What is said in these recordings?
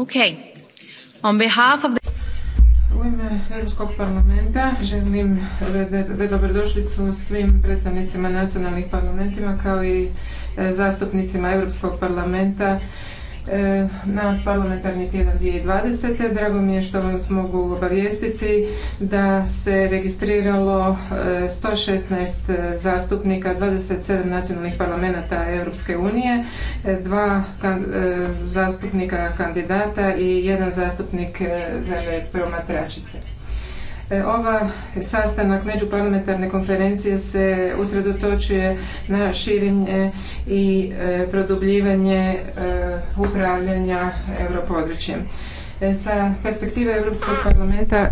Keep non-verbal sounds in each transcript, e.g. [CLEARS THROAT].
U ime Europskog parlamenta želim dobrodošlicu svim predstavnicima nacionalnih parlamentima kao i e, zastupnicima Europskog parlamenta E, na parlamentarni tjedan 2020. Drago mi je što vas mogu obavijestiti da se registriralo 116 e, zastupnika 27 nacionalnih parlamenta Europske unije, e, dva zastupnika kandidata i jedan zastupnik zemlje promatračice. E, ova sastanak međuparlamentarne konferencije se usredotočuje na širenje i e, produbljivanje e, upravljanja europodručjem. Sa perspektive Europskog parlamenta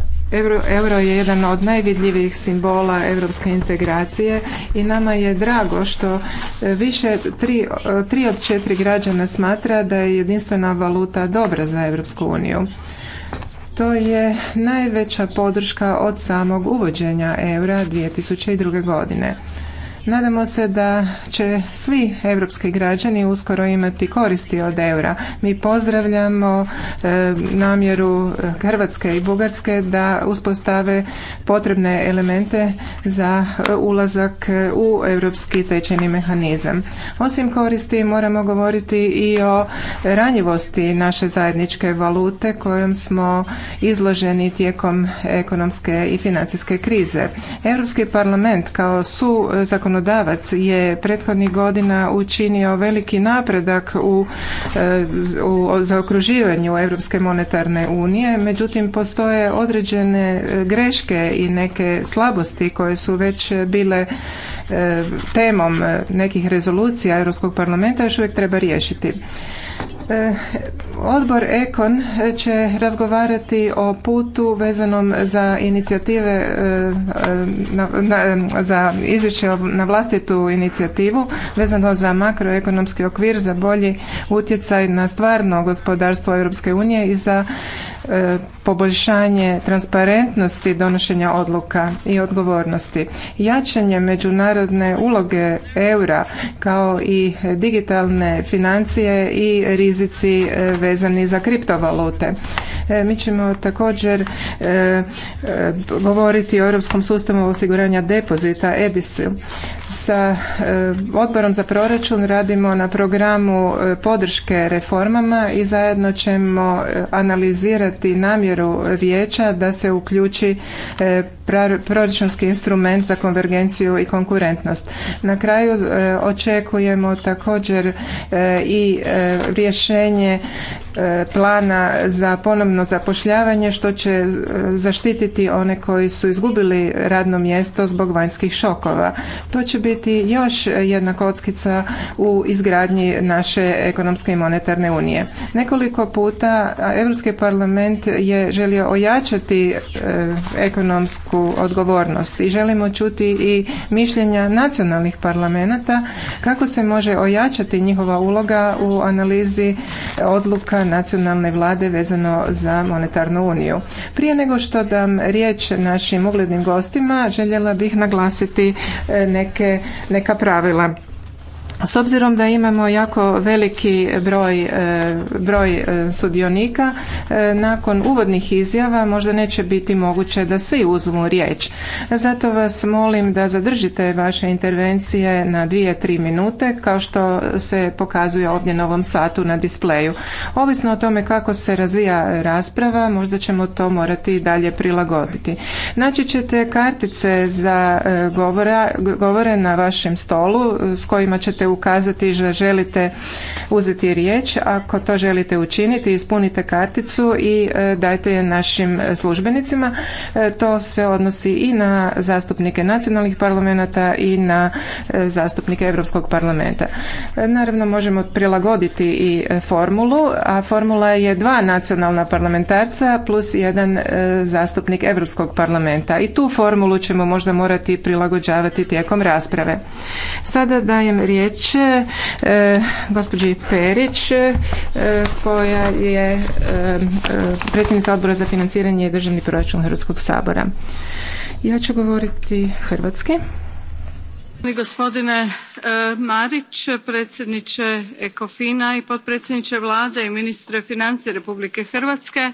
Euro, je jedan od najvidljivijih simbola europske integracije i nama je drago što više tri, tri od četiri građana smatra da je jedinstvena valuta dobra za Europsku uniju. To je najveća podrška od samog uvođenja eura 2002. godine. Nadamo se da će svi europski građani uskoro imati koristi od eura. Mi pozdravljamo e, namjeru e, Hrvatske i Bugarske da uspostave potrebne elemente za e, ulazak u europski tečajni mehanizam. Osim koristi moramo govoriti i o ranjivosti naše zajedničke valute kojom smo izloženi tijekom ekonomske i financijske krize. Europski parlament kao su zakonodavac je prethodnih godina učinio veliki napredak u, e, u zaokruživanju Europske monetarne unije, međutim postoje određene e, greške i neke slabosti koje su već bile e, temom nekih rezolucija Europskog parlamenta još uvijek treba riješiti. Eh, odbor Ekon eh, će razgovarati o putu vezanom za inicijative eh, za izvješće na vlastitu inicijativu vezano za makroekonomski okvir za bolji utjecaj na stvarno gospodarstvo Europske unije i za poboljšanje transparentnosti donošenja odluka i odgovornosti. Jačanje međunarodne uloge eura kao i digitalne financije i rizici e, vezani za kriptovalute. E, mi ćemo također e, govoriti o Europskom sustavu osiguranja depozita EBIS-u. Sa odborom za proračun radimo na programu podrške reformama i zajedno ćemo analizirati namjeru vijeća da se uključi proračunski instrument za konvergenciju i konkurentnost. Na kraju očekujemo također i rješenje e, plana za ponovno zapošljavanje što će e, zaštititi one koji su izgubili radno mjesto zbog vanjskih šokova. To će biti još jedna kockica u izgradnji naše ekonomske i monetarne unije. Nekoliko puta Europski parlament je želio ojačati e, ekonomsku odgovornost i želimo čuti i mišljenja nacionalnih parlamenta kako se može ojačati njihova uloga u analizi odluka nacionalne vlade vezano za monetarnu uniju. Prije nego što dam riječ našim uglednim gostima, željela bih naglasiti e, neke, neka pravila. S obzirom da imamo jako veliki broj, e, broj e, sudionika, e, nakon uvodnih izjava možda neće biti moguće da svi uzmu riječ. Zato vas molim da zadržite vaše intervencije na dvije, tri minute, kao što se pokazuje ovdje na ovom satu na displeju. Ovisno o tome kako se razvija rasprava, možda ćemo to morati dalje prilagoditi. Naći ćete kartice za govore na vašem stolu s kojima ćete ukazati da želite uzeti riječ. Ako to želite učiniti, ispunite karticu i e, dajte je našim službenicima. E, to se odnosi i na zastupnike nacionalnih parlamenta i na e, zastupnike Europskog parlamenta. Naravno, možemo prilagoditi i formulu, a formula je dva nacionalna parlamentarca plus jedan zastupnik Europskog parlamenta. I tu formulu ćemo možda morati prilagođavati tijekom rasprave. Sada dajem riječ riječ gospođi Perić e, koja je e, e, predsjednica odbora za financiranje i državni proračun Hrvatskog sabora. Ja ću govoriti hrvatski. Gospodine Marić, predsjedniče Ekofina i potpredsjedniče Vlade i ministre financije Republike Hrvatske,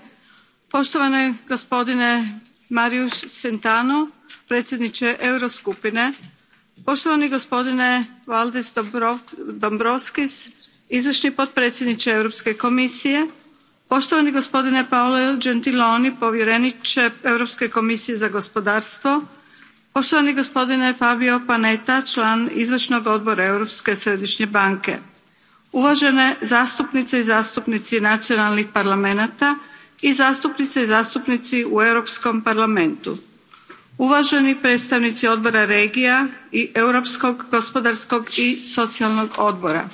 poštovane gospodine mariju Sentanu, predsjedniče Euroskupine, poštovani gospodine valdis dombrovskis izvršni potpredsjedniče europske komisije poštovani gospodine paolo gentiloni povjereniče europske komisije za gospodarstvo poštovani gospodine fabio panetta član izvršnog odbora europske središnje banke uvažene zastupnice i zastupnici nacionalnih parlamenata i zastupnice i zastupnici u europskom parlamentu uvaženi predstavnici odbora regija i europskog gospodarskog i socijalnog odbora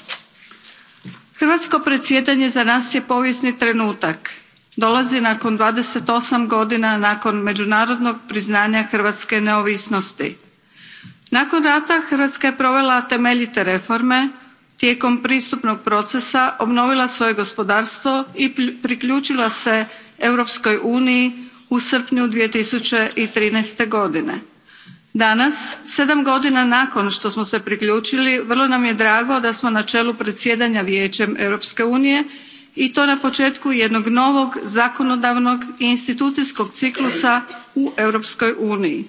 hrvatsko predsjedanje za nas je povijesni trenutak dolazi nakon twenty eight godina nakon međunarodnog priznanja hrvatske neovisnosti. nakon rata hrvatska je provela temeljite reforme tijekom pristupnog procesa obnovila svoje gospodarstvo i priključila se europskoj uniji u srpnju. 2013. godine. danas sedam godina nakon što smo se priključili vrlo nam je drago da smo na čelu predsjedanja vijećem europske unije i to na početku jednog novog zakonodavnog i institucijskog ciklusa u europskoj uniji.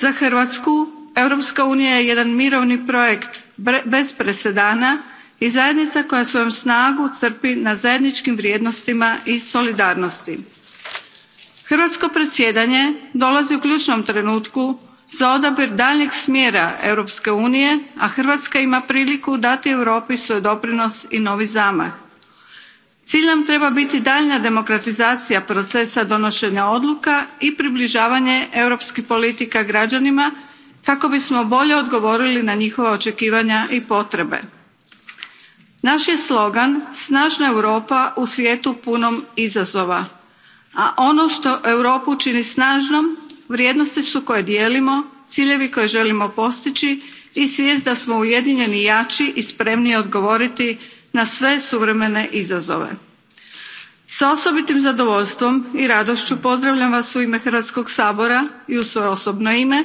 za hrvatsku europska unija je jedan mirovni projekt bez presedana i zajednica koja svoju snagu crpi na zajedničkim vrijednostima i solidarnosti hrvatsko predsjedanje dolazi u ključnom trenutku za odabir daljnjeg smjera europske unije a hrvatska ima priliku dati europi svoj doprinos i novi zamah. cilj nam treba biti daljnja demokratizacija procesa donošenja odluka i približavanje europskih politika građanima kako bismo bolje odgovorili na njihova očekivanja i potrebe. naš je slogan snažna europa u svijetu punom izazova a ono što europu čini snažnom, vrijednosti su koje dijelimo ciljevi koje želimo postići i svijest da smo ujedinjeni jači i spremniji odgovoriti na sve suvremene izazove. s osobitim zadovoljstvom i radošću pozdravljam vas u ime hrvatskog sabora i u svoje osobno ime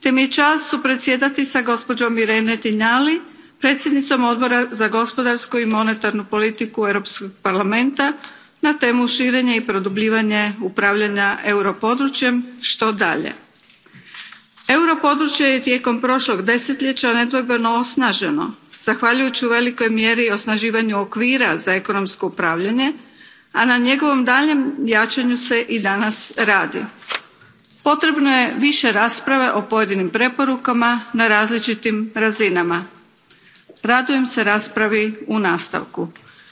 te mi je čast supredsjedati s gospođom irene tinjali predsjednicom odbora za gospodarsku i monetarnu politiku europskog parlamenta na temu širenja i produbljivanje upravljanja europodručjem što dalje. europodručje je tijekom prošlog desetljeća nedvojbeno osnaženo zahvaljujući u velikoj mjeri osnaživanju okvira za ekonomsko upravljanje a na njegovom daljnjem jačanju se i danas radi. potrebno je više rasprave o pojedinim preporukama na različitim razinama. radujem se raspravi u nastavku.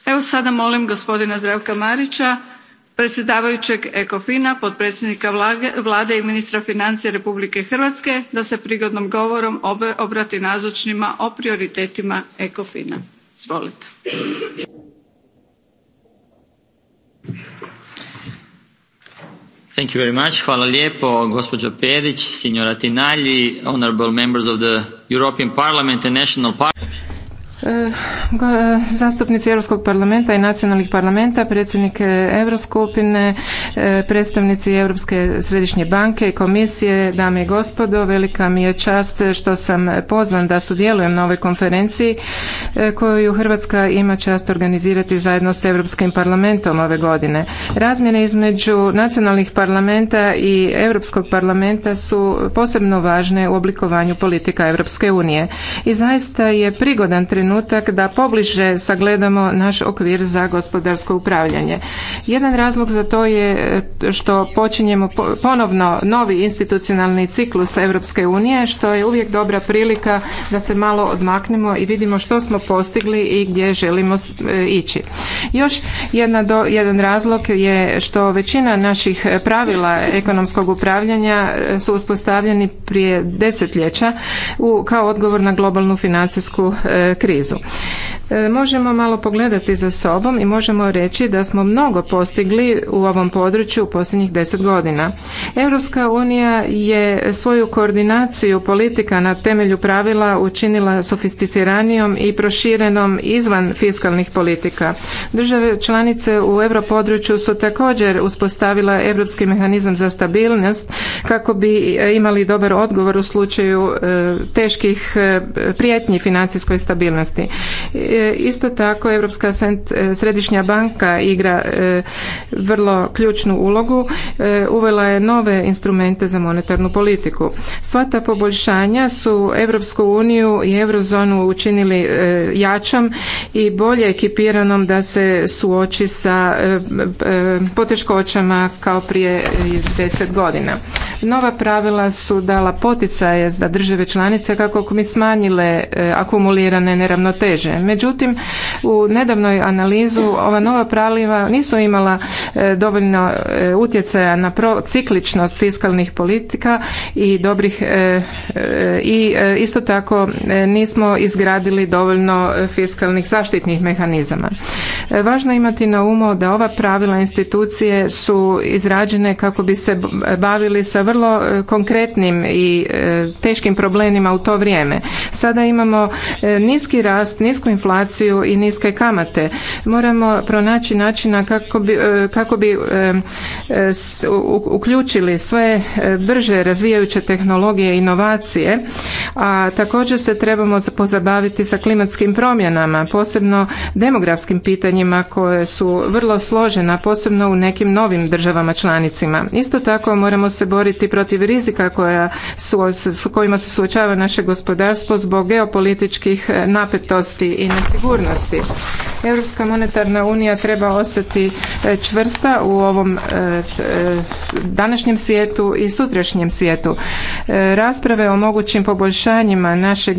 Evo sada molim gospodina Zdravka Marića, predsjedavajućeg ECOFIN-a, potpredsjednika Vlade i ministra financija Republike Hrvatske da se prigodnom govorom obrati nazočnima o prioritetima ECOFIN-a. Izvolite. Thank you very much. Hvala lijepo, gospođo Perić, signora Tinalji, honorable members of the European Parliament and national parliament. E, zastupnici Europskog parlamenta i nacionalnih parlamenta, predsjednik Euroskupine, e, predstavnici Europske središnje banke i komisije, dame i gospodo, velika mi je čast što sam pozvan da sudjelujem na ovoj konferenciji e, koju Hrvatska ima čast organizirati zajedno s Europskim parlamentom ove godine. Razmjene između nacionalnih parlamenta i Europskog parlamenta su posebno važne u oblikovanju politika Europske unije. I zaista je prigodan trenutak trenutak da pobliže sagledamo naš okvir za gospodarsko upravljanje. Jedan razlog za to je što počinjemo ponovno novi institucionalni ciklus Europske unije, što je uvijek dobra prilika da se malo odmaknemo i vidimo što smo postigli i gdje želimo e, ići. Još jedna jedan razlog je što većina naših pravila ekonomskog upravljanja e, su uspostavljeni prije desetljeća u, kao odgovor na globalnu financijsku e, krizu krizu. E, možemo malo pogledati za sobom i možemo reći da smo mnogo postigli u ovom području u posljednjih deset godina. Europska unija je svoju koordinaciju politika na temelju pravila učinila sofisticiranijom i proširenom izvan fiskalnih politika. Države članice u europodručju su također uspostavila europski mehanizam za stabilnost kako bi imali dobar odgovor u slučaju e, teških e, prijetnji financijskoj stabilnosti. E, isto tako Europska e, središnja banka igra e, vrlo ključnu ulogu, uvela je nove instrumente za monetarnu politiku. Sva ta poboljšanja su Europsku uniju i eurozonu učinili jačom i bolje ekipiranom da se suoči sa poteškoćama kao prije deset godina. Nova pravila su dala poticaje za države članice kako bi smanjile akumulirane neravnoteže ravnoteže. Međutim, u nedavnoj analizu ova nova praliva nisu imala e, dovoljno e, utjecaja na cikličnost fiskalnih politika i dobrih e, i isto tako nismo izgradili dovoljno fiskalnih zaštitnih mehanizama. Važno je imati na umu da ova pravila institucije su izrađene kako bi se bavili sa vrlo konkretnim i teškim problemima u to vrijeme. Sada imamo niski rast, nisku inflaciju i niske kamate. Moramo pronaći načina kako bi, e, kako bi e, e, uključili sve brže razvijajuće tehnologije i inovacije, a također se trebamo pozabaviti sa klimatskim promjenama, posebno demografskim pitanjima koje su vrlo složena, posebno u nekim novim državama članicima. Isto tako moramo se boriti protiv rizika koja su, s kojima se suočava naše gospodarstvo zbog geopolitičkih napet napetosti i nesigurnosti. Europska monetarna unija treba ostati e, čvrsta u ovom e, e, današnjem svijetu i sutrašnjem svijetu. Rasprave o mogućim poboljšanjima našeg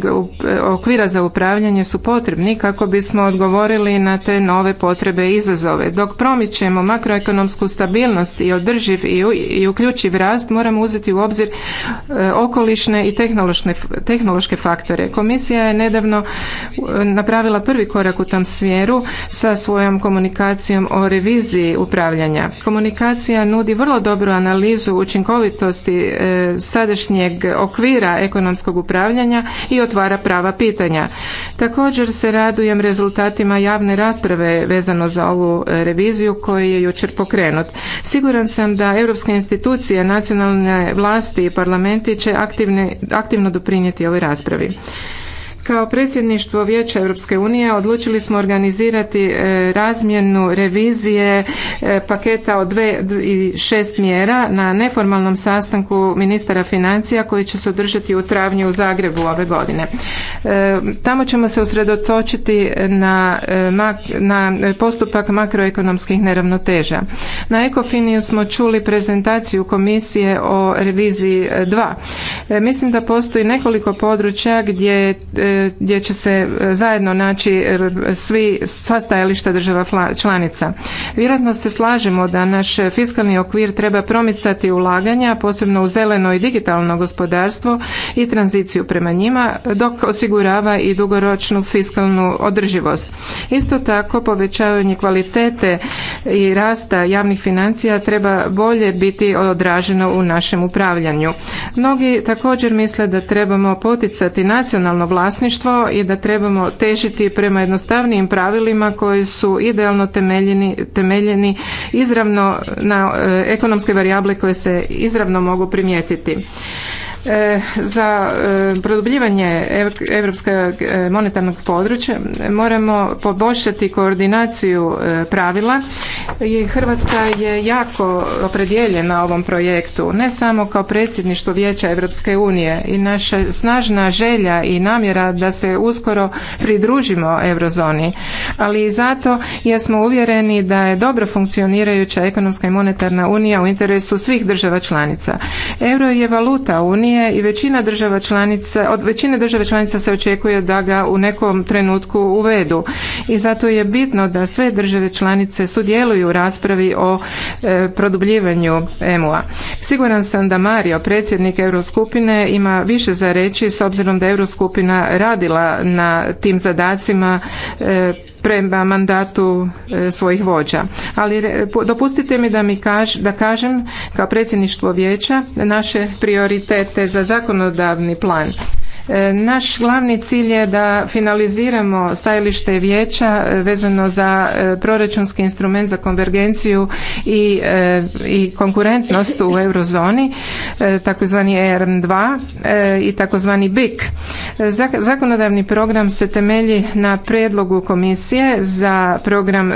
okvira za upravljanje su potrebni kako bismo odgovorili na te nove potrebe i izazove. Dok promičemo makroekonomsku stabilnost i održiv i uključiv rast, moramo uzeti u obzir okolišne i tehnološke faktore. Komisija je nedavno napravila prvi korak u tom smjeru sa svojom komunikacijom o reviziji upravljanja. Komunikacija nudi vrlo dobru analizu učinkovitosti e, sadašnjeg okvira ekonomskog upravljanja i otvara prava pitanja. Također se radujem rezultatima javne rasprave vezano za ovu e, reviziju koji je jučer pokrenut. Siguran sam da europske institucije, nacionalne vlasti i parlamenti će aktivno doprinijeti ovoj raspravi. Kao predsjedništvo Vijeća Europske unije odlučili smo organizirati e, razmjenu revizije e, paketa od dve i šest mjera na neformalnom sastanku ministara financija koji će se održati u travnju u Zagrebu ove godine. E, tamo ćemo se usredotočiti na, na postupak makroekonomskih neravnoteža. Na Ekofiniju smo čuli prezentaciju komisije o reviziji 2. Mislim da postoji nekoliko područja gdje gdje će se e, zajedno naći e, svi sva stajališta država članica. Vjerojatno se slažemo da naš fiskalni okvir treba promicati ulaganja, posebno u zeleno i digitalno gospodarstvo i tranziciju prema njima, dok osigurava i dugoročnu fiskalnu održivost. Isto tako povećavanje kvalitete i rasta javnih financija treba bolje biti odraženo u našem upravljanju. Mnogi također misle da trebamo poticati nacionalno vlasništvo vlasništvo i da trebamo težiti prema jednostavnijim pravilima koji su idealno temeljeni, temeljeni izravno na e, ekonomske varijable koje se izravno mogu primijetiti. E, za e, produbljivanje europskog e, monetarnog područja moramo poboljšati koordinaciju pravila i Hrvatska je jako opredijeljena ovom projektu, ne samo kao predsjedništvo Vijeća Europske unije i naša snažna želja i namjera da se uskoro pridružimo eurozoni, ali i zato jer smo uvjereni da je dobro funkcionirajuća ekonomska i monetarna unija u interesu svih država članica. Euro je valuta unije unije i većina država članica, od većine država članica se očekuje da ga u nekom trenutku uvedu. I zato je bitno da sve države članice sudjeluju u raspravi o e, produbljivanju EMU-a. Siguran sam da Mario, predsjednik Euroskupine, ima više za reći s obzirom da Euroskupina radila na tim zadacima e, prema mandatu e, svojih vođa. Ali dopustite mi da mi da kažem kao predsjedništvo vijeća naše prioritete za zakonodavni plan. E, naš glavni cilj je da finaliziramo stajalište vijeća e, vezano za e, proračunski instrument za konvergenciju i, i konkurentnost u eurozoni, takozvani ERM2 i takozvani BIK Zakonodavni program se temelji na predlogu komisije za program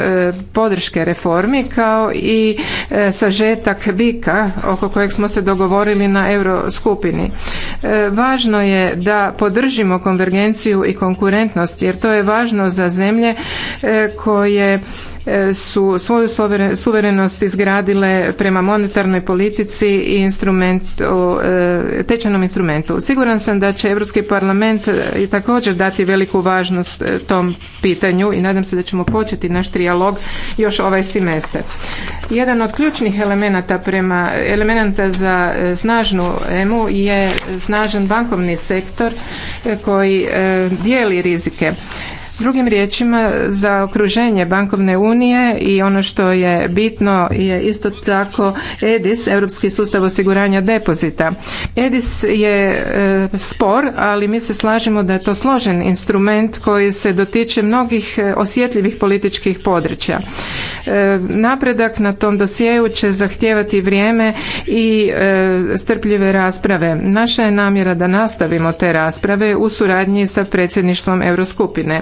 podrške reformi kao i sažetak bik a oko kojeg smo se dogovorili na euroskupini. Važno je da podržimo konvergenciju i konkurentnost jer to je važno za zemlje e, koje E, su svoju suverenost izgradile prema monetarnoj politici i instrumentu, e, tečajnom instrumentu. Siguran sam da će Europski parlament e, i također dati veliku važnost tom pitanju i nadam se da ćemo početi naš trijalog još ovaj semestar. Jedan od ključnih elemenata prema elemenata za snažnu EMU je snažan bankovni sektor koji dijeli rizike. Drugim riječima, za okruženje bankovne unije i ono što je bitno je isto tako EDIS, Europski sustav osiguranja depozita. EDIS je e, spor, ali mi se slažemo da je to složen instrument koji se dotiče mnogih e, osjetljivih političkih područja. E, napredak na tom dosjeu će zahtijevati vrijeme i strpljive rasprave. Naša je namjera da nastavimo te rasprave u suradnji sa predsjedništvom Euroskupine.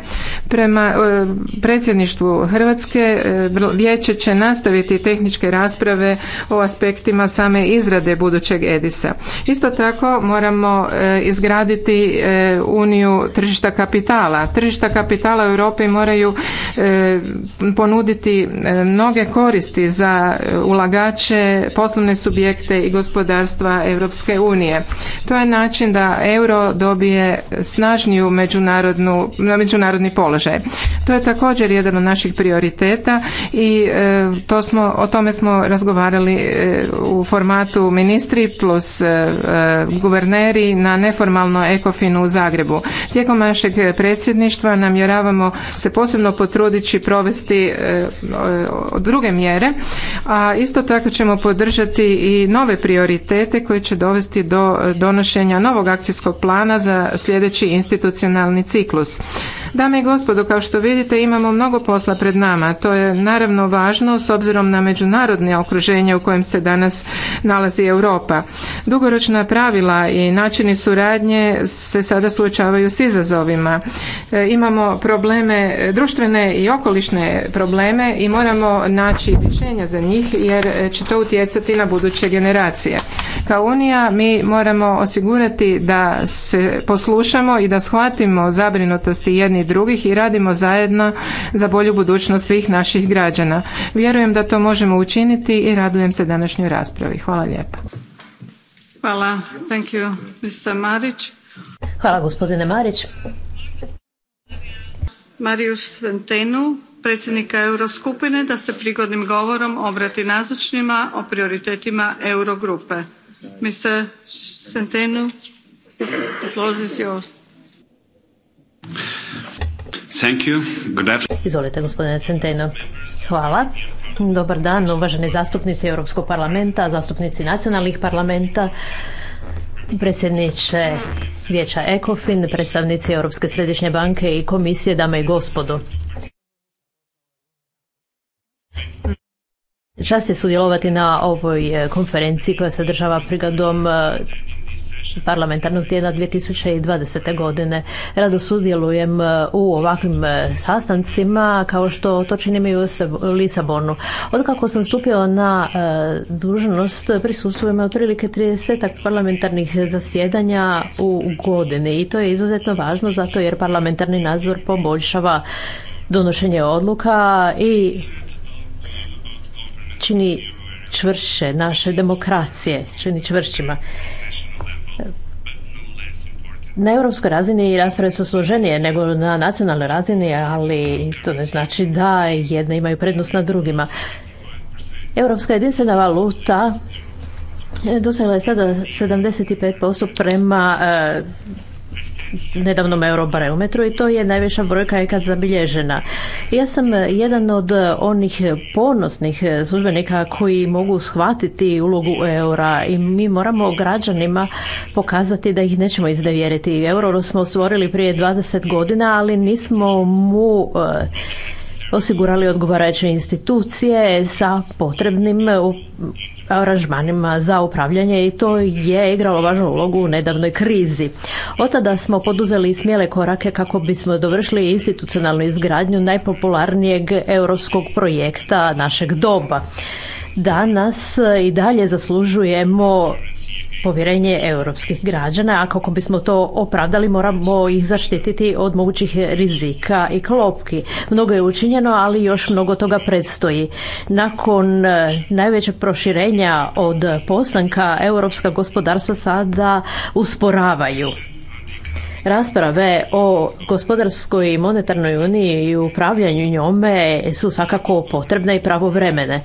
Prema e, predsjedništvu Hrvatske e, vijeće će nastaviti tehničke rasprave o aspektima same izrade budućeg Edisa. Isto tako moramo e, izgraditi uniju tržišta kapitala. Tržišta kapitala u Europi moraju ponuditi mnoge koristi za ulagače, poslovne subjekte i gospodarstva Europske unije. To je način da euro dobije snažniju međunarodnu, međunarodni položaj. To je također jedan od naših prioriteta i e, to smo, o tome smo razgovarali e, u formatu ministri plus e, guverneri na neformalno ekofinu u Zagrebu. Tijekom našeg predsjedništva namjeravamo se posebno potrudići provesti druge mjere, a isto tako ćemo podržati i nove prioritete koji će dovesti do donošenja novog akcijskog plana za sljedeći institucionalni ciklus. Dame i gospodo, kao što vidite imamo mnogo posla pred nama. To je naravno važno s obzirom na međunarodne okruženje u kojem se danas nalazi Europa. Dugoročna pravila i načini suradnje se sada suočavaju s izazovima. E, imamo probleme, društvene i okolišne probleme i moramo naći rješenja za njih jer će to utjecati na buduće generacije. Kao Unija mi moramo osigurati da se poslušamo i da shvatimo zabrinutosti jedni drugih i radimo zajedno za bolju budućnost svih naših građana. Vjerujem da to možemo učiniti i radujem se današnjoj raspravi. Hvala lijepa. Hvala. Thank you, Mr. Marić. Hvala gospodine Marić. marius Sentenu, predsjednika Euroskupine, da se prigodnim govorom obrati nazočnima o prioritetima Eurogrupe. Mr. Centenu, the floor is yours. Izvolite gospodine Centeno. Hvala. Dobar dan, uvaženi zastupnici Europskog parlamenta, zastupnici nacionalnih parlamenta, predsjedniče Vijeća ECOFIN, predstavnici Europske središnje banke i komisije, dame i gospodo. Čast je sudjelovati na ovoj konferenciji koja se država prigodom parlamentarnog tjedna 2020. godine. Rado sudjelujem e, u ovakvim e, sastancima kao što to činim i u Lisabonu. kako sam stupio na e, dužnost prisustujem otprilike 30 parlamentarnih zasjedanja u godini i to je izuzetno važno zato jer parlamentarni nadzor poboljšava donošenje odluka i čini čvršće naše demokracije, čini čvršćima. Na europskoj razini rasprave su složenije nego na nacionalnoj razini, ali to ne znači da jedne imaju prednost nad drugima. Europska jedinstvena valuta e, dosegla je sada 75% prema e, nedavnom eurobarometru i to je najveća brojka ikad zabilježena. Ja sam e, jedan od e, onih ponosnih e, službenika koji mogu shvatiti ulogu eura i mi moramo građanima pokazati da ih nećemo izdevjeriti. Euro smo stvorili prije 20 godina, ali nismo mu osigurali odgovarajuće institucije sa potrebnim aranžmanima za upravljanje i to je igralo važnu ulogu u nedavnoj krizi. Od tada smo poduzeli smjele korake kako bismo dovršili institucionalnu izgradnju najpopularnijeg europskog projekta našeg doba. Danas i dalje zaslužujemo povjerenje europskih građana, a kako bismo to opravdali moramo ih zaštititi od mogućih rizika i klopki. Mnogo je učinjeno, ali još mnogo toga predstoji. Nakon e, najvećeg proširenja od postanka, europska gospodarstva sada usporavaju. Rasprave o gospodarskoj i monetarnoj uniji i upravljanju njome su svakako potrebne i pravovremene.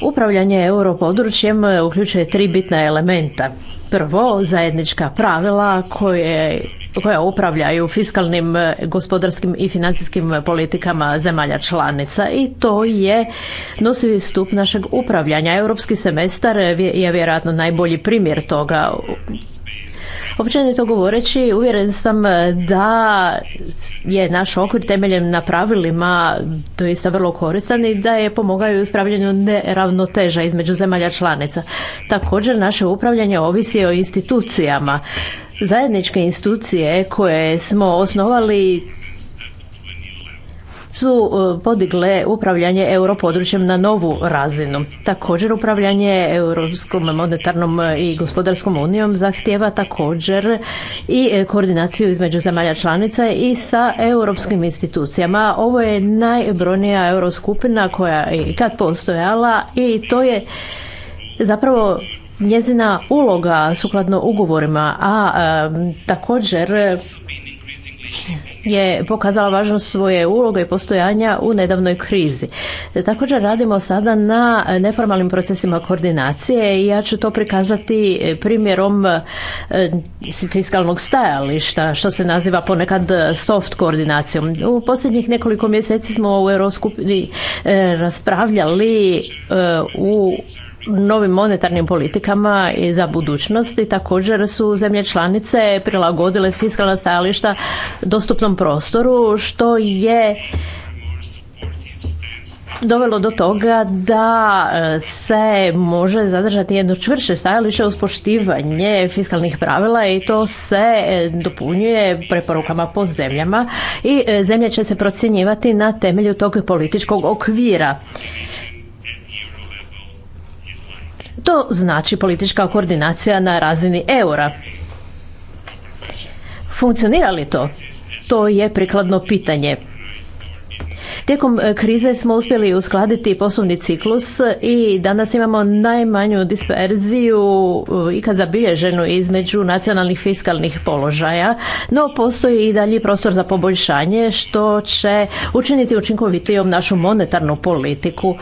Upravljanje europodručjem uključuje tri bitna elementa. Prvo, zajednička pravila koje koja upravljaju fiskalnim, gospodarskim i financijskim politikama zemalja članica i to je nosivi stup našeg upravljanja. Europski semestar je vjerojatno najbolji primjer toga. Općenito govoreći, uvjeren sam e, da je naš okvir temeljem na pravilima doista vrlo koristan i da je pomogao i u spravljanju neravnoteža između zemalja članica. Također, naše upravljanje ovisi o institucijama. Zajedničke institucije koje smo osnovali su e, podigle upravljanje europodručjem na novu razinu. Također upravljanje Europskom monetarnom i gospodarskom unijom zahtjeva također i e, koordinaciju između zemalja članica i sa europskim institucijama. Ovo je najbrojnija euroskupina koja i kad postojala i to je zapravo njezina uloga sukladno ugovorima, a e, također je pokazala važnost svoje uloge i postojanja u nedavnoj krizi. Također radimo sada na neformalnim procesima koordinacije i ja ću to prikazati primjerom e, fiskalnog stajališta, što se naziva ponekad soft koordinacijom. U posljednjih nekoliko mjeseci smo u euroskupi e, raspravljali e, u novim monetarnim politikama i za budućnost i također su zemlje članice prilagodile fiskalna stajališta dostupnom prostoru što je dovelo do toga da e, se može zadržati jedno čvrše stajalište uz poštivanje fiskalnih pravila i to se e, dopunjuje preporukama po zemljama i e, zemlje će se procjenjivati na temelju tog političkog okvira. To znači politička koordinacija na razini eura. Funkcionira li to? To je prikladno pitanje. Tijekom e, krize smo uspjeli uskladiti poslovni ciklus i danas imamo najmanju disperziju e, ikad zabilježenu između nacionalnih fiskalnih položaja, no postoji i dalji prostor za poboljšanje što će učiniti učinkovitijom našu monetarnu politiku.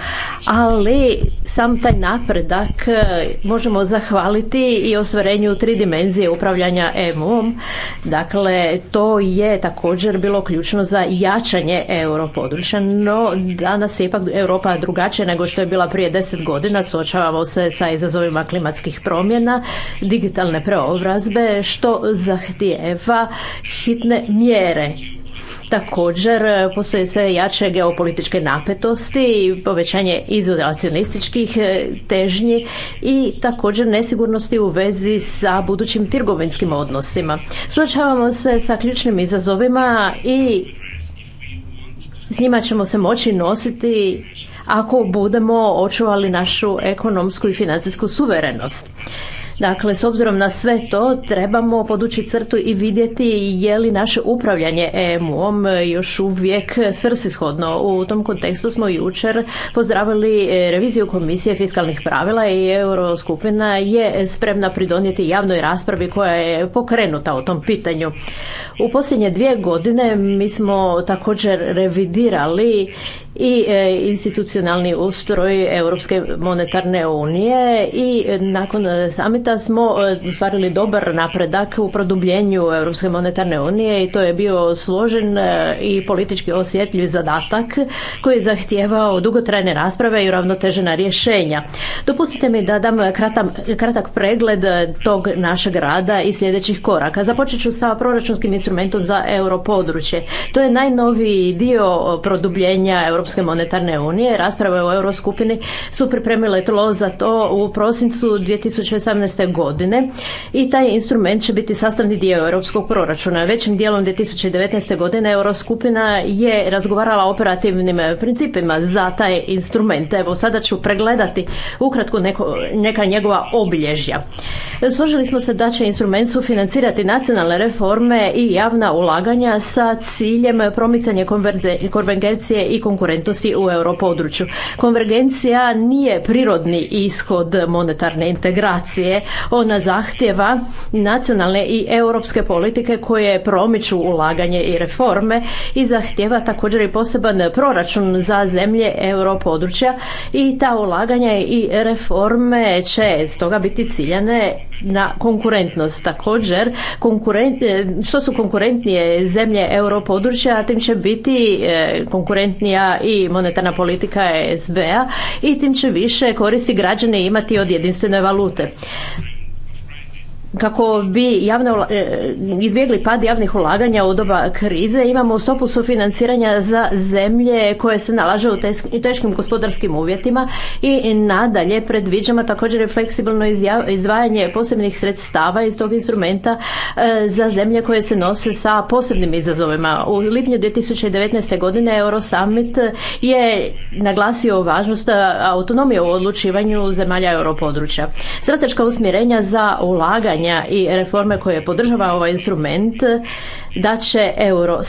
Ali sam taj napredak e, možemo zahvaliti i ostvarenju tri dimenzije upravljanja EMU-om. Dakle, to je također bilo ključno za jačanje europodručja no danas je ipak Europa drugačija nego što je bila prije deset godina. Suočavamo se sa izazovima klimatskih promjena, digitalne preobrazbe, što zahtijeva hitne mjere. Također, postoje sve jače geopolitičke napetosti povećanje izolacionističkih e, težnji i također nesigurnosti u vezi sa budućim trgovinskim odnosima. Suočavamo se sa ključnim izazovima i s njima ćemo se moći nositi ako budemo očuvali našu ekonomsku i financijsku suverenost. Dakle, s obzirom na sve to, trebamo podući crtu i vidjeti je li naše upravljanje EMU-om još uvijek svrsishodno. U tom kontekstu smo jučer pozdravili e, reviziju Komisije fiskalnih pravila i Euroskupina je spremna pridonijeti javnoj raspravi koja je pokrenuta o tom pitanju. U posljednje dvije godine mi smo također revidirali i e, institucionalni ustroj Europske monetarne unije i nakon samita da smo e, stvarili dobar napredak u produbljenju Europske monetarne unije i to je bio složen e, i politički osjetljiv zadatak koji je zahtijevao dugotrajne rasprave i uravnotežena rješenja. Dopustite mi da dam kratak pregled tog našeg rada i sljedećih koraka. Započet ću sa proračunskim instrumentom za europodručje. To je najnoviji dio produbljenja Europske monetarne unije. Rasprave u euroskupini su pripremile tlo za to u prosincu 2018 godine i taj instrument će biti sastavni dio europskog proračuna. Većim dijelom 2019. godine Euroskupina je razgovarala o operativnim principima za taj instrument. Evo sada ću pregledati ukratko neka njegova obilježja. Složili smo se da će instrument sufinancirati nacionalne reforme i javna ulaganja sa ciljem promicanja konvergencije i konkurentnosti u europodručju. Konvergencija nije prirodni ishod monetarne integracije ona zahtjeva nacionalne i europske politike koje promiču ulaganje i reforme i zahtjeva također i poseban proračun za zemlje europodručja i ta ulaganja i reforme će stoga biti ciljane na konkurentnost. Također, konkurent, e, što su konkurentnije zemlje europodručja, tim će biti e, konkurentnija i monetarna politika e SBA i tim će više koristi građani imati od jedinstvene valute kako bi javne izbjegli pad javnih ulaganja u doba krize, imamo stopu sufinanciranja za zemlje koje se nalaže u teškim gospodarskim uvjetima i nadalje predviđamo također fleksibilno izdvajanje posebnih sredstava iz tog instrumenta e, za zemlje koje se nose sa posebnim izazovima. U lipnju 2019. godine Eurosummit je naglasio važnost e, autonomije u odlučivanju zemalja europodručja. Strateška usmjerenja za ulaganje i reforme koje podržava ovaj instrument da će Euro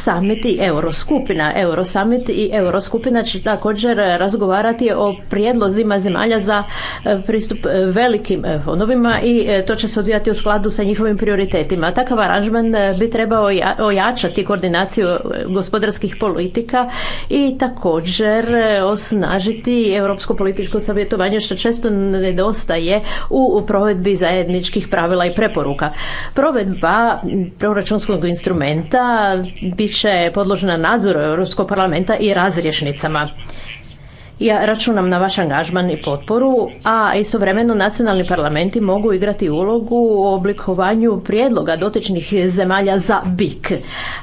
i Euro Skupina. Euro i Euro Skupina će također razgovarati o prijedlozima zemalja za e, pristup e, velikim e, fondovima i to će se odvijati u skladu sa njihovim prioritetima. Takav aranžman bi trebao ojačati koordinaciju gospodarskih politika i također osnažiti europsko političko savjetovanje što često nedostaje u provedbi zajedničkih pravila i preporuka. Provedba proračunskog instrumenta parlamenta bit će podložena nadzoru Europskog parlamenta i razrješnicama. Ja računam na vaš angažman i potporu, a istovremeno nacionalni parlamenti mogu igrati ulogu u oblikovanju prijedloga dotičnih zemalja za BIK.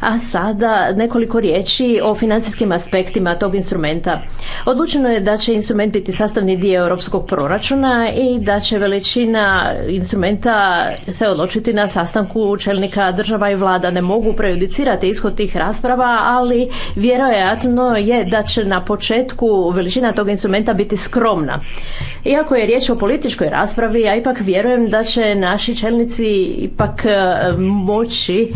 A sada nekoliko riječi o financijskim aspektima tog instrumenta. Odlučeno je da će instrument biti sastavni dio europskog proračuna i da će veličina instrumenta se odločiti na sastanku čelnika država i vlada. Ne mogu prejudicirati ishod tih rasprava, ali vjerojatno je da će na početku veličina tog instrumenta biti skromna. Iako je riječ o političkoj raspravi, ja ipak vjerujem da će naši čelnici ipak eh, moći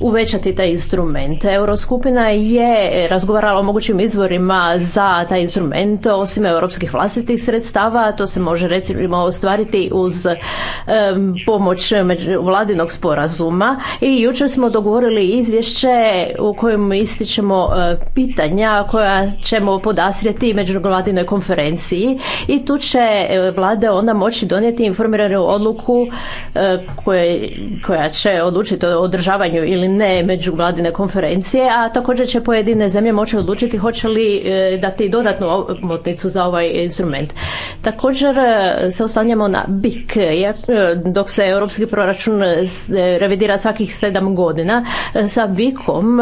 uvećati taj instrument. Euroskupina je razgovarala o mogućim izvorima za taj instrument, osim europskih vlastitih sredstava, to se može recimo ostvariti uz pomoć vladinog sporazuma i jučer smo dogovorili izvješće u kojem ističemo e, pitanja koja ćemo podasrijeti međuvladinoj konferenciji i tu će e, vlade onda moći donijeti informiranu odluku e, koja će odlučiti o održavanju ili ne međuvladine konferencije, a također će pojedine zemlje moći odlučiti hoće li e, dati dodatnu omotnicu za ovaj instrument. Također e, se oslanjamo na BIK, e, dok se europski proračun revidira svakih sedam godina. Sa BIK-om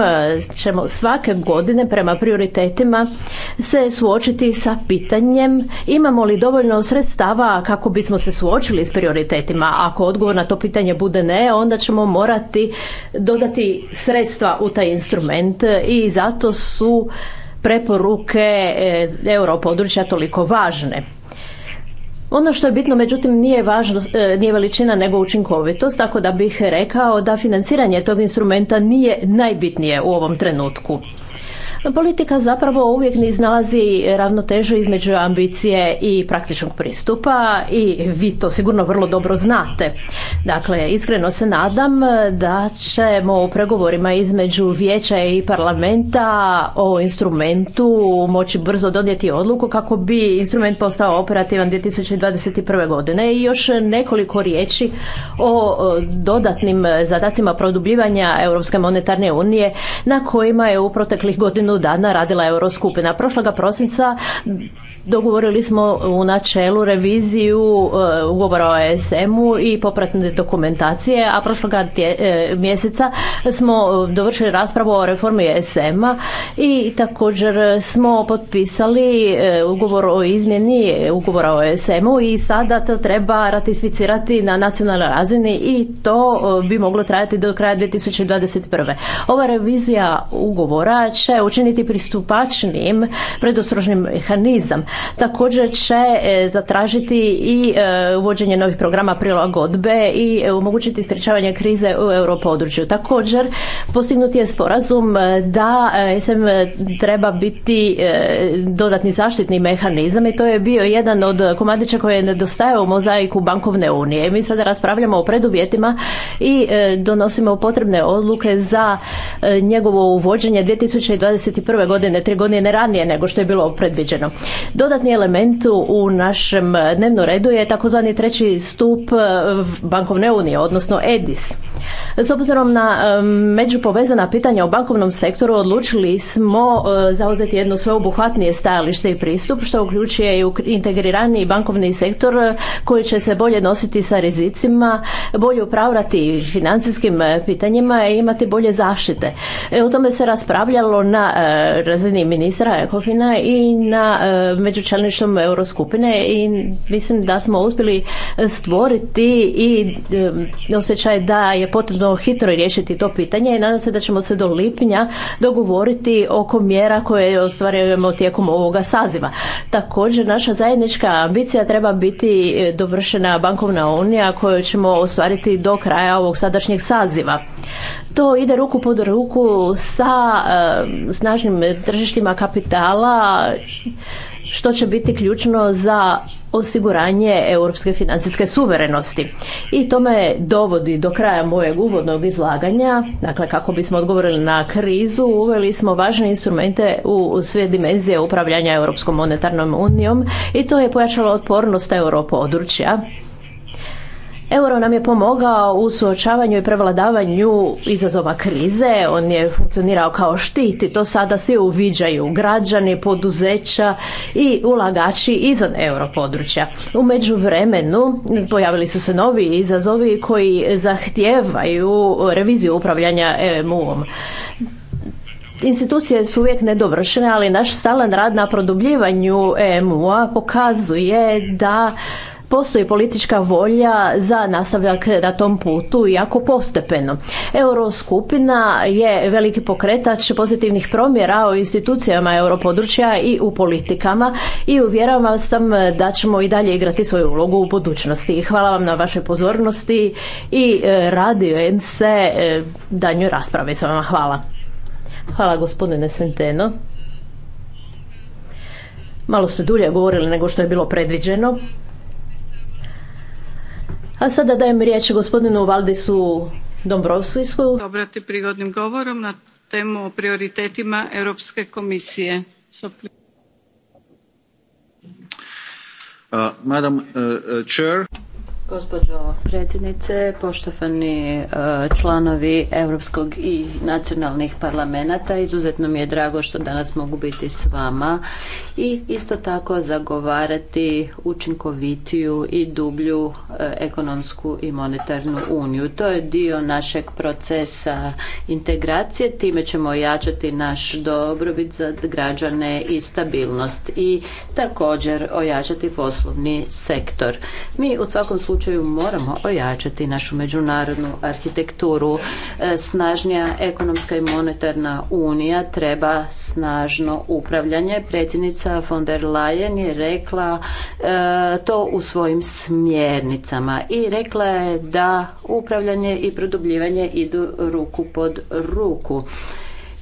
ćemo svake godine prema prioritetima se suočiti sa pitanjem imamo li dovoljno sredstava kako bismo se suočili s prioritetima. Ako odgovor na to pitanje bude ne, onda ćemo morati dodati uložiti sredstva u taj instrument i zato su preporuke e, europodručja toliko važne. Ono što je bitno, međutim, nije, važno, e, nije veličina nego učinkovitost, tako da bih rekao da financiranje tog instrumenta nije najbitnije u ovom trenutku politika zapravo uvijek ne iznalazi ravnotežu između ambicije i praktičnog pristupa i vi to sigurno vrlo dobro znate. Dakle, iskreno se nadam da ćemo u pregovorima između vijeća i parlamenta o instrumentu moći brzo donijeti odluku kako bi instrument postao operativan 2021. godine i još nekoliko riječi o dodatnim zadacima produbljivanja Europske monetarne unije na kojima je u proteklih godinu godinu dana radila Euroskupina. Prošloga prosinca Dogovorili smo u načelu reviziju eh, ugovora o ESM-u i popratne dokumentacije, a prošloga eh, mjeseca smo eh, dovršili raspravu o reformi ESM-a i također smo potpisali ugovor o izmjeni ugovora o ESM-u i sada to treba ratificirati na nacionalnoj razini i to bi moglo trajati do kraja 2021. Ova revizija ugovora će učiniti pristupačnim predostrožnim mehanizam. Također će e, zatražiti i e, uvođenje novih programa prilagodbe i e, omogućiti sprječavanje krize u europodručju. Također postignut je sporazum da SM treba biti dodatni zaštitni mehanizam i to je bio jedan od komadića koji je nedostajao u mozaiku bankovne unije. Mi sada raspravljamo o preduvjetima i donosimo potrebne odluke za njegovo uvođenje 2021. godine, tri godine ranije nego što je bilo predviđeno. Do Dodatni element u našem dnevnom redu je takozvani treći stup eh, bankovne unije, odnosno EDIS. S obzirom na međupovezana pitanja o bankovnom sektoru odlučili smo e, zauzeti jedno sveobuhvatnije stajalište i pristup što uključuje i integrirani bankovni sektor e, koji će se bolje nositi sa rizicima, bolje upravljati financijskim e, pitanjima i imati bolje zaštite. O tome se raspravljalo na razini ministra Ekofina i na međučelništvom Euroskupine i mislim da smo uspjeli stvoriti i osjećaj da je potrebno hitro riješiti to pitanje i nadam se da ćemo se do lipnja dogovoriti oko mjera koje ostvarujemo tijekom ovoga saziva. Također naša zajednička ambicija treba biti e, dovršena bankovna unija koju ćemo ostvariti do kraja ovog sadašnjeg saziva. To ide ruku pod ruku sa e, snažnim tržištima kapitala što će biti ključno za osiguranje europske financijske suverenosti. I to me dovodi do kraja mojeg uvodnog izlaganja. Dakle, kako bismo odgovorili na krizu, uveli smo važne instrumente u sve dimenzije upravljanja Europskom monetarnom unijom i to je pojačalo otpornost europodručja Euro nam je pomogao u suočavanju i prevladavanju izazova krize. On je funkcionirao kao štit i to sada svi uviđaju građani, poduzeća i ulagači izvan područja U vremenu pojavili su se novi izazovi koji zahtijevaju reviziju upravljanja EMU-om. Institucije su uvijek nedovršene, ali naš stalan rad na produbljivanju EMU-a pokazuje da postoji politička volja za nastavljak na tom putu iako postepeno. Euroskupina je veliki pokretač pozitivnih promjera u institucijama europodručja i u politikama i uvjerava sam da ćemo i dalje igrati svoju ulogu u budućnosti. Hvala vam na vašoj pozornosti i e, radujem se e, danju raspravi sa vama. Hvala. Hvala gospodine Senteno. Malo ste dulje govorili nego što je bilo predviđeno. A sada dajem riječ gospodinu Valdisu Dombrovskisku. Obrati prigodnim govorom na temu o prioritetima Europske komisije. Uh, madam, uh, uh, chair. Gospođo predsjednice, poštovani e, članovi Europskog i nacionalnih parlamenta, izuzetno mi je drago što danas mogu biti s vama i isto tako zagovarati učinkovitiju i dublju e, ekonomsku i monetarnu uniju. To je dio našeg procesa integracije, time ćemo ojačati naš dobrobit za građane i stabilnost i također ojačati poslovni sektor. Mi u svakom slučaju slučaju moramo ojačati našu međunarodnu arhitekturu. E, snažnija ekonomska i monetarna unija treba snažno upravljanje. Predsjednica von der Leyen je rekla e, to u svojim smjernicama i rekla je da upravljanje i produbljivanje idu ruku pod ruku.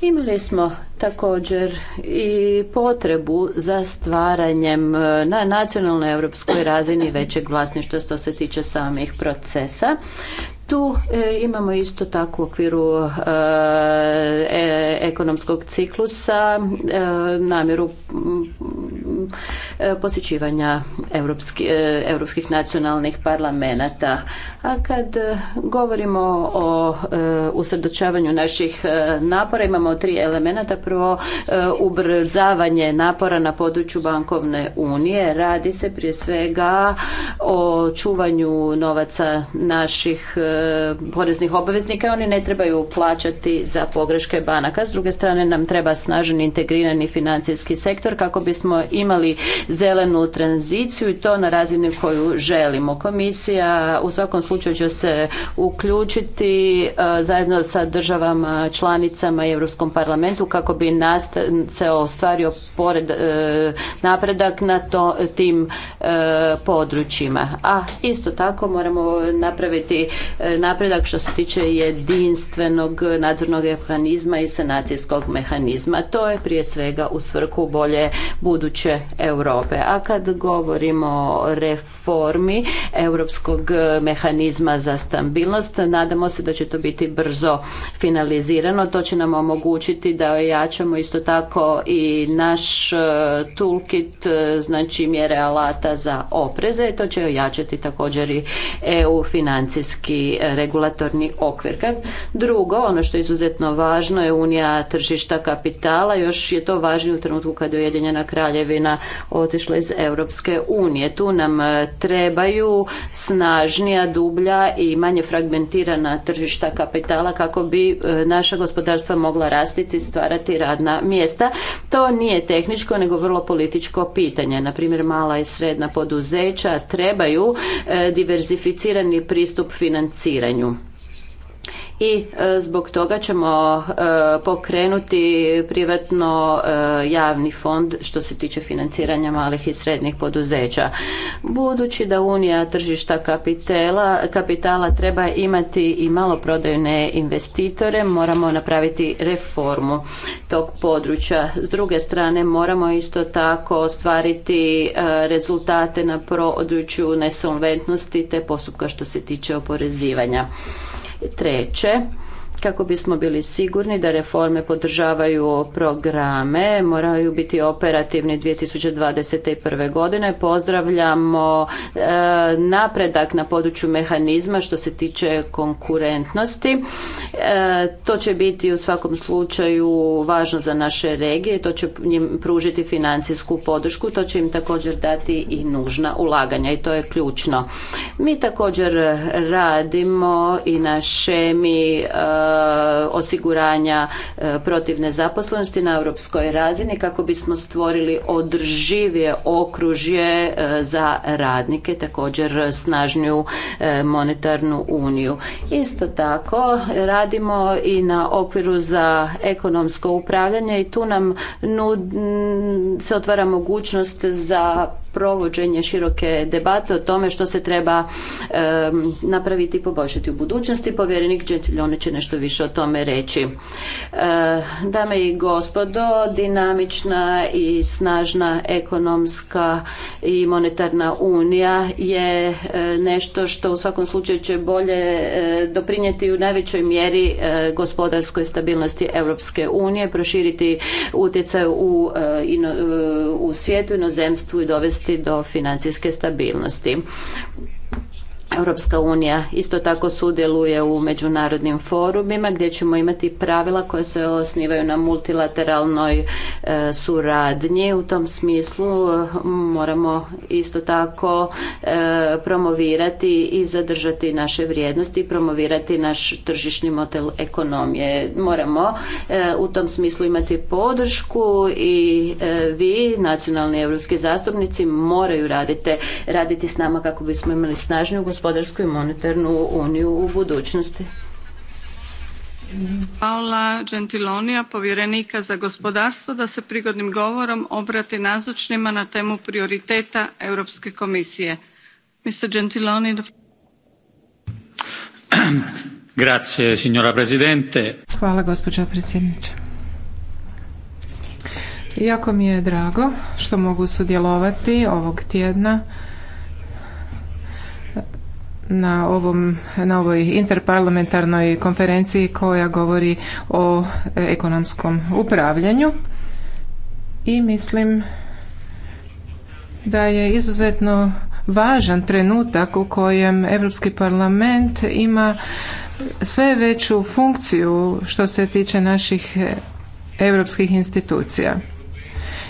Imali smo također i potrebu za stvaranjem e, na nacionalnoj europskoj razini većeg vlasništva što se tiče samih procesa. Tu e, imamo isto tako u okviru e, ekonomskog ciklusa namjeru posjećivanja europskih nacionalnih parlamenta. A kad govorimo o usredočavanju naših napora, imamo tri elementa zapravo e, ubrzavanje napora na području bankovne unije. Radi se prije svega o čuvanju novaca naših e, poreznih obveznika. Oni ne trebaju plaćati za pogreške banaka. S druge strane nam treba snažan integrirani financijski sektor kako bismo imali zelenu tranziciju i to na razini koju želimo. Komisija u svakom slučaju će se uključiti e, zajedno sa državama članicama i Europskom parlamentu kako bi se ostvario e, napredak na to tim e, područjima. A isto tako moramo napraviti e, napredak što se tiče jedinstvenog nadzornog mehanizma i sanacijskog mehanizma. To je prije svega u svrhu bolje buduće Europe. A kad govorimo o reformi reformi europskog e, mehanizma za stabilnost. Nadamo se da će to biti brzo finalizirano. To će nam omogućiti da ojačamo isto tako i naš e, toolkit, e, znači mjere alata za opreze. To će ojačati također i EU financijski regulatorni okvir. drugo, ono što je izuzetno važno je unija tržišta kapitala. Još je to važnije u trenutku kada je Ujedinjena kraljevina otišla iz Europske unije. Tu nam trebaju snažnija, dublja i manje fragmentirana tržišta kapitala kako bi e, naša gospodarstva mogla rastiti i stvarati radna mjesta. To nije tehničko nego vrlo političko pitanje. Na mala i sredna poduzeća trebaju e, diverzificirani pristup financiranju i e, zbog toga ćemo e, pokrenuti privatno e, javni fond što se tiče financiranja malih i srednjih poduzeća. Budući da Unija tržišta kapitala, kapitala treba imati i maloprodajne investitore, moramo napraviti reformu tog područja. S druge strane moramo isto tako ostvariti rezultate na području nesolventnosti te postupka što se tiče oporezivanja. Treće, kako bismo bili sigurni da reforme podržavaju programe, moraju biti operativni 2021. godine. Pozdravljamo e, napredak na području mehanizma što se tiče konkurentnosti. E, to će biti u svakom slučaju važno za naše regije, to će im pružiti financijsku podršku, to će im također dati i nužna ulaganja i to je ključno. Mi također radimo i na šemi e, Eh, osiguranja eh, protiv nezaposlenosti na europskoj razini kako bismo stvorili održivije okružje eh, za radnike, također snažniju monetarnu uniju. Isto tako radimo i na okviru za ekonomsko upravljanje i tu nam se otvara mogućnost za provođenje široke debate o tome što se treba napraviti i poboljšati u budućnosti. Povjerenik Gentiljone će nešto više o tome reći. E, dame i gospodo, dinamična i snažna ekonomska i monetarna unija je e, nešto što u svakom slučaju će bolje e, doprinijeti u najvećoj mjeri gospodarskoj stabilnosti Europske unije, proširiti utjecaj u, u svijetu, inozemstvu i dovesti dovesti do financijske stabilnosti. Europska unija isto tako sudjeluje u međunarodnim forumima gdje ćemo imati pravila koja se osnivaju na multilateralnoj e, suradnji. U tom smislu e, moramo isto tako e, promovirati i zadržati naše vrijednosti i promovirati naš tržišni model ekonomije. Moramo u tom smislu imati podršku i vi, nacionalni europski zastupnici, moraju raditi, raditi s nama kako bismo imali snažniju gospodinu gospodarsku i monetarnu uniju u budućnosti. Paola Gentilonija, povjerenika za gospodarstvo, da se prigodnim govorom obrati nazočnima na temu prioriteta Europske komisije. Mr. Gentiloni. [CLEARS THROAT] Grazie, signora Presidente. Hvala, gospođa predsjedniče. Jako mi je drago što mogu sudjelovati ovog tjedna na, ovom, na ovoj interparlamentarnoj konferenciji koja govori o ekonomskom upravljanju i mislim da je izuzetno važan trenutak u kojem Europski parlament ima sve veću funkciju što se tiče naših europskih institucija.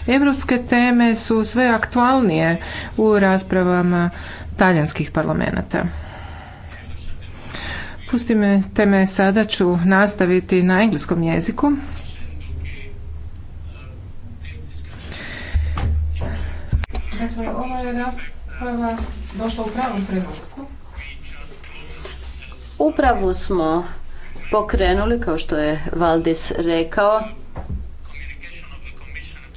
Europske teme su sve aktualnije u raspravama talijanskih parlamenta. Pusti me sada ću nastaviti na engleskom jeziku. Dakle, došla u pravom trenutku. Upravo smo pokrenuli, kao što je Valdis rekao,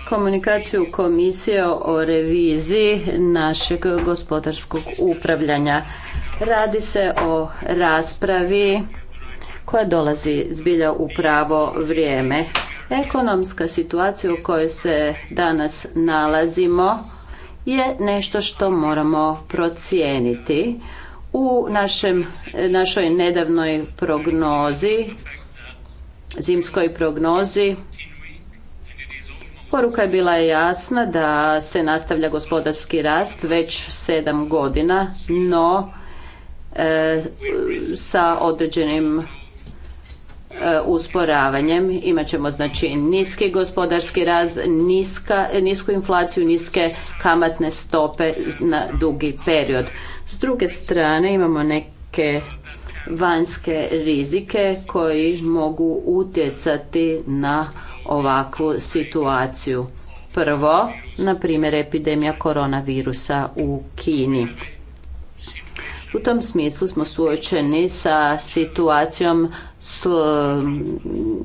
komunikaciju komisije o reviziji našeg gospodarskog upravljanja. Radi se o raspravi koja dolazi zbilja u pravo vrijeme. Ekonomska situacija u kojoj se danas nalazimo je nešto što moramo procijeniti. U našem, našoj nedavnoj prognozi, zimskoj prognozi, Poruka je bila jasna da se nastavlja gospodarski rast već sedam godina, no E, sa određenim e, usporavanjem. Imaćemo znači niski gospodarski raz, niska, nisku inflaciju, niske kamatne stope na dugi period. S druge strane imamo neke vanjske rizike koji mogu utjecati na ovakvu situaciju. Prvo, na primjer, epidemija koronavirusa u Kini u tom smislu smo suočeni sa situacijom um,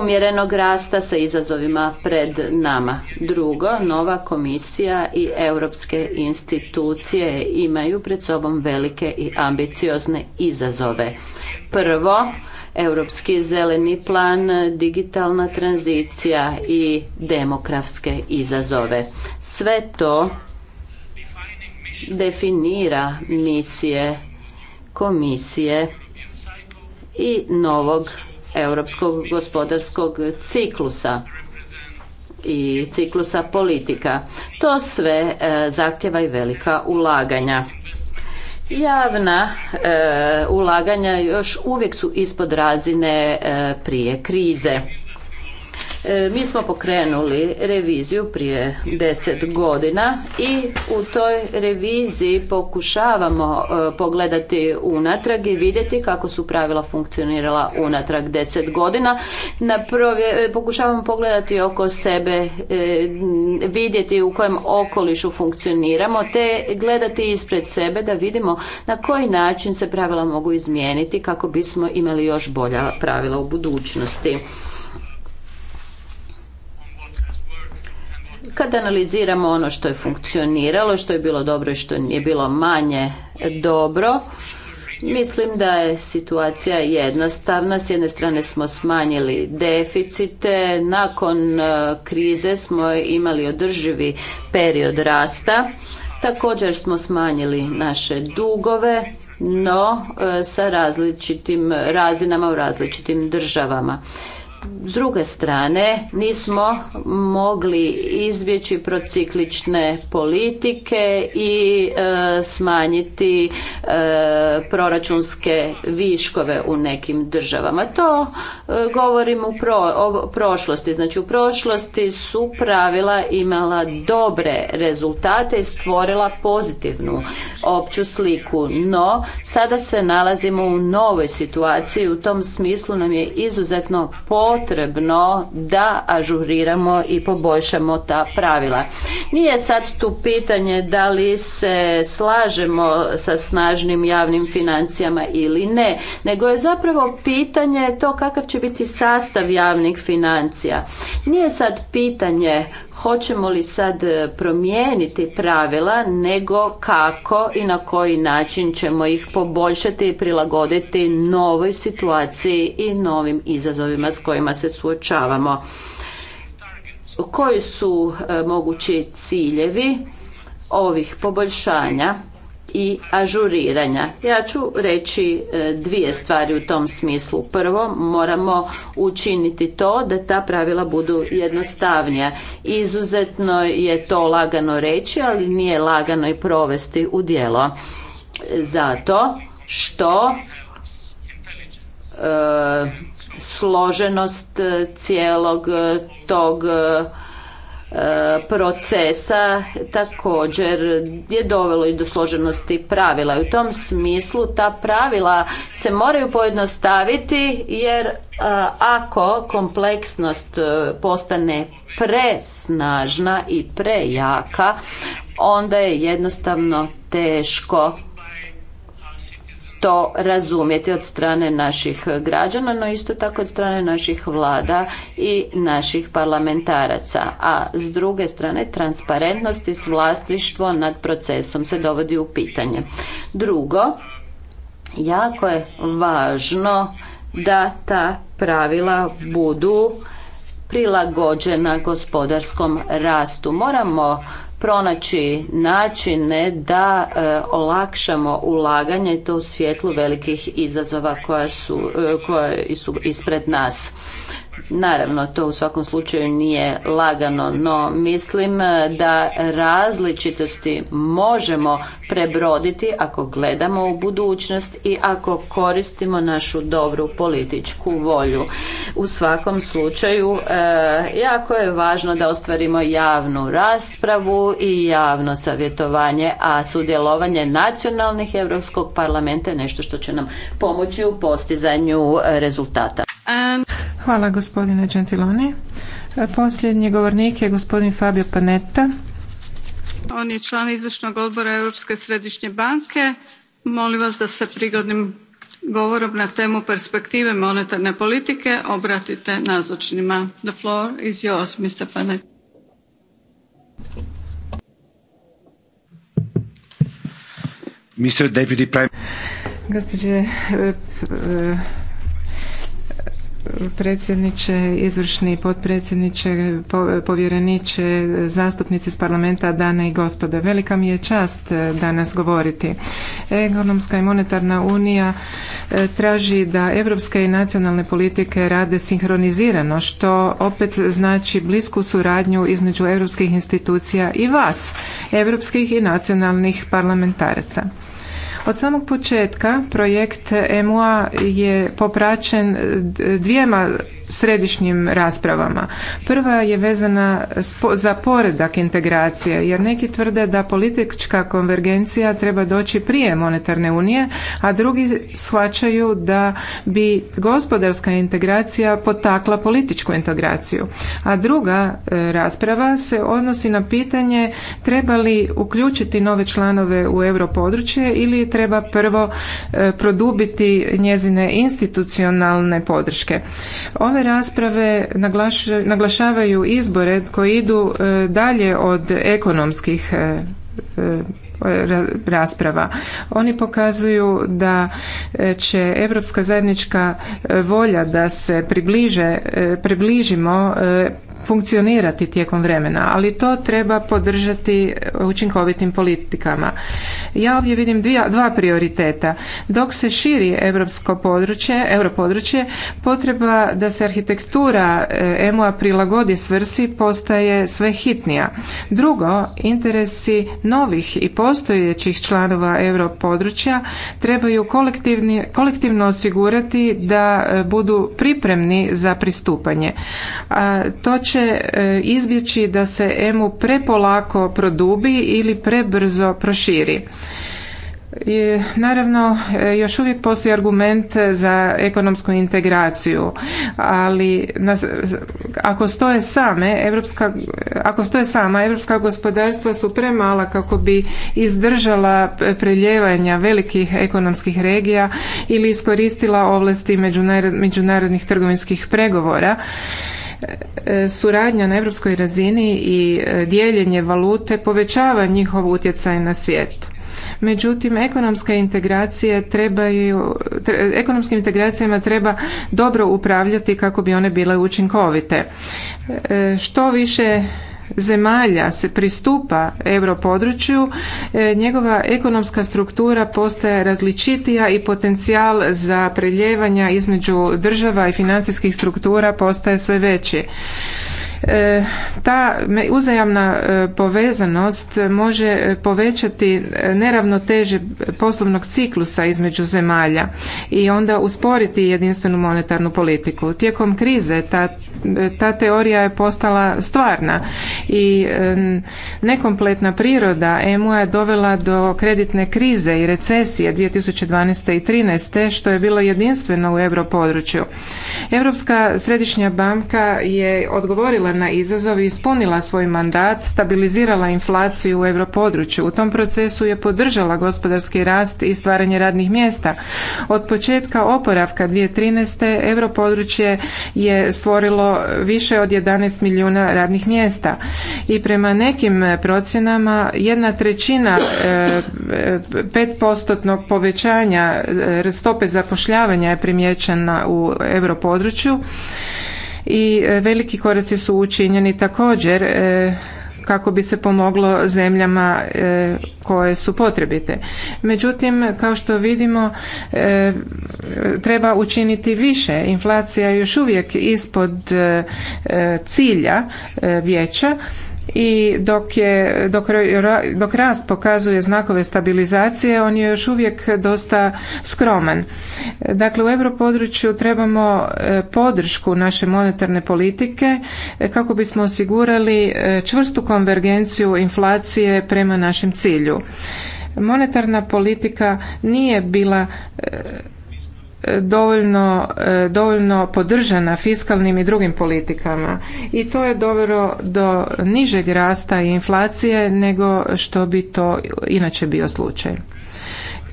umjerenog rasta sa izazovima pred nama. Drugo, nova komisija i europske institucije imaju pred sobom velike i ambiciozne izazove. Prvo, europski zeleni plan, digitalna tranzicija i demografske izazove. Sve to definira misije komisije i novog europskog gospodarskog ciklusa i ciklusa politika. To sve e, zahtjeva i velika ulaganja. Javna e, ulaganja još uvijek su ispod razine e, prije krize. E, mi smo pokrenuli reviziju prije deset godina i u toj reviziji pokušavamo e, pogledati unatrag i vidjeti kako su pravila funkcionirala unatrag deset godina. E, pokušavamo pogledati oko sebe, vidjeti u kojem okolišu funkcioniramo te gledati ispred sebe da vidimo na koji način se pravila mogu izmijeniti kako bismo imali još bolja pravila u budućnosti. kad analiziramo ono što je funkcioniralo, što je bilo dobro i što je bilo manje dobro, Mislim da je situacija jednostavna. S jedne strane smo smanjili deficite, nakon e, krize smo imali održivi period rasta. Također smo smanjili naše dugove, no e, sa različitim razinama u različitim državama. S druge strane, nismo mogli izbjeći prociklične politike i e, smanjiti e, proračunske viškove u nekim državama. To govorimo e, govorim o prošlosti. Znači u prošlosti su pravila imala dobre rezultate i stvorila pozitivnu opću sliku. No, sada se nalazimo u novoj situaciji. U tom smislu nam je izuzetno potrebno potrebno da ažuriramo i poboljšamo ta pravila. Nije sad tu pitanje da li se slažemo sa snažnim javnim financijama ili ne, nego je zapravo pitanje to kakav će biti sastav javnih financija. Nije sad pitanje hoćemo li sad promijeniti pravila, nego kako i na koji način ćemo ih poboljšati i prilagoditi novoj situaciji i novim izazovima s kojima se suočavamo. Koji su e, mogući ciljevi ovih poboljšanja i ažuriranja. Ja ću reći e, dvije stvari u tom smislu. Prvo, moramo učiniti to da ta pravila budu jednostavnija. Izuzetno je to lagano reći, ali nije lagano i provesti u djelo. Zato što e, složenost e, cijelog e, tog e, procesa također je dovelo i do složenosti pravila. I u tom smislu ta pravila se moraju pojednostaviti jer ako kompleksnost postane presnažna i prejaka onda je jednostavno teško to razumjeti od strane naših građana, no isto tako od strane naših vlada i naših parlamentaraca. A s druge strane, transparentnost i vlasništvo nad procesom se dovodi u pitanje. Drugo, jako je važno da ta pravila budu prilagođena gospodarskom rastu. Moramo pronaći načine da e, olakšamo ulaganje to u svjetlu velikih izazova koja su, e, koje su ispred nas. Naravno, to u svakom slučaju nije lagano, no mislim da različitosti možemo prebroditi ako gledamo u budućnost i ako koristimo našu dobru političku volju. U svakom slučaju, e, jako je važno da ostvarimo javnu raspravu i javno savjetovanje, a sudjelovanje nacionalnih Europskog parlamenta je nešto što će nam pomoći u postizanju rezultata. Hvala gospodine Gentiloni. Posljednji govornik je gospodin Fabio Panetta. On je član izvršnog odbora Europske središnje banke. Molim vas da se prigodnim govorom na temu perspektive monetarne politike obratite nazočnima. The floor is yours, Mr. Panetta. Mr. Deputy Prime... Gospođe eh, eh, predsjedniče, izvršni potpredsjedniče, povjereniče, zastupnici iz parlamenta, dane i gospode. Velika mi je čast e, danas govoriti. Ekonomska i monetarna unija e, traži da evropske i nacionalne politike rade sinhronizirano, što opet znači blisku suradnju između europskih institucija i vas, europskih i nacionalnih parlamentaraca. Od samog početka projekt EMUA je popraćen dvijema središnjim raspravama. Prva je vezana za poredak integracije, jer neki tvrde da politička konvergencija treba doći prije monetarne unije, a drugi shvaćaju da bi gospodarska integracija potakla političku integraciju. A druga e, rasprava se odnosi na pitanje treba li uključiti nove članove u europodručje ili treba prvo e, produbiti njezine institucionalne podrške. Ove rasprave naglašavaju izbore koji idu e, dalje od ekonomskih e, e, rasprava. Oni pokazuju da će europska zajednička volja da se približe, približimo funkcionirati tijekom vremena, ali to treba podržati e, učinkovitim politikama. Ja ovdje vidim dvija, dva prioriteta. Dok se širi europsko područje, europodručje, potreba da se arhitektura EMU-a prilagodi svrsi postaje sve hitnija. Drugo, interesi novih i postojećih članova europodručja trebaju kolektivno osigurati da e, budu pripremni za pristupanje. to će e, izbjeći da se EMU prepolako produbi ili prebrzo proširi. naravno, e, još uvijek postoji argument za ekonomsku integraciju, ali ako stoje same, evropska, ako stoje sama, evropska gospodarstva su premala kako bi izdržala preljevanja velikih ekonomskih regija ili iskoristila ovlasti međunarodnih trgovinskih pregovora suradnja na europskoj razini i e, dijeljenje valute povećava njihov utjecaj na svijet. Međutim, ekonomske integracije trebaju, ekonomskim integracijama treba dobro upravljati kako bi one bile učinkovite. E, što više zemalja se pristupa europodručju, e, njegova ekonomska struktura postaje različitija i potencijal za preljevanja između država i financijskih struktura postaje sve veći. E, ta uzajamna e, povezanost može povećati neravnoteže poslovnog ciklusa između zemalja i onda usporiti jedinstvenu monetarnu politiku. Tijekom krize ta, ta teorija je postala stvarna i e, nekompletna priroda emu je dovela do kreditne krize i recesije 2012. i 2013. što je bilo jedinstveno u europodručju. Europska središnja banka je odgovorila odgovorila na izazov i ispunila svoj mandat, stabilizirala inflaciju u europodručju. U tom procesu je podržala gospodarski rast i stvaranje radnih mjesta. Od početka oporavka 2013. europodručje je stvorilo više od 11 milijuna radnih mjesta i prema nekim procjenama jedna trećina e, petpostotnog povećanja e, stope zapošljavanja je primjećena u europodručju i e, veliki koraci su učinjeni također e, kako bi se pomoglo zemljama e, koje su potrebite. Međutim, kao što vidimo, treba učiniti više. Inflacija je još uvijek ispod cilja vijeća i dok, je, dok, rast pokazuje znakove stabilizacije, on je još uvijek dosta skroman. Dakle, u europodručju trebamo e, podršku naše monetarne politike e, kako bismo osigurali e, čvrstu konvergenciju inflacije prema našem cilju. Monetarna politika nije bila dovoljno, e, dovoljno podržana fiskalnim i drugim politikama i to je dovelo do nižeg rasta i inflacije nego što bi to inače bio slučaj.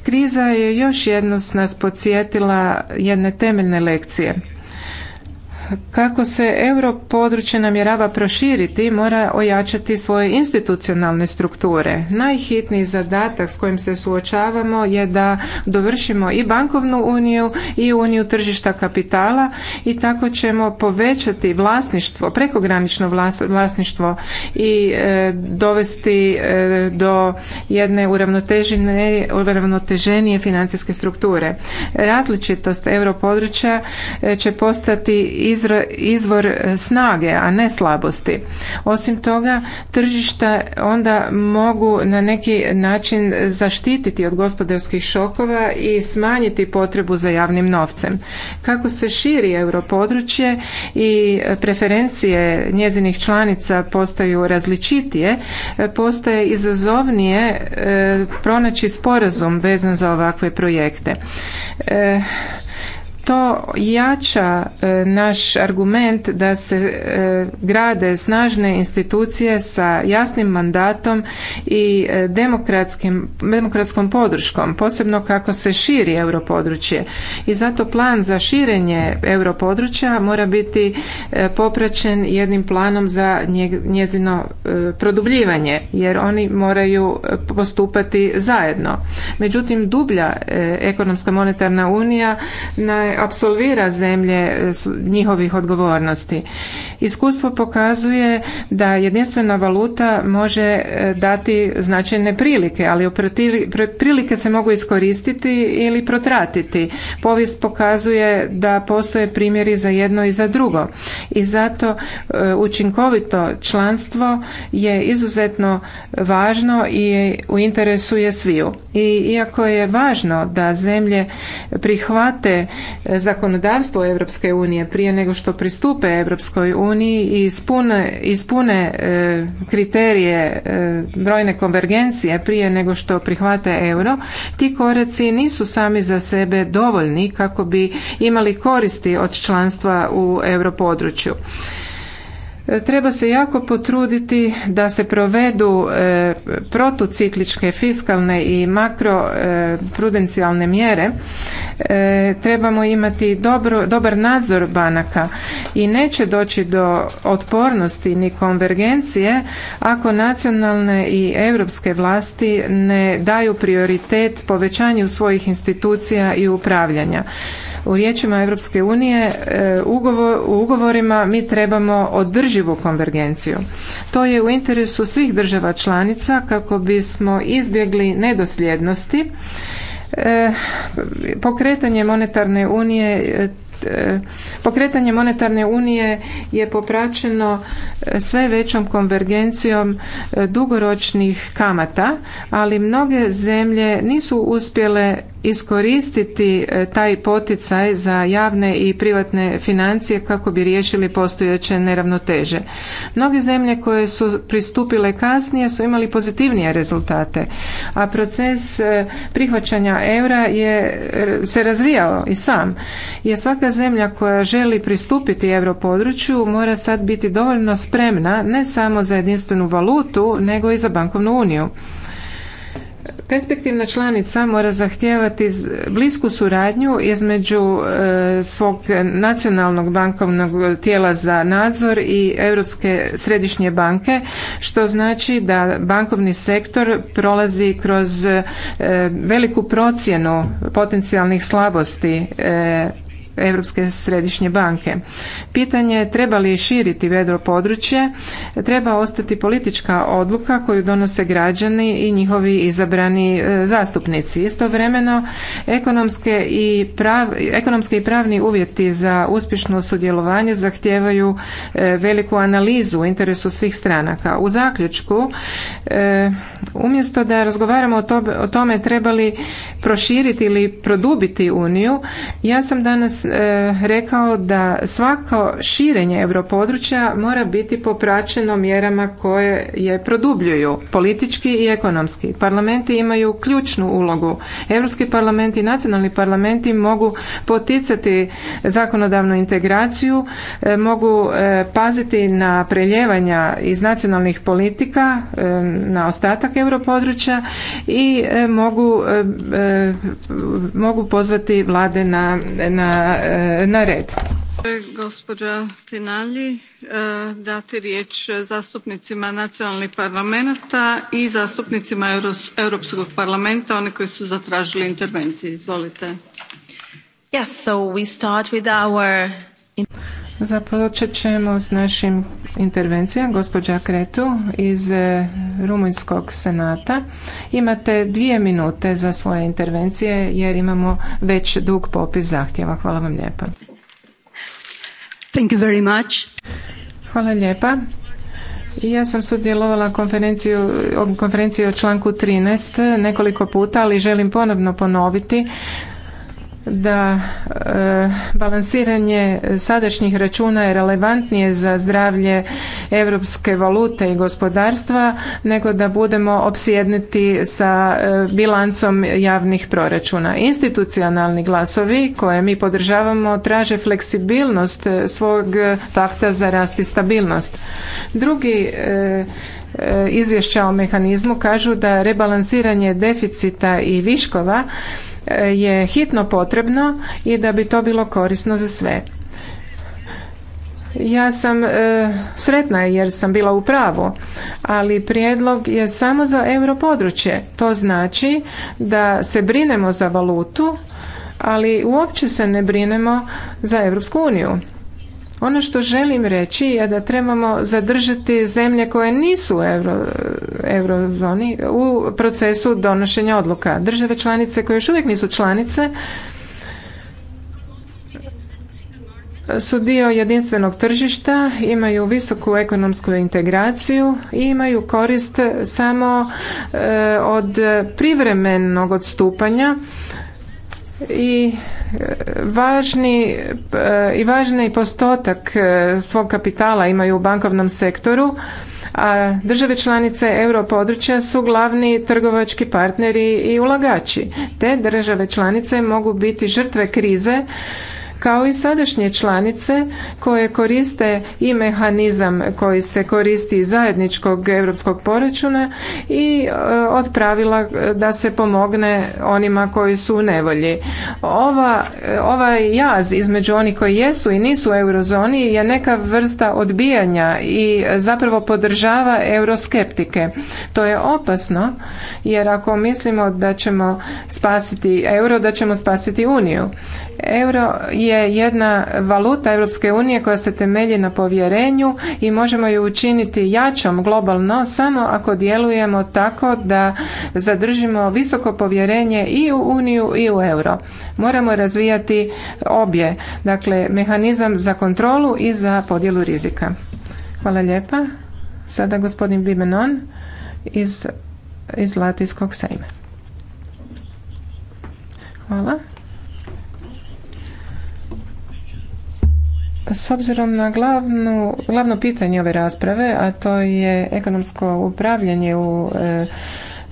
Kriza je još jednost nas podsjetila jedne temeljne lekcije kako se europodručje namjerava proširiti, mora ojačati svoje institucionalne strukture. Najhitniji zadatak s kojim se suočavamo je da dovršimo i bankovnu uniju i uniju tržišta kapitala i tako ćemo povećati vlasništvo, prekogranično vlasništvo i e, dovesti e, do jedne uravnoteženije financijske strukture. Različitost europodručja e, će postati i izvor e, snage, a ne slabosti. Osim toga, tržišta onda mogu na neki način zaštititi od gospodarskih šokova i smanjiti potrebu za javnim novcem. Kako se širi europodručje i preferencije njezinih članica postaju različitije, postaje izazovnije e, pronaći sporazum vezan za ovakve projekte. E, to jača e, naš argument da se e, grade snažne institucije sa jasnim mandatom i e, demokratskom podrškom, posebno kako se širi europodručje. I zato plan za širenje europodručja mora biti popraćen jednim planom za njezino produbljivanje, jer oni moraju postupati zajedno. Međutim, dublja ekonomska monetarna unija na apsolvira absolvira zemlje e, njihovih odgovornosti. Iskustvo pokazuje da jedinstvena valuta može e, dati značajne prilike, ali prilike se mogu iskoristiti ili protratiti. Povijest pokazuje da postoje primjeri za jedno i za drugo. I zato e, učinkovito članstvo je izuzetno važno i u interesu je sviju. I iako je važno da zemlje prihvate zakonodavstvo Europske unije prije nego što pristupe Europskoj uniji i ispune, ispune e, kriterije e, brojne konvergencije prije nego što prihvate euro, ti koraci nisu sami za sebe dovoljni kako bi imali koristi od članstva u europodručju. E, treba se jako potruditi da se provedu e, protucikličke fiskalne i makroprudencijalne e, mjere. E, trebamo imati dobar nadzor banaka i neće doći do otpornosti ni konvergencije ako nacionalne i europske vlasti ne daju prioritet povećanju svojih institucija i upravljanja. U riječima Europske unije e, u ugovorima mi trebamo održivu konvergenciju. To je u interesu svih država članica kako bismo izbjegli nedosljednosti e, pokretanje monetarne unije e, pokretanje monetarne unije je popraćeno sve većom konvergencijom dugoročnih kamata, ali mnoge zemlje nisu uspjele iskoristiti e, taj poticaj za javne i privatne financije kako bi riješili postojeće neravnoteže. Mnoge zemlje koje su pristupile kasnije su imali pozitivnije rezultate, a proces e, prihvaćanja eura je, e, se razvijao i sam. Jer svaka zemlja koja želi pristupiti europodručju mora sad biti dovoljno spremna ne samo za jedinstvenu valutu, nego i za bankovnu uniju. Perspektivna članica mora zahtijevati blisku suradnju između e, svog nacionalnog bankovnog tijela za nadzor i Europske središnje banke, što znači da bankovni sektor prolazi kroz e, veliku procjenu potencijalnih slabosti e, Europske središnje banke. Pitanje je treba li širiti vedro područje, treba ostati politička odluka koju donose građani i njihovi izabrani e, zastupnici. Istovremeno ekonomske i ekonomski i pravni uvjeti za uspješno sudjelovanje zahtijevaju e, veliku analizu u interesu svih stranaka. U zaključku e, umjesto da razgovaramo o, o tome treba li proširiti ili produbiti uniju, ja sam danas E, rekao da svako širenje europodručja mora biti popraćeno mjerama koje je produbljuju politički i ekonomski. Parlamenti imaju ključnu ulogu. Europski parlamenti i nacionalni parlamenti mogu poticati zakonodavnu integraciju, e, mogu e, paziti na preljevanja iz nacionalnih politika na ostatak europodručja i mogu, mogu pozvati vlade na, na E, na, red red. Gospođa Tinalji, e, dati riječ zastupnicima nacionalnih parlamenta i zastupnicima Europskog parlamenta, oni koji su zatražili intervencije. Izvolite. Yes, so we start with our... Započet ćemo s našim intervencijama. Gospođa Kretu iz e, Rumunjskog senata. Imate dvije minute za svoje intervencije jer imamo već dug popis zahtjeva. Hvala vam lijepa. Hvala lijepa. Ja sam sudjelovala konferenciju, konferenciju o članku 13 nekoliko puta, ali želim ponovno ponoviti da e, balansiranje sadašnjih računa je relevantnije za zdravlje europske valute i gospodarstva nego da budemo opsjednuti sa e, bilancom javnih proračuna. Institucionalni glasovi koje mi podržavamo traže fleksibilnost svog pakta za rast i stabilnost. Drugi e, e izvješća o mehanizmu kažu da rebalansiranje deficita i viškova je hitno potrebno i da bi to bilo korisno za sve. Ja sam e, sretna jer sam bila u pravu, ali prijedlog je samo za europodručje. To znači da se brinemo za valutu, ali uopće se ne brinemo za Europsku uniju. Ono što želim reći je da trebamo zadržati zemlje koje nisu u euro, eurozoni u procesu donošenja odluka. Države članice koje još uvijek nisu članice su dio jedinstvenog tržišta, imaju visoku ekonomsku integraciju i imaju korist samo e, od privremenog odstupanja i e, važni e, i važni postotak e, svog kapitala imaju u bankovnom sektoru a države članice europodručja su glavni trgovački partneri i ulagači. Te države članice mogu biti žrtve krize kao i sadašnje članice koje koriste i mehanizam koji se koristi zajedničkog europskog proračuna i e, od pravila e, da se pomogne onima koji su u nevolji. Ova, e, ovaj jaz između onih koji jesu i nisu u eurozoni je neka vrsta odbijanja i zapravo podržava euroskeptike. To je opasno jer ako mislimo da ćemo spasiti euro, da ćemo spasiti uniju. Euro je jedna valuta Europske unije koja se temelji na povjerenju i možemo ju učiniti jačom globalno samo ako djelujemo tako da zadržimo visoko povjerenje i u uniju i u euro. Moramo razvijati obje, dakle mehanizam za kontrolu i za podjelu rizika. Hvala lijepa. Sada gospodin Bimenon iz, iz Latinskog sejma. Hvala. S obzirom na glavno pitanje ove rasprave, a to je ekonomsko upravljanje u e,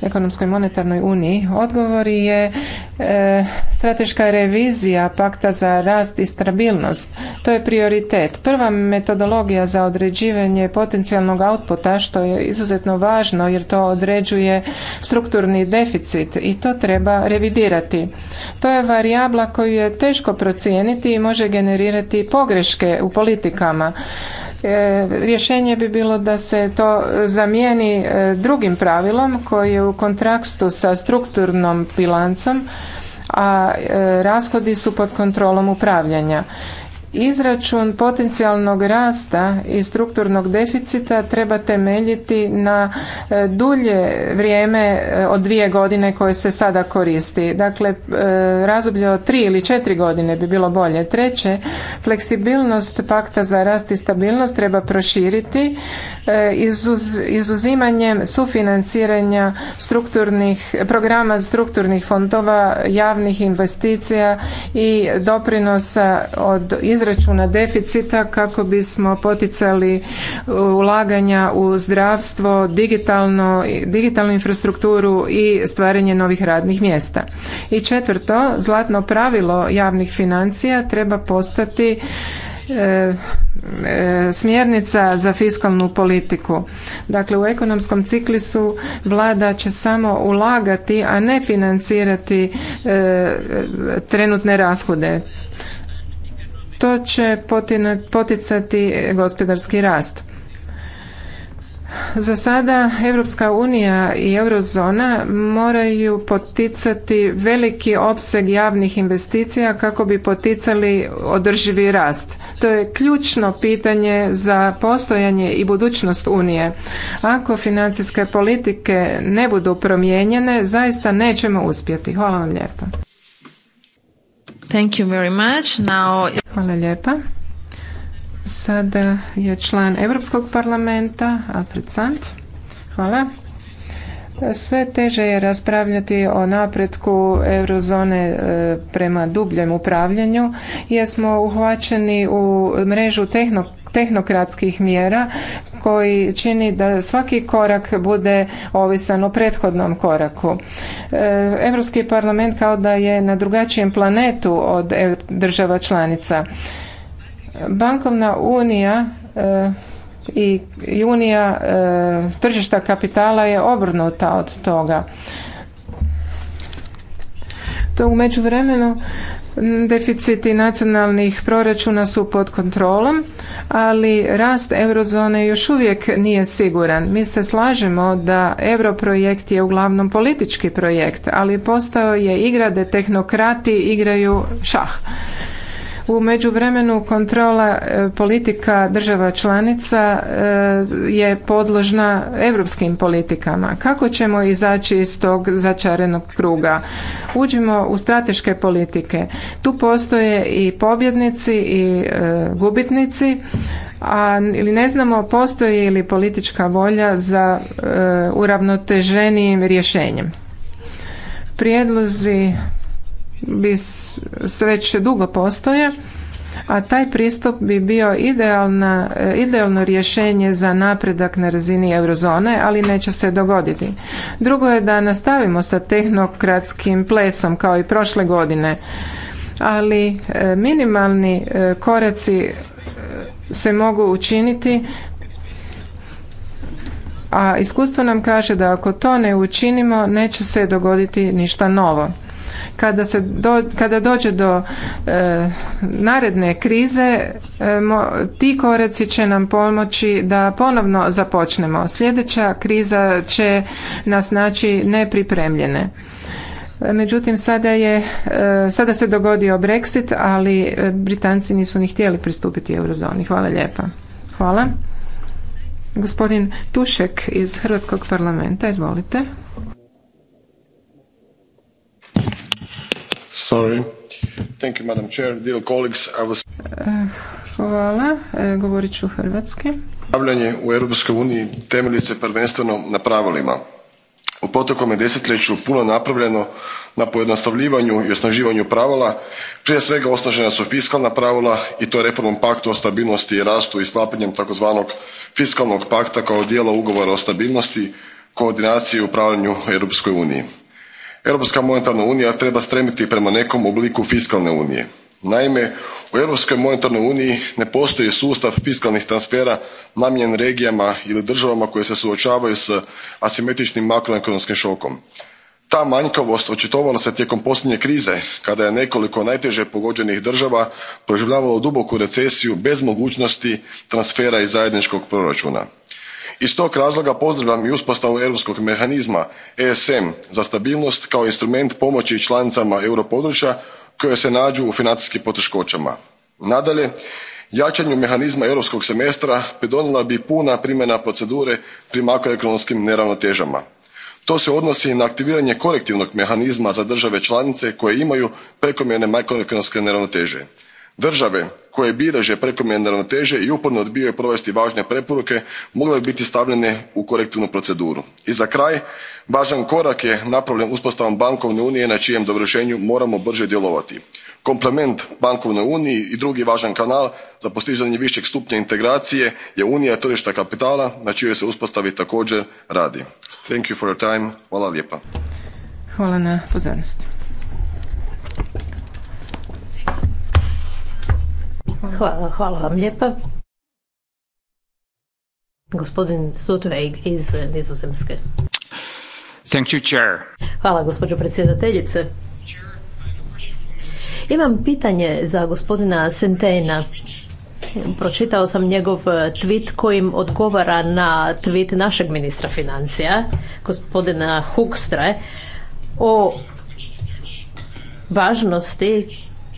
ekonomskoj monetarnoj uniji, odgovor je e, strateška revizija pakta za rast i stabilnost. To je prioritet. Prva metodologija za određivanje potencijalnog outputa što je izuzetno važno jer to određuje strukturni deficit i to treba revidirati. To je varijabla koju je teško procijeniti i može generirati pogreške u politikama. E, rješenje bi bilo da se to zamijeni e, drugim pravilom koji je u kontrakstu sa strukturnom bilancom a e, rashodi su pod kontrolom upravljanja. Izračun potencijalnog rasta i strukturnog deficita treba temeljiti na e, dulje vrijeme e, od dvije godine koje se sada koristi. Dakle, e, razdoblje od tri ili četiri godine bi bilo bolje. Treće, fleksibilnost pakta za rast i stabilnost treba proširiti izuzimanjem sufinanciranja strukturnih programa strukturnih fondova, javnih investicija i doprinosa od računa deficita kako bismo poticali ulaganja u zdravstvo, digitalno, digitalnu infrastrukturu i stvaranje novih radnih mjesta. I četvrto, zlatno pravilo javnih financija treba postati e, e, smjernica za fiskalnu politiku. Dakle, u ekonomskom ciklisu vlada će samo ulagati, a ne financirati e, trenutne rashode što će poticati gospodarski rast. Za sada Europska unija i eurozona moraju poticati veliki opseg javnih investicija kako bi poticali održivi rast. To je ključno pitanje za postojanje i budućnost unije. Ako financijske politike ne budu promijenjene, zaista nećemo uspjeti. Hvala vam lijepa. Thank you very much. Now... Hvala lijepa. Sada je član Europskog parlamenta Alfred Sant. Hvala. Sve teže je raspravljati o napretku eurozone e, prema dubljem upravljanju jer smo uhvaćeni u mrežu tehnokratskih mjera koji čini da svaki korak bude ovisan o prethodnom koraku. E, Europski parlament kao da je na drugačijem planetu od e, država članica. Bankovna unija i unija e, tržišta kapitala je obrnuta od toga. To u međuvremenu deficiti nacionalnih proračuna su pod kontrolom, ali rast eurozone još uvijek nije siguran. Mi se slažemo da europrojekt je uglavnom politički projekt, ali postao je igra gdje tehnokrati igraju šah. U međuvremenu kontrola e, politika država članica e, je podložna europskim politikama. Kako ćemo izaći iz tog začarenog kruga? Uđimo u strateške politike. Tu postoje i pobjednici i e, gubitnici a ili ne znamo postoji li politička volja za uravnoteženijim rješenjem. Prijedlozi se već dugo postoje, a taj pristup bi bio idealna, e, idealno rješenje za napredak na razini eurozone, ali neće se dogoditi. Drugo je da nastavimo sa tehnokratskim plesom kao i prošle godine, ali e, minimalni e, koraci se mogu učiniti a iskustvo nam kaže da ako to ne učinimo neće se dogoditi ništa novo. Kada, se do, kada dođe do e, naredne krize, e, ti koraci će nam pomoći da ponovno započnemo. Sljedeća kriza će nas naći nepripremljene. Međutim, sada, je, e, sada se dogodio Brexit, ali Britanci nisu ni htjeli pristupiti eurozoni. Hvala lijepa. Hvala. Gospodin Tušek iz Hrvatskog parlamenta, izvolite. Eh, hvala. Eh, govorit ću hrvatski. Upravljanje u Europskoj uniji temelji se prvenstveno na pravilima. U je desetljeću puno napravljeno na pojednostavljivanju i osnaživanju pravila, prije svega osnažena su fiskalna pravila i to reformom pakta o stabilnosti i rastu i sklapanjem takozvanog fiskalnog pakta kao dijela ugovora o stabilnosti, koordinaciji i upravljanju u Europskoj uniji europska monetarna unija treba stremiti prema nekom obliku fiskalne unije. naime u europskoj monetarnoj uniji ne postoji sustav fiskalnih transfera namijenjen regijama ili državama koje se suočavaju s asimetričnim makroekonomskim šokom. ta manjkavost očitovala se tijekom posljednje krize kada je nekoliko najteže pogođenih država proživljavalo duboku recesiju bez mogućnosti transfera iz zajedničkog proračuna. Iz tog razloga pozdravljam i uspostavu europskog mehanizma ESM za stabilnost kao instrument pomoći članicama europodručja koje se nađu u financijskim poteškoćama. Nadalje, jačanju mehanizma europskog semestra pridonijela bi puna primjena procedure pri makroekonomskim neravnotežama. To se odnosi na aktiviranje korektivnog mehanizma za države članice koje imaju prekomjerne makroekonomske neravnoteže. Države koje bilježe prekomjerne teže i uporno odbijaju provesti važne preporuke mogle bi biti stavljene u korektivnu proceduru. i za kraj važan korak je napravljen uspostavom bankovne unije na čijem dovršenju moramo brže djelovati. komplement bankovnoj uniji i drugi važan kanal za postizanje višeg stupnja integracije je unija tržišta kapitala na čijoj se uspostavi također radi. Hvala, vam lijepa. Gospodin Sudveig iz Nizozemske. Thank you, chair. Hvala, gospođo predsjedateljice. Imam pitanje za gospodina Sentena. Pročitao sam njegov eh, tweet kojim odgovara na tweet našeg ministra financija, gospodina Hukstre, o važnosti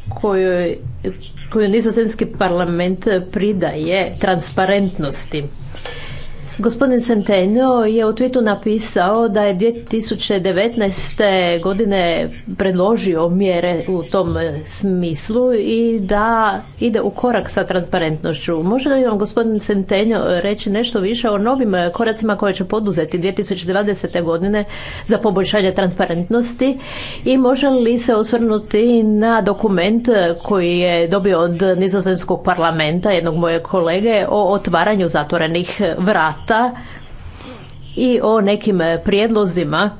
kojoj koju nizozemski parlament pridaje transparentnosti. Gospodin Centeno je u tweetu napisao da je 2019. godine predložio mjere u tom e, smislu i da ide u korak sa transparentnošću. Može li vam gospodin Centeno e, reći nešto više o novim e, koracima koje će poduzeti 2020. godine za poboljšanje transparentnosti i može li se osvrnuti na dokument koji je dobio od nizozemskog parlamenta, jednog moje kolege, o otvaranju zatvorenih vrata? i o nekim e, prijedlozima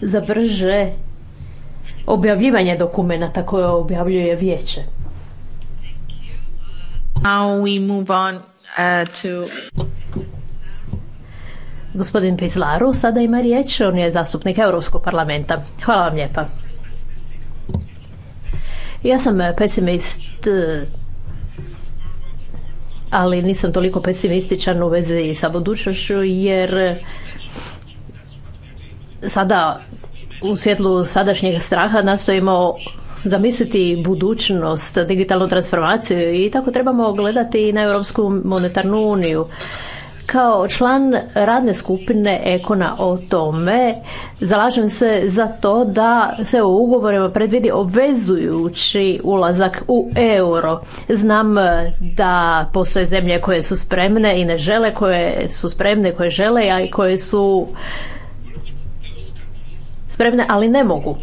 za brže objavljivanje dokumenata koje objavljuje vijeće. Now we uh, Gospodin Pizlaru sada ima riječ, on je zastupnik Europskog parlamenta. Hvala vam lijepa. Ja sam e, pesimist e, ali nisam toliko pesimističan u vezi sa budućnošću jer e, sada u svjetlu sadašnjeg straha nastojimo zamisliti budućnost, digitalnu transformaciju i tako trebamo gledati i na Europsku monetarnu uniju. Kao član radne skupine Ekona o tome, zalažem se za to da se u ugovorima predvidi obvezujući ulazak u euro. Znam da postoje zemlje koje su spremne i ne žele, koje su spremne, koje žele, a i koje su spremne, ali ne mogu.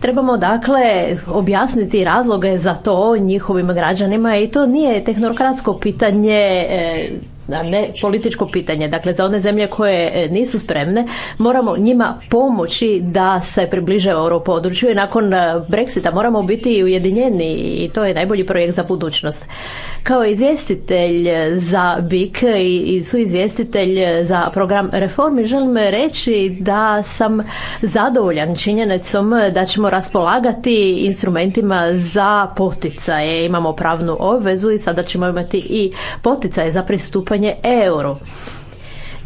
Trebamo dakle objasniti razloge za to njihovim građanima i to nije tehnokratsko pitanje e, a ne političko pitanje. Dakle, za one zemlje koje e, nisu spremne, moramo njima pomoći da se približe europodručju i nakon e, Brexita moramo biti ujedinjeni i to je najbolji projekt za budućnost. Kao izvjestitelj za BIK i su izvjestitelj za program reformi, želim reći da sam zadovoljan činjenicom da ćemo raspolagati instrumentima za poticaje. Imamo pravnu obvezu i sada ćemo imati i poticaje za pristupanje euro euru.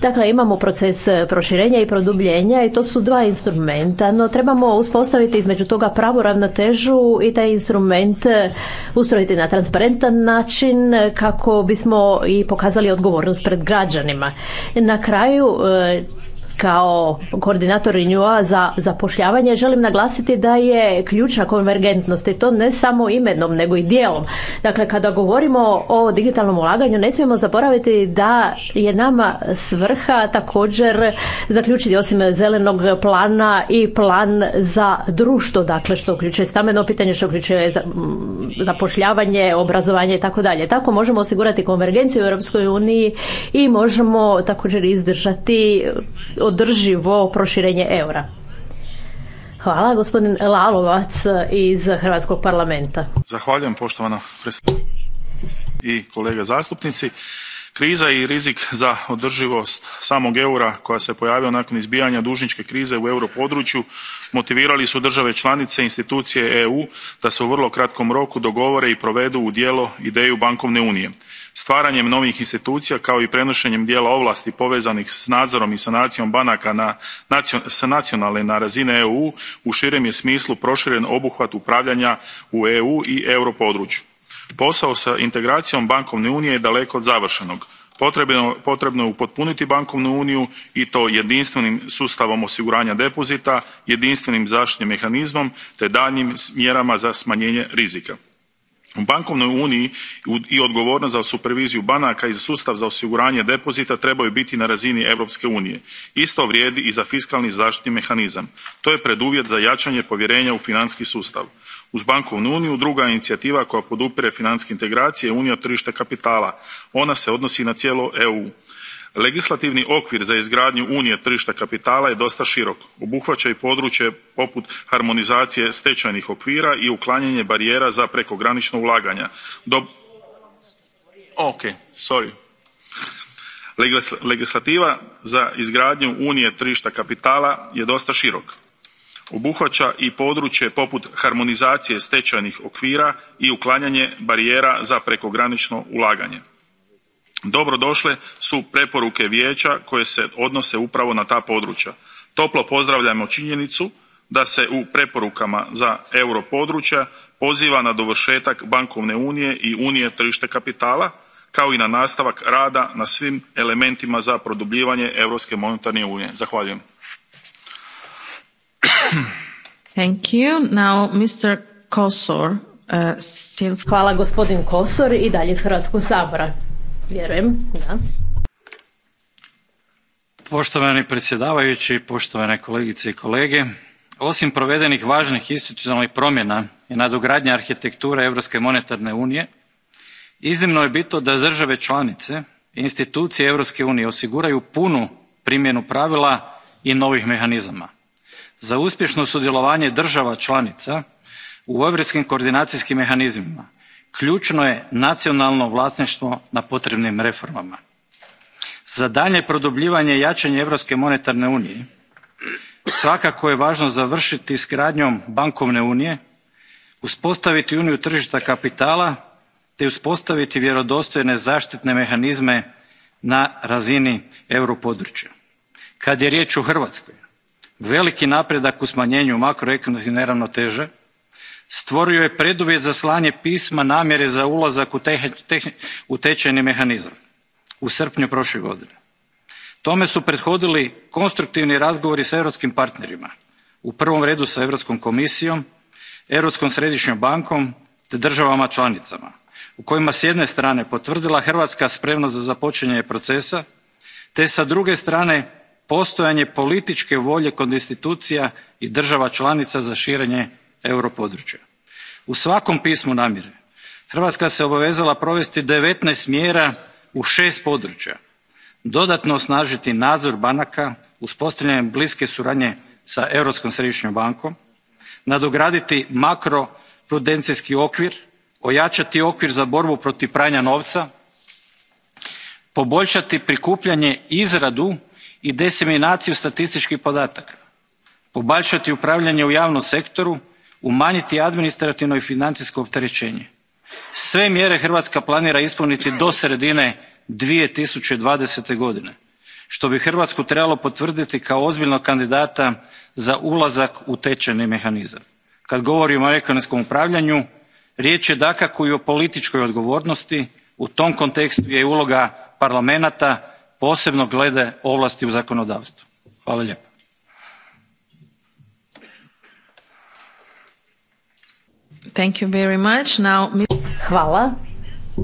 Dakle, imamo proces e, proširenja i produbljenja i to su dva instrumenta, no trebamo uspostaviti između toga pravu ravnotežu i taj instrument e, ustrojiti na transparentan način e, kako bismo i pokazali odgovornost pred građanima. Na kraju kao koordinator Renewa za zapošljavanje želim naglasiti da je ključna konvergentnost i to ne samo imenom nego i dijelom. Dakle, kada govorimo o digitalnom ulaganju ne smijemo zaboraviti da je nama svrha također zaključiti osim zelenog plana i plan za društvo, dakle što uključuje stameno pitanje, što uključuje mm, zapošljavanje, obrazovanje i tako dalje. Tako možemo osigurati konvergenciju u Europskoj uniji i možemo također izdržati održivo proširenje eura. Hvala, gospodin Lalovac iz Hrvatskog parlamenta. Zahvaljujem poštovana i kolege zastupnici. Kriza i rizik za održivost samog eura koja se pojavio nakon izbijanja dužničke krize u europodručju motivirali su države članice i institucije EU da se u vrlo kratkom roku dogovore i provedu u djelo ideju bankovne unije. Stvaranjem novih institucija kao i prenošenjem dijela ovlasti povezanih s nadzorom i sanacijom banaka sa nacionalne na razine EU u širem je smislu proširen obuhvat upravljanja u EU i euro Posao sa integracijom bankovne unije je daleko od završenog. Potrebno je upotpuniti bankovnu uniju i to jedinstvenim sustavom osiguranja depozita, jedinstvenim zaštitnim mehanizmom te daljnjim mjerama za smanjenje rizika. U bankovnoj uniji i odgovornost za superviziju banaka i sustav za osiguranje depozita trebaju biti na razini Europske unije. Isto vrijedi i za fiskalni zaštitni mehanizam. To je preduvjet za jačanje povjerenja u financijski sustav. Uz bankovnu uniju druga inicijativa koja podupire financijske integracije je unija tržišta kapitala. Ona se odnosi na cijelu e EU. Legislativni okvir za izgradnju unije tržišta kapitala je dosta širok, obuhvaća i područje poput harmonizacije stečajnih okvira i uklanjanje barijera za prekogranično ulaganja. sorry. Legislativa za izgradnju unije tržišta kapitala je dosta širok. Obuhvaća i područje poput harmonizacije stečajnih okvira i uklanjanje barijera za prekogranično ulaganje. Dobrodošle su preporuke Vijeća koje se odnose upravo na ta područja. Toplo pozdravljamo činjenicu da se u preporukama za europodručja poziva na dovršetak bankovne unije i unije tržište kapitala, kao i na nastavak rada na svim elementima za produbljivanje Europske monetarne unije. Zahvaljujem. Mr. Uh, Hvala gospodin Kosor i dalje iz Hrvatskog sabora. Vjerujem, da. Poštovani predsjedavajući, poštovane kolegice i kolege, osim provedenih važnih institucionalnih promjena i nadogradnje arhitekture Europske monetarne unije, iznimno je bitno da države članice i institucije Europske unije osiguraju punu primjenu pravila i novih mehanizama za uspješno sudjelovanje država članica u europskim koordinacijskim mehanizmima ključno je nacionalno vlasništvo na potrebnim reformama za daljnje produbljivanje i jačanje europske monetarne unije svakako je važno završiti s gradnjom bankovne unije uspostaviti uniju tržišta kapitala te uspostaviti vjerodostojne zaštitne mehanizme na razini europodručja. kad je riječ o hrvatskoj veliki napredak u smanjenju makroekonomskih neravnoteže stvorio je preduvjet za slanje pisma namjere za ulazak u tečajni mehanizam u srpnju prošle godine. tome su prethodili konstruktivni razgovori s europskim partnerima u prvom redu s europskom komisijom europskom središnjom bankom te državama članicama u kojima s jedne strane potvrdila hrvatska spremnost za započinjanje procesa te sa druge strane postojanje političke volje kod institucija i država članica za širenje europodručja. u svakom pismu namjere hrvatska se obavezala provesti nineteen mjera u šest područja dodatno osnažiti nadzor banaka uspostavljanjem bliske suradnje s europskom središnjom bankom nadograditi makroprudencijski okvir ojačati okvir za borbu protiv pranja novca poboljšati prikupljanje izradu i diseminaciju statističkih podataka poboljšati upravljanje u javnom sektoru umanjiti administrativno i financijsko opterećenje. sve mjere hrvatska planira ispuniti do sredine. two thousand and twenty što bi hrvatsku trebalo potvrditi kao ozbiljnog kandidata za ulazak u tečajni mehanizam. kad govorimo o ekonomskom upravljanju riječ je dakako i o političkoj odgovornosti. u tom kontekstu je i uloga parlamenata posebno glede ovlasti u zakonodavstvu. hvala lijepa. Thank you very Hvala.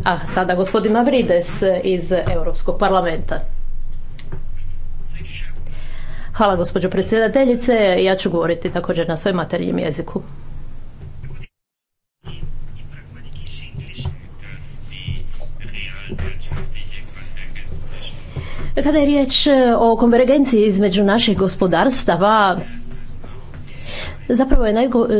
A sada gospodin Mavrides iz Europskog parlamenta. Hvala gospođo predsjedateljice. Ja ću govoriti također na svoj materinjem jeziku. Kada je riječ o konvergenciji između naših gospodarstava, zapravo je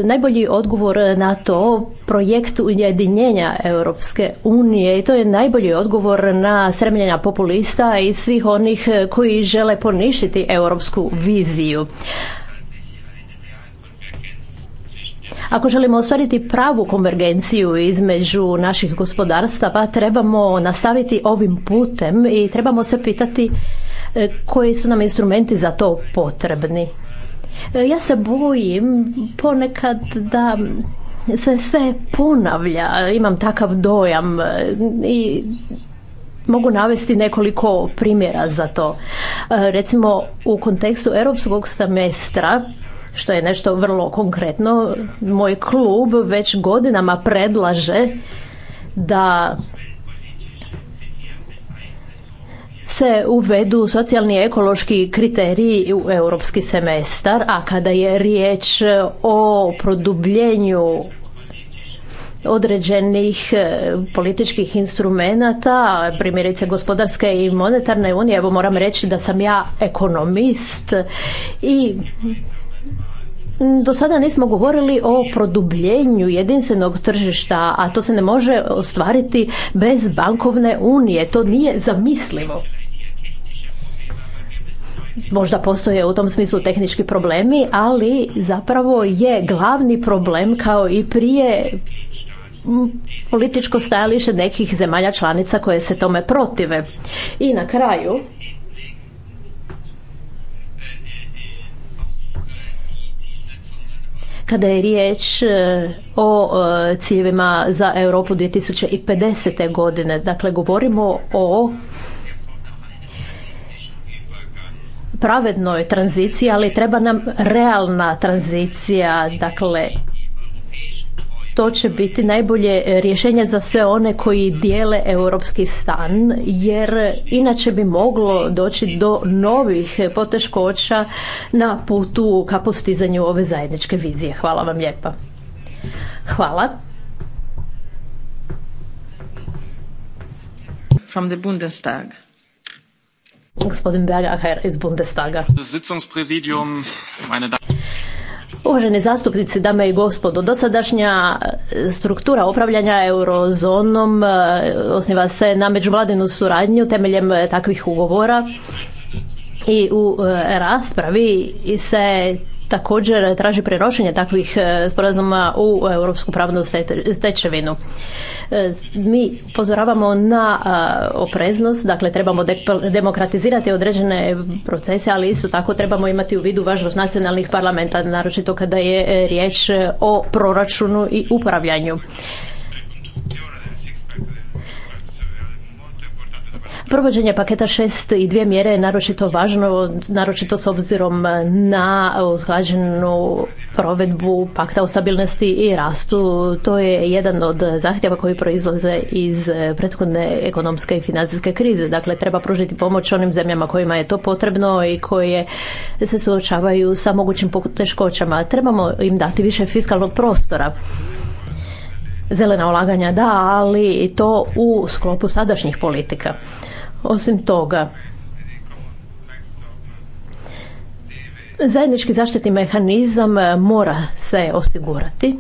najbolji odgovor e, na to projekt ujedinjenja Europske unije i to je najbolji odgovor na sremljenja populista i svih onih e, koji žele poništiti europsku viziju. Ako želimo ostvariti pravu konvergenciju između naših gospodarstava, pa trebamo nastaviti ovim putem i trebamo se pitati e, koji su nam instrumenti za to potrebni. E, ja se bojim ponekad da se sve ponavlja, imam takav dojam e, i mogu navesti nekoliko primjera za to. E, recimo u kontekstu europskog semestra što je nešto vrlo konkretno, moj klub već godinama predlaže da se uvedu socijalni i ekološki kriteriji u europski semestar, a kada je riječ o produbljenju određenih e, političkih instrumenata, primjerice gospodarske i monetarne unije, evo moram reći da sam ja ekonomist i do sada nismo govorili o produbljenju jedinstvenog tržišta, a to se ne može ostvariti bez bankovne unije. To nije zamislivo. Možda postoje u tom smislu tehnički problemi, ali zapravo je glavni problem kao i prije političko stajalište nekih zemalja članica koje se tome protive. I na kraju kada je riječ e, o e, ciljevima za Europu 2050. godine. Dakle, govorimo o pravednoj tranziciji, ali treba nam realna tranzicija, dakle to će biti najbolje rješenje za sve one koji dijele europski stan, jer inače bi moglo doći do novih poteškoća na putu ka postizanju ove zajedničke vizije. Hvala vam lijepa. Hvala. From the Bundestag. Gospodin Berger iz Bundestaga. Uvaženi zastupnici, dame i gospodo, dosadašnja e, struktura upravljanja eurozonom e, osniva se na međuvladinu suradnju temeljem e, takvih ugovora i u raspravi se također traži prenošenje takvih e, sporazuma u europsku pravnu stečevinu. E, mi pozoravamo na e, opreznost, dakle trebamo demokratizirati određene procese, ali isto tako trebamo imati u vidu važnost nacionalnih parlamenta, naročito kada je riječ o proračunu i upravljanju. Provođenje paketa šest i dvije mjere je naročito važno, naročito s obzirom na usklađenu provedbu pakta o stabilnosti i rastu. To je jedan od zahtjeva koji proizlaze iz prethodne ekonomske i financijske krize. Dakle, treba pružiti pomoć onim zemljama kojima je to potrebno i koje se suočavaju sa mogućim teškoćama. Trebamo im dati više fiskalnog prostora zelena ulaganja da, ali i to u sklopu sadašnjih politika. Osim toga, zajednički zaštitni mehanizam e, mora se osigurati,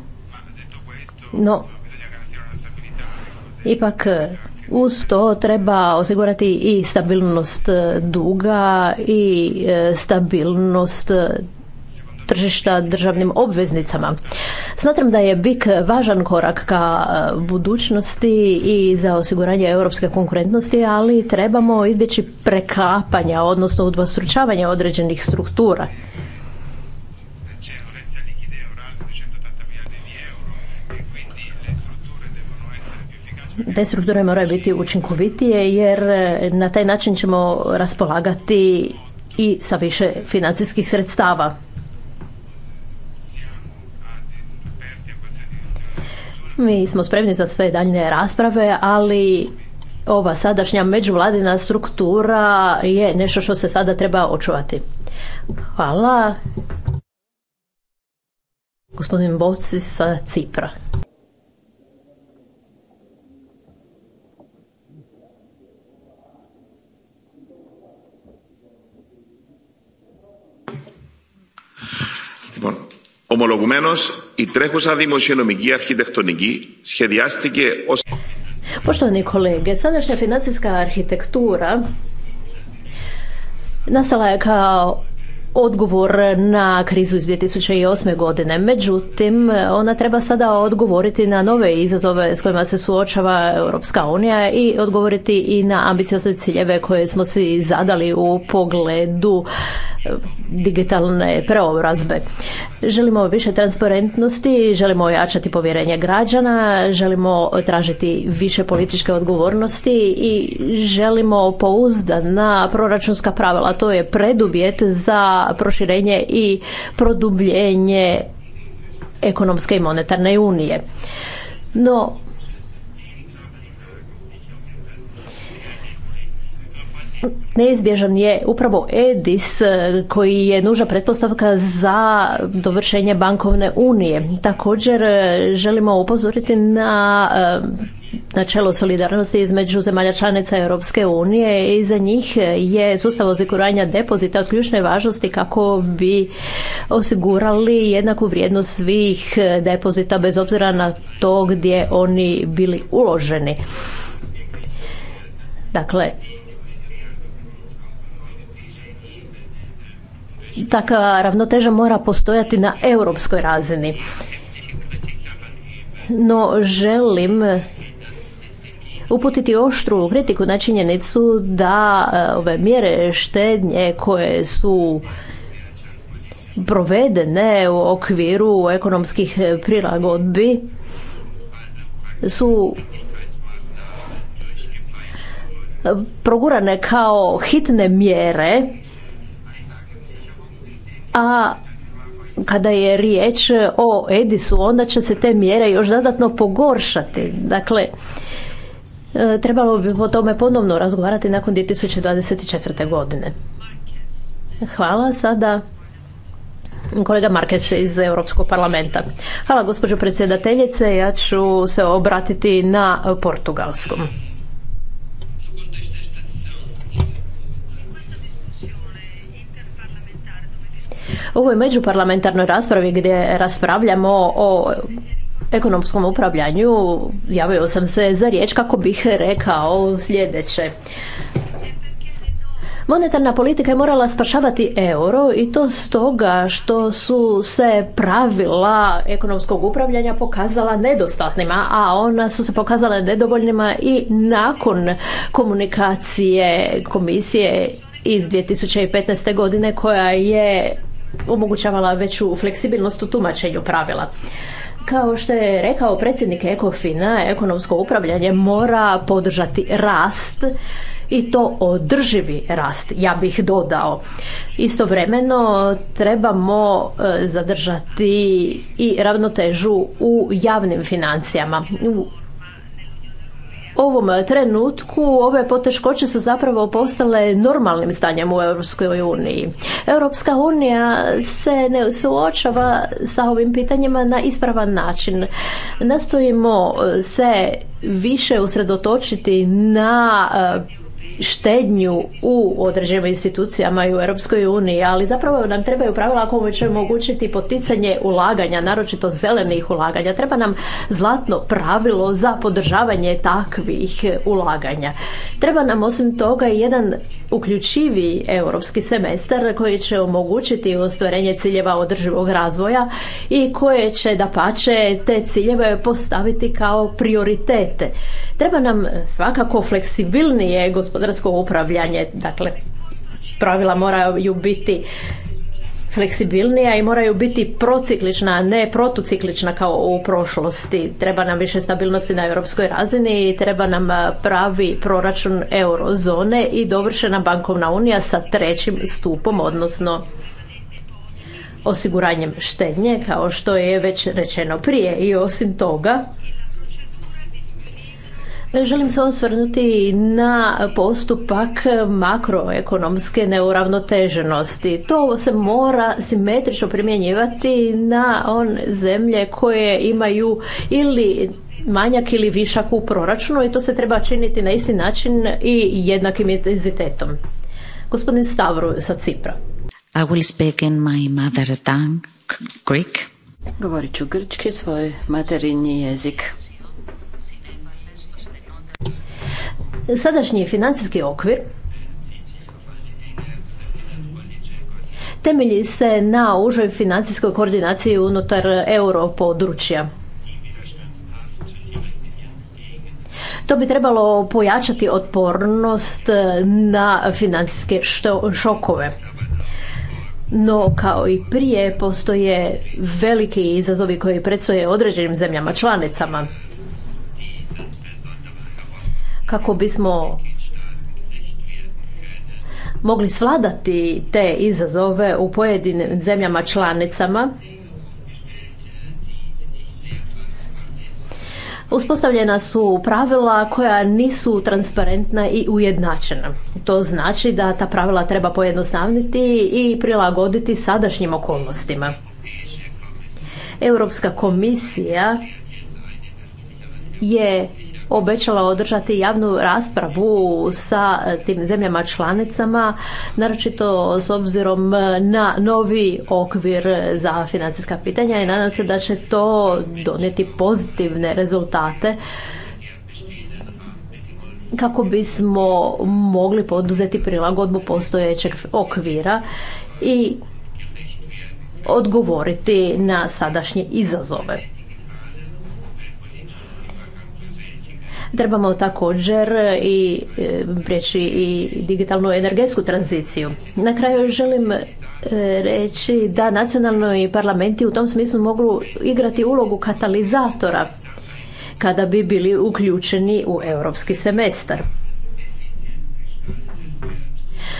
no ipak e, uz to treba osigurati i stabilnost e, duga i stabilnost tržišta državnim obveznicama. Smatram da je BIK važan korak ka e, budućnosti i za osiguranje europske konkurentnosti, ali trebamo izbjeći preklapanja, odnosno udvostručavanja određenih struktura. te strukture moraju biti učinkovitije jer e, na taj način ćemo raspolagati i sa više financijskih sredstava. Mi smo spremni za sve daljne rasprave, ali ova sadašnja međuvladina struktura je nešto što se sada treba očuvati. Hvala. Gospodin Bovci sa Cipra. I trekuša djemosjenomiki arhitektoniki šedijastike... Pošto nije, kolege? sadašnja je financijska arhitektura nasala je kao odgovor na krizu iz 2008. godine. Međutim, ona treba sada odgovoriti na nove izazove s kojima se suočava Europska unija i odgovoriti i na ambiciozne ciljeve koje smo si zadali u pogledu eh, digitalne preobrazbe. Želimo više transparentnosti, želimo ojačati povjerenje građana, želimo tražiti više političke odgovornosti i želimo pouzdana proračunska pravila. To je preduvjet za proširenje i produbljenje ekonomske i monetarne unije. No, neizbježan je upravo EDIS koji je nužna pretpostavka za dovršenje bankovne unije. Također e, želimo upozoriti na e, načelo solidarnosti između zemalja članica Europske unije i za njih je sustav osiguranja depozita od ključne važnosti kako bi osigurali jednaku vrijednost svih depozita bez obzira na to gdje oni bili uloženi. Dakle, takva ravnoteža mora postojati na europskoj razini. No želim uputiti oštru kritiku na činjenicu da e, ove mjere štednje koje su provedene u okviru ekonomskih prilagodbi su progurane kao hitne mjere a kada je riječ o Edisu, onda će se te mjere još dodatno pogoršati. Dakle, e, trebalo bi o tome ponovno razgovarati nakon 2024. godine. Hvala. Sada kolega Markeć iz Europskog parlamenta. Hvala gospođo predsjedateljice, ja ću se obratiti na portugalskom. ovoj međuparlamentarnoj raspravi gdje raspravljamo o ekonomskom upravljanju javio sam se za riječ kako bih rekao sljedeće. Monetarna politika je morala spašavati euro i to stoga što su se pravila ekonomskog upravljanja pokazala nedostatnima, a ona su se pokazala nedovoljnima i nakon komunikacije komisije iz 2015. godine koja je omogućavala veću fleksibilnost u tumačenju pravila. Kao što je rekao predsjednik Ekofina, ekonomsko upravljanje mora podržati rast i to održivi rast, ja bih dodao. Istovremeno trebamo e, zadržati i ravnotežu u javnim financijama. U ovom trenutku ove poteškoće su zapravo postale normalnim stanjem u Europskoj uniji. Europska unija se ne suočava sa ovim pitanjima na ispravan način. Nastojimo se više usredotočiti na štednju u određenim institucijama i u Europskoj uniji, ali zapravo nam trebaju pravila koje će omogućiti poticanje ulaganja, naročito zelenih ulaganja. Treba nam zlatno pravilo za podržavanje takvih ulaganja. Treba nam osim toga i jedan uključivi europski semestar koji će omogućiti ostvarenje ciljeva održivog razvoja i koje će da pače te ciljeve postaviti kao prioritete. Treba nam e, svakako fleksibilnije gospodarsko upravljanje, dakle pravila moraju biti fleksibilnija i moraju biti prociklična, a ne protuciklična kao u prošlosti. Treba nam više stabilnosti na europskoj razini i treba nam e, pravi proračun eurozone i dovršena bankovna unija sa trećim stupom, odnosno osiguranjem štednje, kao što je već rečeno prije. I osim toga, Želim se osvrnuti na postupak makroekonomske neuravnoteženosti. To se mora simetrično primjenjivati na on zemlje koje imaju ili manjak ili višak u proračunu i to se treba činiti na isti način i jednakim intenzitetom. Gospodin Stavru sa Cipra. I will speak in my mother tongue, Greek. Govorit ću grčki, svoj materinji jezik. Sadašnji financijski okvir temelji se na užoj financijskoj koordinaciji unutar euro područja. To bi trebalo pojačati otpornost na financijske šokove. No, kao i prije, postoje veliki izazovi koji predstoje određenim zemljama članicama kako bismo mogli svladati te izazove u pojedinim zemljama članicama. Uspostavljena su pravila koja nisu transparentna i ujednačena. To znači da ta pravila treba pojednostavniti i prilagoditi sadašnjim okolnostima. Europska komisija je obećala održati javnu raspravu sa e, tim zemljama članicama, naročito s obzirom e, na novi okvir za financijska pitanja i nadam se da će to donijeti pozitivne rezultate kako bismo mogli poduzeti prilagodbu postojećeg okvira i odgovoriti na sadašnje izazove. Trebamo također i e, prijeći i digitalnu energetsku tranziciju. Na kraju želim e, reći da nacionalni parlamenti u tom smislu mogu igrati ulogu katalizatora kada bi bili uključeni u europski semestar.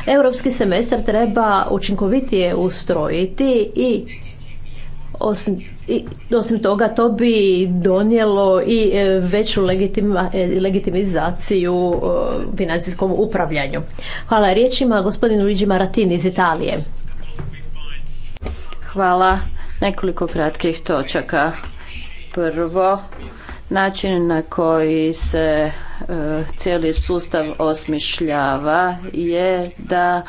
Europski semestar treba učinkovitije ustrojiti i osim, osim toga, to bi donijelo i e, veću e, legitimizaciju e, financijskom upravljanju. Hvala riječima gospodinu Luigi Maratin iz Italije. Hvala. Nekoliko kratkih točaka. Prvo, način na koji se cijeli sustav osmišljava je da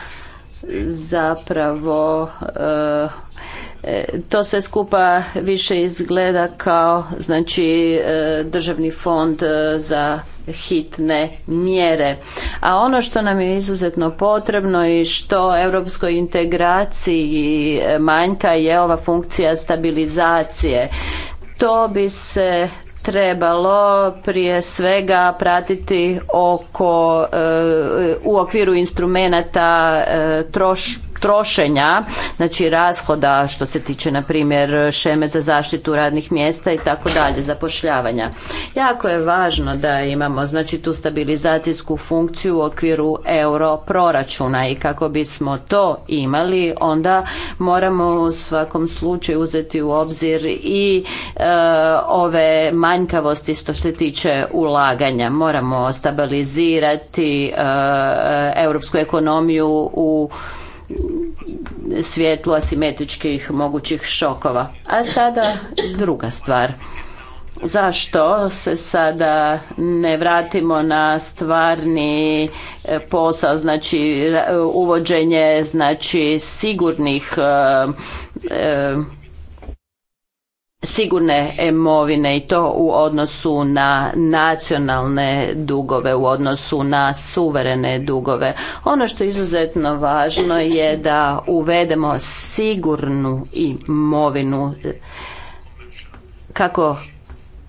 zapravo E, to sve skupa više izgleda kao znači e, državni fond e, za hitne mjere. A ono što nam je izuzetno potrebno i što europskoj integraciji manjka je ova funkcija stabilizacije. To bi se trebalo prije svega pratiti oko u okviru instrumenata troš trošenja, znači rashoda što se tiče na primjer šeme za zaštitu radnih mjesta i tako dalje, zapošljavanja. Jako je važno da imamo znači tu stabilizacijsku funkciju u okviru euro proračuna i kako bismo to imali onda moramo u svakom slučaju uzeti u obzir i e, ove manjkavosti što se tiče ulaganja. Moramo stabilizirati e, e, europsku ekonomiju u svjetlu asimetričkih mogućih šokova. A sada druga stvar. Zašto se sada ne vratimo na stvarni e, posao, znači e, uvođenje znači sigurnih e, sigurne imovine i to u odnosu na nacionalne dugove, u odnosu na suverene dugove. Ono što je izuzetno važno je da uvedemo sigurnu imovinu kako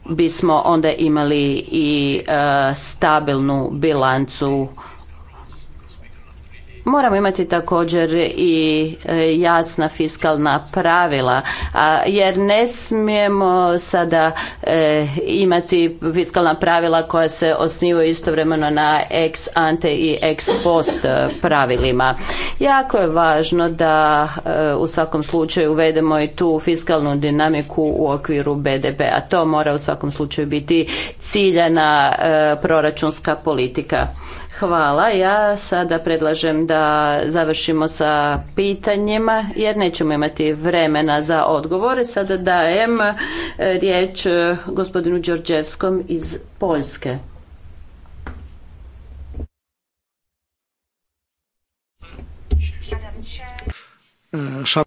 bismo onda imali i e, stabilnu bilancu Moramo imati također i e, jasna fiskalna pravila, jer ne smijemo sada e, imati fiskalna pravila koja se osnivaju istovremeno na ex ante i ex post e, pravilima. Jako je važno da u svakom slučaju uvedemo i tu fiskalnu dinamiku u okviru BDP, a to mora u svakom slučaju biti ciljena proračunska politika. Hvala. Ja sada predlažem da završimo sa pitanjima jer nećemo imati vremena za odgovore. Sada dajem e, riječ e, gospodinu Đorđevskom iz Poljske.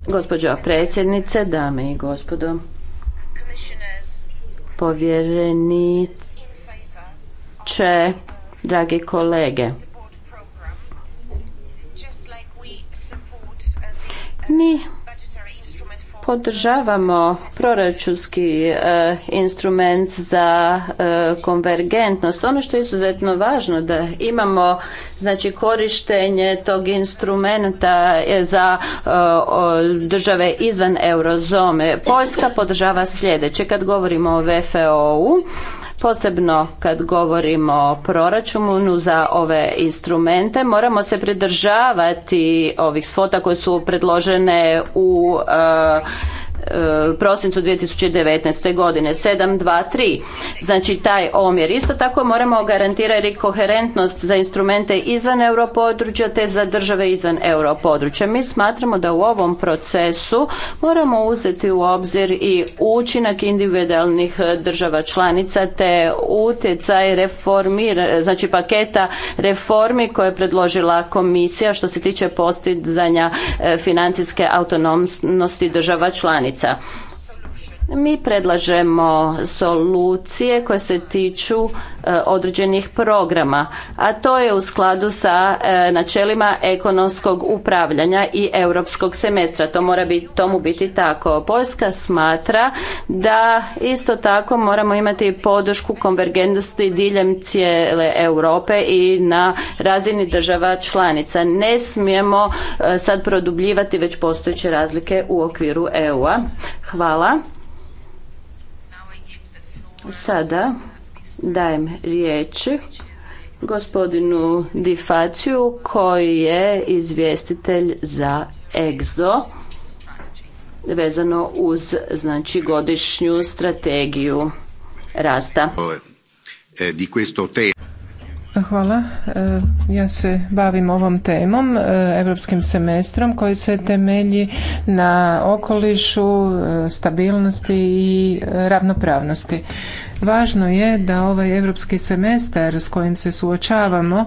Gospođo predsjednice, dame i gospodo, će Drage kolege. Mi podržavamo proračunski e, instrument za e, konvergentnost. Ono što je izuzetno važno da imamo znači korištenje tog instrumenta e, za države izvan eurozone. Poljska podržava sljedeće kad govorimo o VFO-u Posebno kad govorimo o proračunu za ove instrumente, moramo se pridržavati ovih svota koje su predložene u e, E, prosincu 2019. godine 723. Znači taj omjer. Isto tako moramo garantirati koherentnost za instrumente izvan europodručja te za države izvan europodručja. Mi smatramo da u ovom procesu moramo uzeti u obzir i učinak individualnih država članica te utjecaj reformi, znači paketa reformi koje je predložila komisija što se tiče postizanja e, financijske autonomnosti država članica sa mi predlažemo solucije koje se tiču e, određenih programa, a to je u skladu sa e, načelima ekonomskog upravljanja i europskog semestra. To mora biti, tomu biti tako. Poljska smatra da isto tako moramo imati podršku konvergentnosti diljem cijele Europe i na razini država članica. Ne smijemo e, sad produbljivati već postojeće razlike u okviru EU-a. Hvala. Sada dajem riječ gospodinu Difaciju koji je izvjestitelj za EGZO vezano uz znači godišnju strategiju rasta. E, Hvala. E, ja se bavim ovom temom, europskim semestrom koji se temelji na okolišu, e, stabilnosti i e, ravnopravnosti. Važno je da ovaj europski semestar s kojim se suočavamo,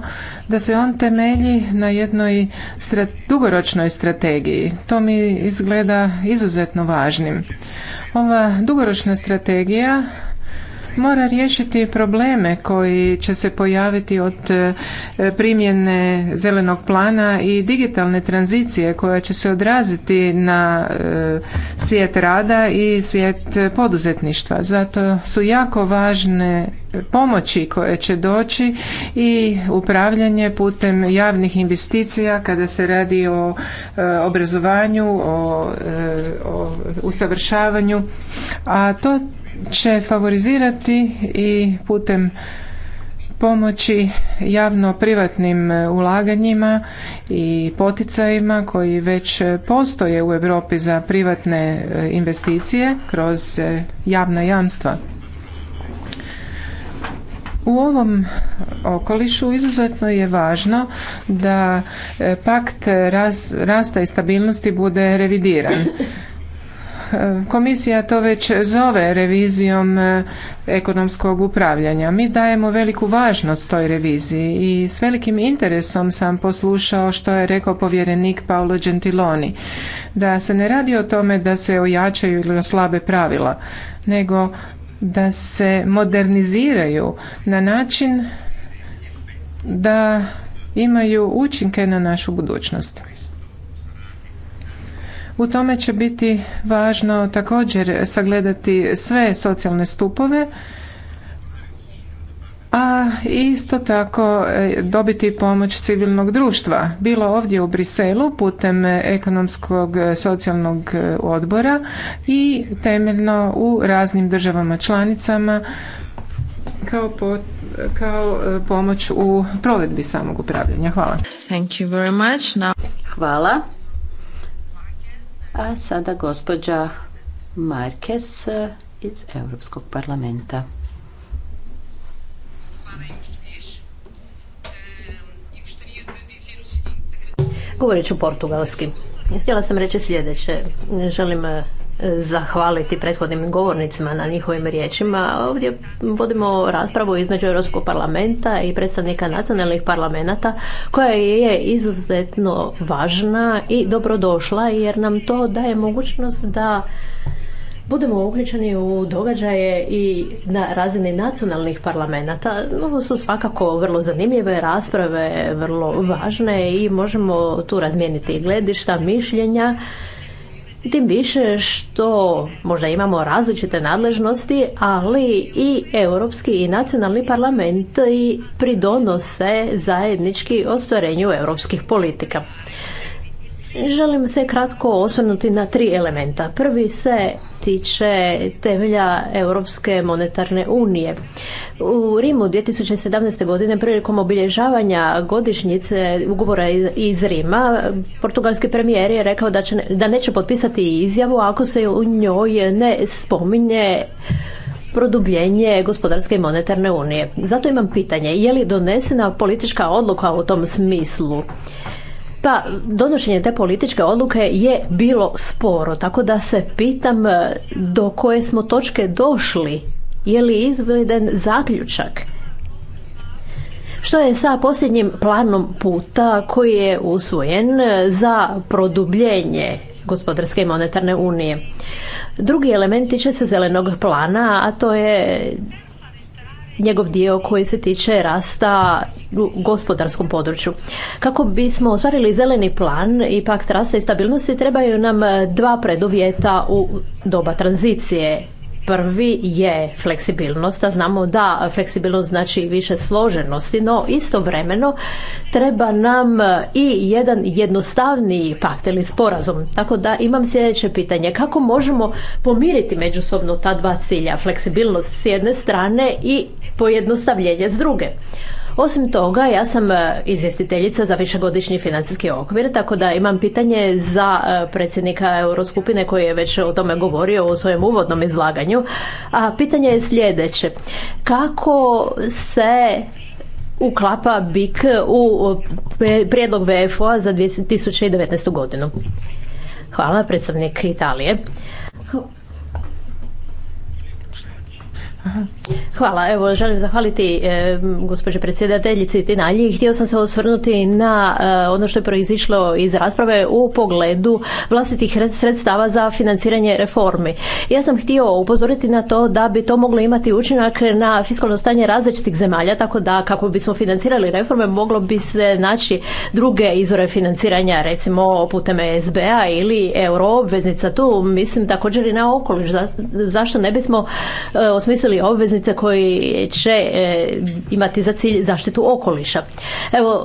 da se on temelji na jednoj dugoročnoj strategiji. To mi izgleda izuzetno važnim. Ova dugoročna strategija mora riješiti probleme koji će se pojaviti od e, primjene zelenog plana i digitalne tranzicije koja će se odraziti na e, svijet rada i svijet poduzetništva. Zato su jako važne pomoći koje će doći i upravljanje putem javnih investicija kada se radi o e, obrazovanju, o, o usavršavanju, a to će favorizirati i putem pomoći javno-privatnim e, ulaganjima i poticajima koji već postoje u Europi za privatne e, investicije kroz e, javna jamstva. U ovom okolišu izuzetno je važno da pakt rasta i stabilnosti bude revidiran Komisija to već zove revizijom e, ekonomskog upravljanja. Mi dajemo veliku važnost toj reviziji i s velikim interesom sam poslušao što je rekao povjerenik Paolo Gentiloni. Da se ne radi o tome da se ojačaju ili oslabe pravila, nego da se moderniziraju na način da imaju učinke na našu budućnost. U tome će biti važno također sagledati sve socijalne stupove, a isto tako e, dobiti pomoć civilnog društva, bilo ovdje u Briselu putem ekonomskog e, socijalnog e, odbora i temeljno u raznim državama članicama kao, kao pomoć u provedbi samog upravljanja. Hvala. Thank you very much. Hvala. A sada gospođa Markes iz Europskog parlamenta. Govorit ću portugalski. Htjela sam reći sljedeće. Želim zahvaliti prethodnim govornicima na njihovim riječima. Ovdje vodimo raspravu između Europskog parlamenta i predstavnika nacionalnih parlamenta koja je izuzetno važna i dobrodošla jer nam to daje mogućnost da budemo uključeni u događaje i na razini nacionalnih parlamenta. Ovo su svakako vrlo zanimljive rasprave, vrlo važne i možemo tu razmijeniti gledišta, mišljenja Tim više što možda imamo različite nadležnosti, ali i europski i nacionalni parlament i pridonose zajednički ostvarenju europskih politika. Želim se kratko osvrnuti na tri elementa. Prvi se tiče temelja Europske monetarne unije. U Rimu 2017. godine prilikom obilježavanja godišnjice ugovora iz Rima portugalski premijer je rekao da, će, da neće potpisati izjavu ako se u njoj ne spominje produbljenje gospodarske i monetarne unije. Zato imam pitanje, je li donesena politička odluka u tom smislu? Pa, donošenje te političke odluke je bilo sporo, tako da se pitam e, do koje smo točke došli. Je li izveden zaključak? Što je sa posljednjim planom puta koji je usvojen e, za produbljenje gospodarske i monetarne unije? Drugi element tiče se zelenog plana, a to je njegov dio koji se tiče rasta u gospodarskom području. Kako bismo ostvarili zeleni plan i pakt rasta i stabilnosti trebaju nam e, dva preduvjeta u doba tranzicije. Prvi je fleksibilnost, a znamo da fleksibilnost znači više složenosti, no istovremeno treba nam e, i jedan jednostavni pakt ili sporazum. Tako da imam sljedeće pitanje. Kako možemo pomiriti međusobno ta dva cilja? Fleksibilnost s jedne strane i pojednostavljenje s druge. Osim toga, ja sam e, izvjestiteljica za višegodišnji financijski okvir, tako da imam pitanje za e, predsjednika Euroskupine koji je već o tome govorio u svojem uvodnom izlaganju. A pitanje je sljedeće. Kako se uklapa BIK u e, prijedlog VFO-a za 2019. godinu? Hvala, predstavnik Italije. Hvala. Evo, želim zahvaliti e, gospođe predsjedateljici Tinalji. Htio sam se osvrnuti na e, ono što je proizišlo iz rasprave u pogledu vlastitih sredstava za financiranje reformi. Ja sam htio upozoriti na to da bi to moglo imati učinak na fiskalno stanje različitih zemalja, tako da kako bismo financirali reforme moglo bi se naći druge izvore financiranja, recimo putem SBA ili euroobveznica. Tu mislim također i na okoliš. zašto ne bismo e, osmislili obveznice koji će e, imati za cilj zaštitu okoliša. Evo,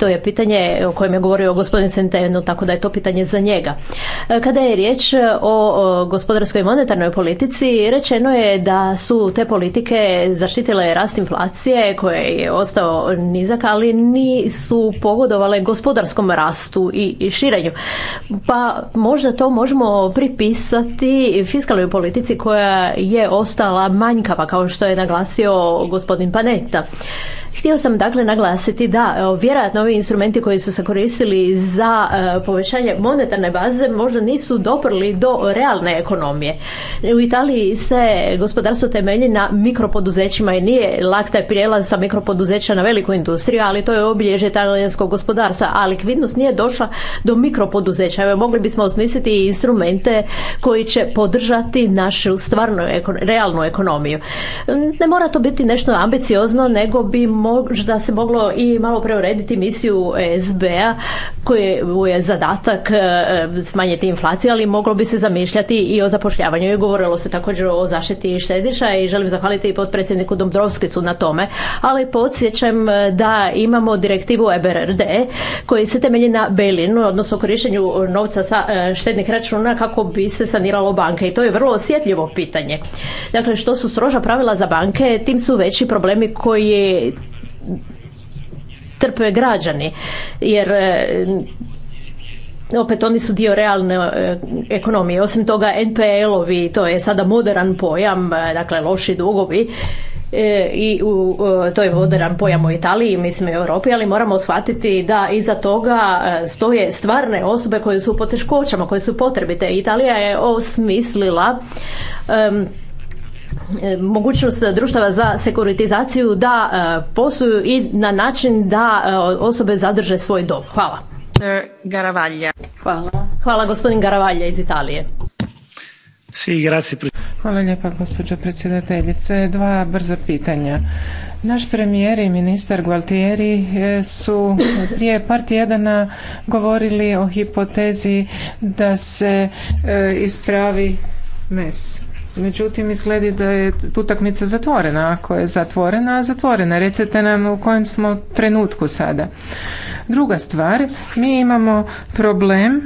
to je pitanje o kojem je govorio gospodin Centeno, tako da je to pitanje za njega. E, kada je riječ o gospodarskoj i monetarnoj politici, rečeno je da su te politike zaštitile rast inflacije koje je ostao nizak, ali nisu pogodovale gospodarskom rastu i širenju. Pa možda to možemo pripisati fiskalnoj politici koja je ostala manje manjkava, kao što je naglasio gospodin Paneta. Htio sam dakle naglasiti da vjerojatno ovi instrumenti koji su se koristili za e, povećanje monetarne baze možda nisu doprli do realne ekonomije. U Italiji se gospodarstvo temelji na mikropoduzećima i nije lak taj prijelaz sa mikropoduzeća na veliku industriju, ali to je obilježje talijanskog gospodarstva, a likvidnost nije došla do mikropoduzeća. Evo, mogli bismo osmisliti instrumente koji će podržati našu stvarnu realnu ekonomiju. Ne mora to biti nešto ambiciozno, nego bi možda se moglo i malo preurediti misiju SBA koje je zadatak e, smanjiti inflaciju, ali moglo bi se zamišljati i o zapošljavanju. I govorilo se također o zaštiti štediša i želim zahvaliti i potpredsjedniku Dombrovskicu na tome. Ali podsjećam e, da imamo direktivu EBRD koji se temelji na Belinu, odnosno korištenju novca sa e, štednih računa kako bi se saniralo banke. I to je vrlo osjetljivo pitanje. Dakle, što su sroža pravila za banke, tim su veći problemi koji trpe građani jer e, opet oni su dio realne e, ekonomije. Osim toga NPL-ovi, to je sada moderan pojam, e, dakle loši dugovi, i u, to je moderan pojam u Italiji, mislim i u Europi, ali moramo shvatiti da iza toga stoje stvarne osobe koje su u poteškoćama, koje su potrebite. Italija je osmislila E, mogućnost društava za sekuritizaciju da e, posluju i na način da e, osobe zadrže svoj dom. Hvala. Garavaglia. Hvala. Hvala gospodin Garavaglia iz Italije. Hvala lijepa gospođo predsjedateljice. Dva brza pitanja. Naš premijer i ministar Gualtieri su prije par tjedana govorili o hipotezi da se ispravi mes. Međutim, izgledi da je utakmica zatvorena. Ako je zatvorena, zatvorena. Recite nam u kojem smo trenutku sada. Druga stvar, mi imamo problem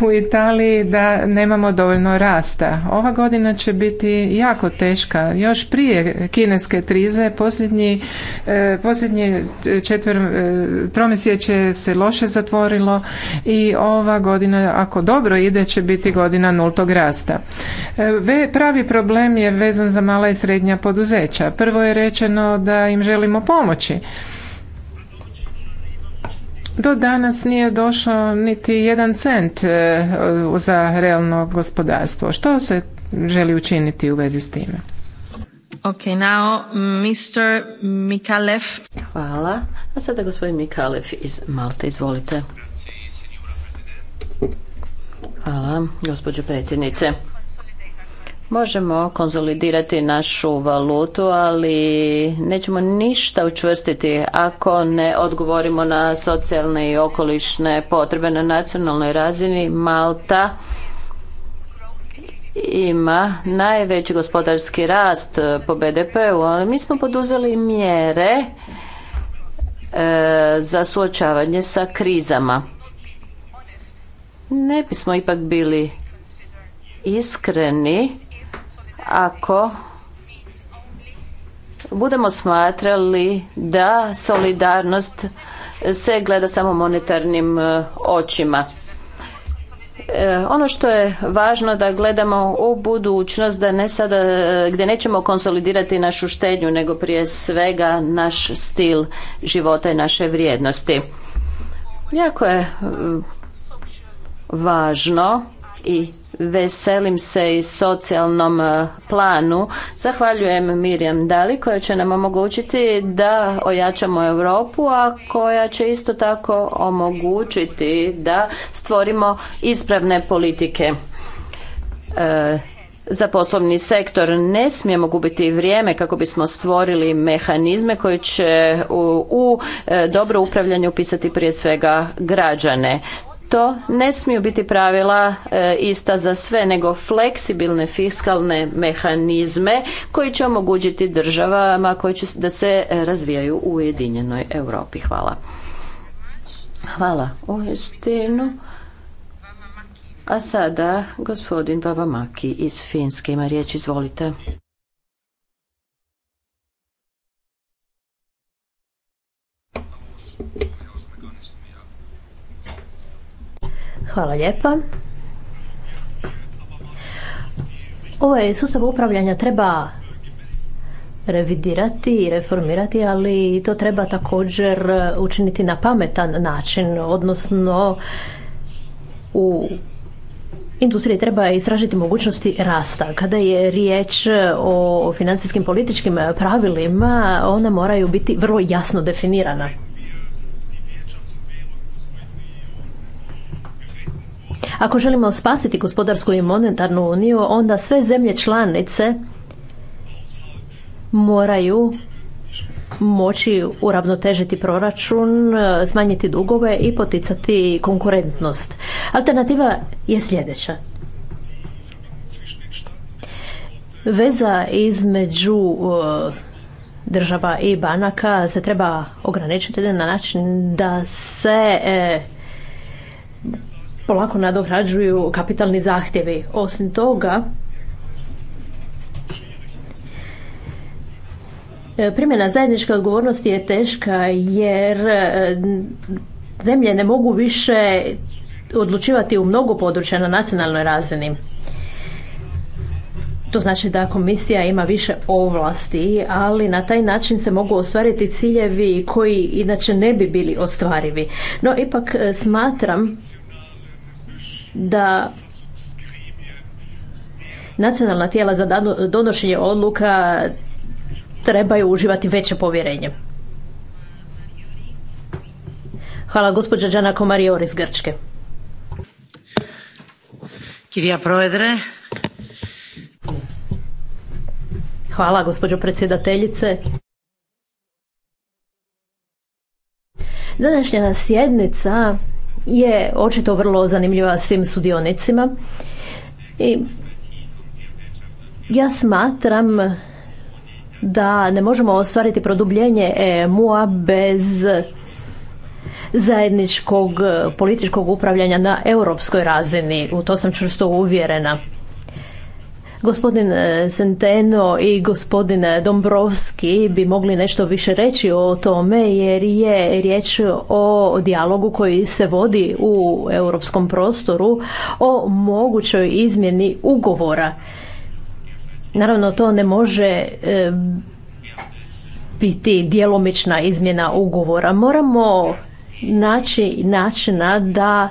u Italiji da nemamo dovoljno rasta. Ova godina će biti jako teška. Još prije kineske krize posljednji, e, posljednje četvr e, se loše zatvorilo i ova godina ako dobro ide će biti godina nultog rasta. E, pravi problem je vezan za mala i srednja poduzeća. Prvo je rečeno da im želimo pomoći do danas nije došao niti jedan cent e, za realno gospodarstvo. Što se želi učiniti u vezi s time? Ok, now Mr. Mikalev. Hvala. A sada gospodin Mikalev iz Malte, izvolite. Hvala, gospođo predsjednice. Možemo konsolidirati našu valutu, ali nećemo ništa učvrstiti ako ne odgovorimo na socijalne i okolišne potrebe na nacionalnoj razini. Malta ima najveći gospodarski rast po BDP-u, ali mi smo poduzeli mjere e, za suočavanje sa krizama. Ne bismo ipak bili iskreni ako budemo smatrali da solidarnost se gleda samo monetarnim e, očima. E, ono što je važno da gledamo u budućnost da ne sada e, gdje nećemo konsolidirati našu štednju nego prije svega naš stil života i naše vrijednosti. Jako je važno i Veselim se i socijalnom e, planu. Zahvaljujem Mirjam Dali koja će nam omogućiti da ojačamo Europu, a koja će isto tako omogućiti da stvorimo ispravne politike. E, za poslovni sektor ne smijemo gubiti vrijeme kako bismo stvorili mehanizme koji će u, u e, dobro upravljanju upisati prije svega građane to ne smiju biti pravila e, ista za sve, nego fleksibilne fiskalne mehanizme koji će omogućiti državama koji će da se e, razvijaju u Ujedinjenoj Europi. Hvala. Hvala. A sada gospodin Babamaki iz Finske ima riječ, izvolite. Hvala lijepa. Ovaj sustav upravljanja treba revidirati i reformirati, ali to treba također učiniti na pametan način, odnosno u industriji treba istražiti mogućnosti rasta. Kada je riječ o financijskim političkim pravilima, ona moraju biti vrlo jasno definirana. Ako želimo spasiti gospodarsku i monetarnu uniju, onda sve zemlje članice moraju moći uravnotežiti proračun, smanjiti dugove i poticati konkurentnost. Alternativa je sljedeća. Veza između uh, država i banaka se treba ograničiti na način da se eh, polako nadograđuju kapitalni zahtjevi. Osim toga, e, primjena zajedničke odgovornosti je teška jer e, zemlje ne mogu više odlučivati u mnogo područja na nacionalnoj razini. To znači da komisija ima više ovlasti, ali na taj način se mogu ostvariti ciljevi koji inače ne bi bili ostvarivi. No ipak e, smatram da nacionalna tijela za donošenje odluka trebaju uživati veće povjerenje. Hvala gospođa Đana Komarior iz Grčke. Hvala gospođo predsjedateljice. Današnja sjednica je očito vrlo zanimljiva svim sudionicima. I ja smatram da ne možemo ostvariti produbljenje emu bez zajedničkog političkog upravljanja na europskoj razini. U to sam čvrsto uvjerena. Gospodin e, Centeno i gospodin e, Dombrovski bi mogli nešto više reći o tome jer je riječ o dijalogu koji se vodi u europskom prostoru o mogućoj izmjeni ugovora. Naravno to ne može e, biti djelomična izmjena ugovora. Moramo naći načina da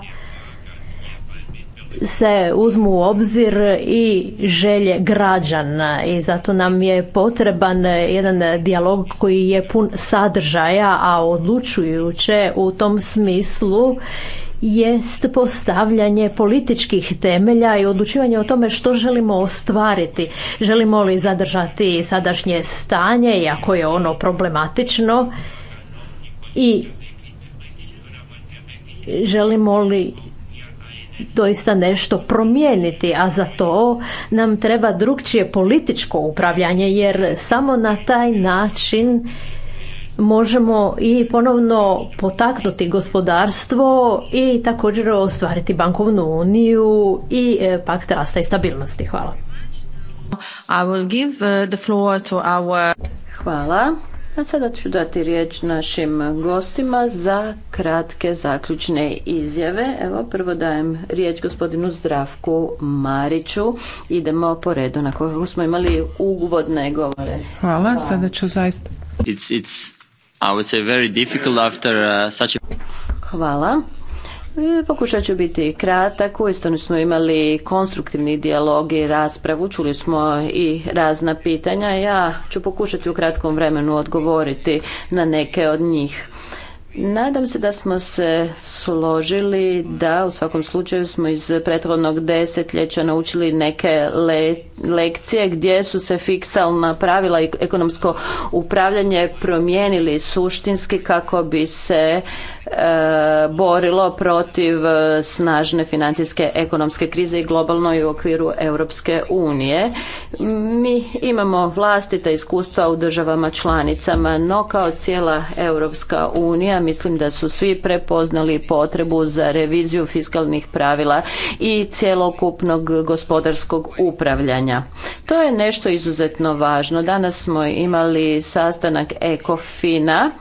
se uzmu u obzir i želje građana i zato nam je potreban jedan dijalog koji je pun sadržaja, a odlučujuće u tom smislu jest postavljanje političkih temelja i odlučivanje o tome što želimo ostvariti. Želimo li zadržati sadašnje stanje, iako je ono problematično, i želimo li doista nešto promijeniti, a za to nam treba drugčije političko upravljanje jer samo na taj način možemo i ponovno potaknuti gospodarstvo i također ostvariti bankovnu uniju i e, pakt rasta i stabilnosti. Hvala. E, Hvala. A sada ću dati riječ našim gostima za kratke zaključne izjave. Evo, prvo dajem riječ gospodinu Zdravku Mariću. Idemo po redu na koga smo imali uvodne govore. Hvala, sada ću zaista... It's, it's, I would very uh, Hvala. E, pokušat ću biti kratak, uistinu smo imali konstruktivni dijalog i raspravu, čuli smo i razna pitanja. Ja ću pokušati u kratkom vremenu odgovoriti na neke od njih. Nadam se da smo se složili da u svakom slučaju smo iz prethodnog desetljeća naučili neke lekcije gdje su se fiksalna pravila i ekonomsko upravljanje promijenili suštinski kako bi se E, borilo protiv e, snažne financijske ekonomske krize i globalno i u okviru Europske unije. Mi imamo vlastita iskustva u državama članicama, no kao cijela Europska unija mislim da su svi prepoznali potrebu za reviziju fiskalnih pravila i cjelokupnog gospodarskog upravljanja. To je nešto izuzetno važno. Danas smo imali sastanak ECOFINA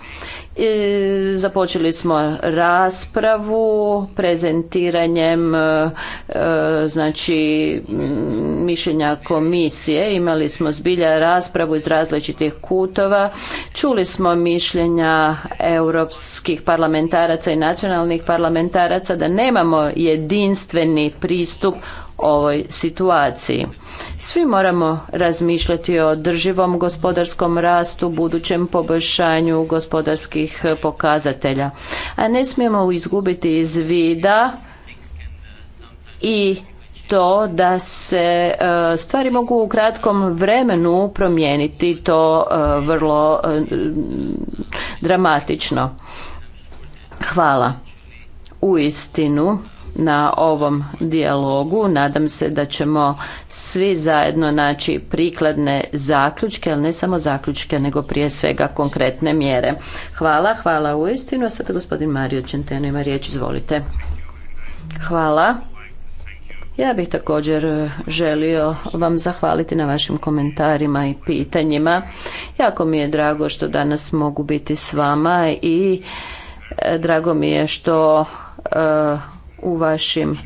započeli smo raspravu prezentiranjem e, znači mišljenja komisije. Imali smo zbilja raspravu iz različitih kutova. Čuli smo mišljenja europskih parlamentaraca i nacionalnih parlamentaraca da nemamo jedinstveni pristup ovoj situaciji. Svi moramo razmišljati o drživom gospodarskom rastu, budućem poboljšanju gospodarskih pokazatelja. A ne smijemo izgubiti iz vida i to da se e, stvari mogu u kratkom vremenu promijeniti to e, vrlo e, dramatično. Hvala. U istinu na ovom dijalogu. Nadam se da ćemo svi zajedno naći prikladne zaključke, ali ne samo zaključke, nego prije svega konkretne mjere. Hvala, hvala u istinu. A sada gospodin Mario Čenteno ima riječ, izvolite. Hvala. Ja bih također e, želio vam zahvaliti na vašim komentarima i pitanjima. Jako mi je drago što danas mogu biti s vama i e, drago mi je što e, u vašim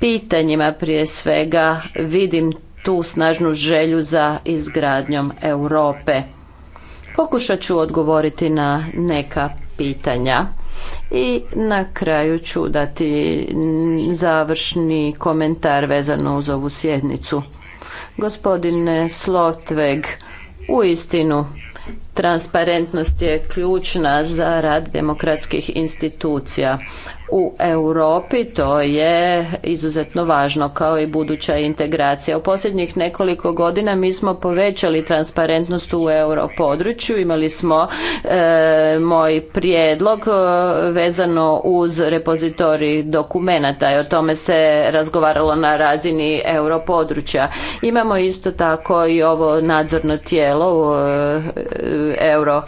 pitanjima prije svega vidim tu snažnu želju za izgradnjom Europe. Pokušat ću odgovoriti na neka pitanja i na kraju ću dati završni komentar vezano uz ovu sjednicu. Gospodine Slotveg, u istinu transparentnost je ključna za rad demokratskih institucija u Europi, to je izuzetno važno kao i buduća integracija. U posljednjih nekoliko godina mi smo povećali transparentnost u europodručju, imali smo e, moj prijedlog e, vezano uz repozitori dokumenata i o tome se razgovaralo na razini europodručja. Imamo isto tako i ovo nadzorno tijelo e, euro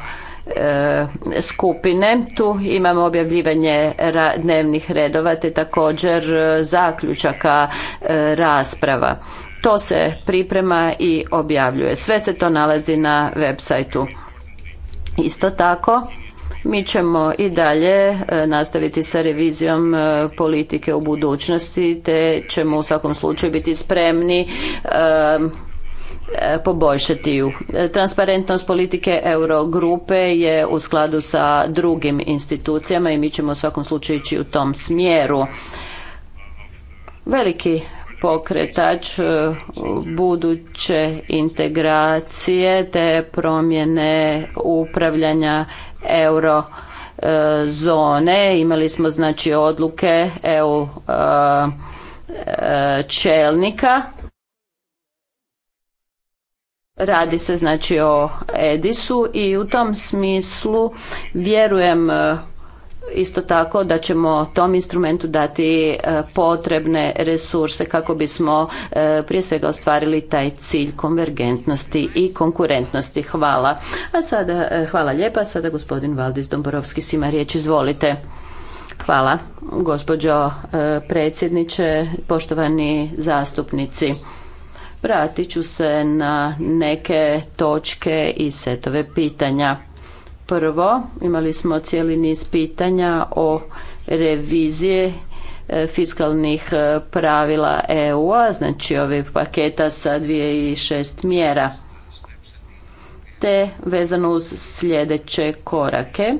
E, skupine. Tu imamo objavljivanje dnevnih redova te također e, zaključaka e, rasprava. To se priprema i objavljuje. Sve se to nalazi na web sajtu. Isto tako, mi ćemo i dalje nastaviti sa revizijom politike u budućnosti te ćemo u svakom slučaju biti spremni E, poboljšati ju. E, transparentnost politike Eurogrupe je u skladu sa drugim institucijama i mi ćemo u svakom slučaju ići u tom smjeru. Veliki pokretač e, buduće integracije te promjene upravljanja euro zone. Imali smo znači odluke EU čelnika Radi se znači o Edisu i u tom smislu vjerujem e, isto tako da ćemo tom instrumentu dati e, potrebne resurse kako bismo e, prije svega ostvarili taj cilj konvergentnosti i konkurentnosti. Hvala. A sada, hvala lijepa. Sada gospodin Valdis Domborovski ima riječ. Izvolite. Hvala, gospođo predsjedniče, poštovani zastupnici. Vratit ću se na neke točke i setove pitanja. Prvo, imali smo cijeli niz pitanja o revizije e, fiskalnih e, pravila EU-a, znači ovih paketa sa 2 i 6 mjera te vezano uz sljedeće korake.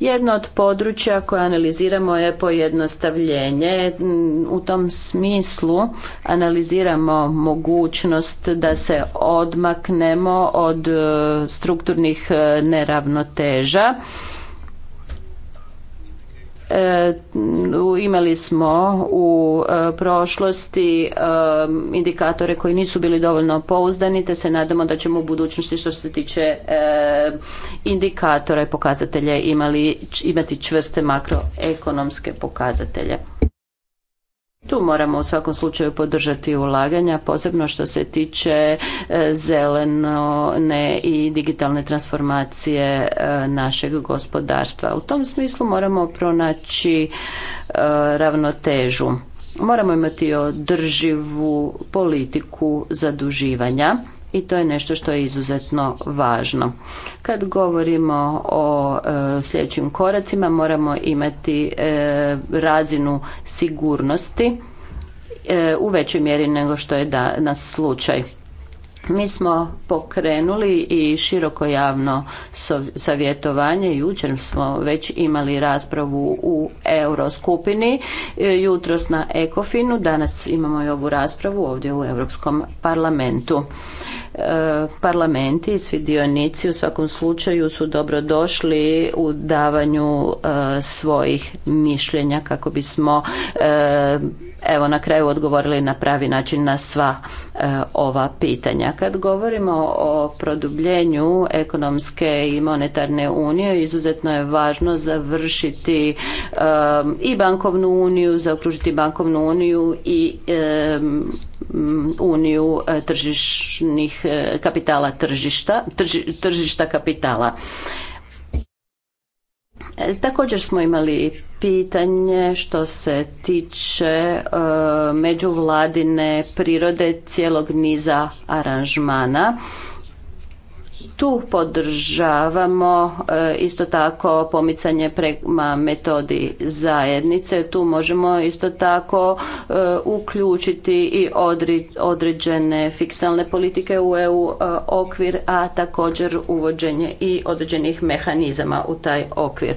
Jedno od područja koje analiziramo je pojednostavljenje. U tom smislu analiziramo mogućnost da se odmaknemo od e, strukturnih e, neravnoteža E, imali smo u e, prošlosti e, indikatore koji nisu bili dovoljno pouzdani te se nadamo da ćemo u budućnosti što se tiče indikatora i pokazatelja imati čvrste makroekonomske pokazatelje. Tu moramo u svakom slučaju podržati ulaganja, posebno što se tiče e, zelene i digitalne transformacije e, našeg gospodarstva. U tom smislu moramo pronaći e, ravnotežu. Moramo imati održivu politiku zaduživanja i to je nešto što je izuzetno važno. Kad govorimo o e, sljedećim koracima moramo imati e, razinu sigurnosti e, u većoj mjeri nego što je danas slučaj. Mi smo pokrenuli i široko javno savjetovanje. Jučer smo već imali raspravu u Euroskupini, e, jutros na Ekofinu, danas imamo i ovu raspravu ovdje u Europskom parlamentu. E, parlamenti i svi dionici u svakom slučaju su dobrodošli u davanju e, svojih mišljenja kako bismo evo na kraju odgovorili na pravi način na sva e, ova pitanja. Kad govorimo o produbljenju ekonomske i monetarne unije, izuzetno je važno završiti e, i bankovnu uniju, zaokružiti bankovnu uniju i e, uniju tržišnih kapitala tržišta, tržišta kapitala. E, također smo imali pitanje što se tiče e, međuvladine prirode cijelog niza aranžmana tu podržavamo e, isto tako pomicanje prema metodi zajednice. Tu možemo isto tako e, uključiti i određene fiksalne politike u EU e, okvir, a također uvođenje i određenih mehanizama u taj okvir.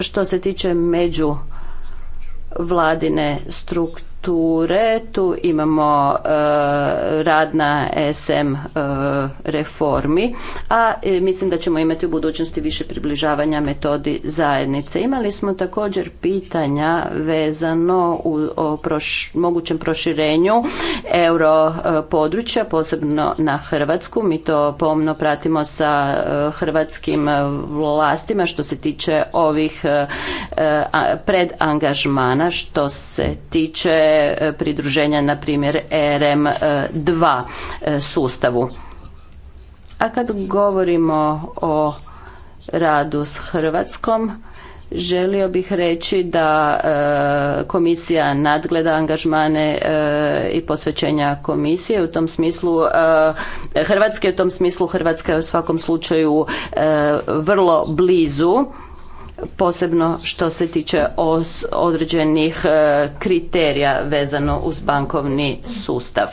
Što se tiče među vladine strukture, infrastrukture, tu imamo radna e, rad na SM e, reformi, a e, mislim da ćemo imati u budućnosti više približavanja metodi zajednice. Imali smo također pitanja vezano u, o mogućem proširenju euro područja, posebno na Hrvatsku. Mi to pomno pratimo sa hrvatskim vlastima što se tiče ovih predangažmana, što se tiče pridruženja, na primjer, e RM2 e e, sustavu. A kad govorimo o radu s Hrvatskom, želio bih reći da komisija nadgleda angažmane i posvećenja komisije u tom smislu Hrvatske u tom smislu Hrvatska je u svakom slučaju vrlo blizu posebno što se tiče određenih e, kriterija vezano uz bankovni sustav.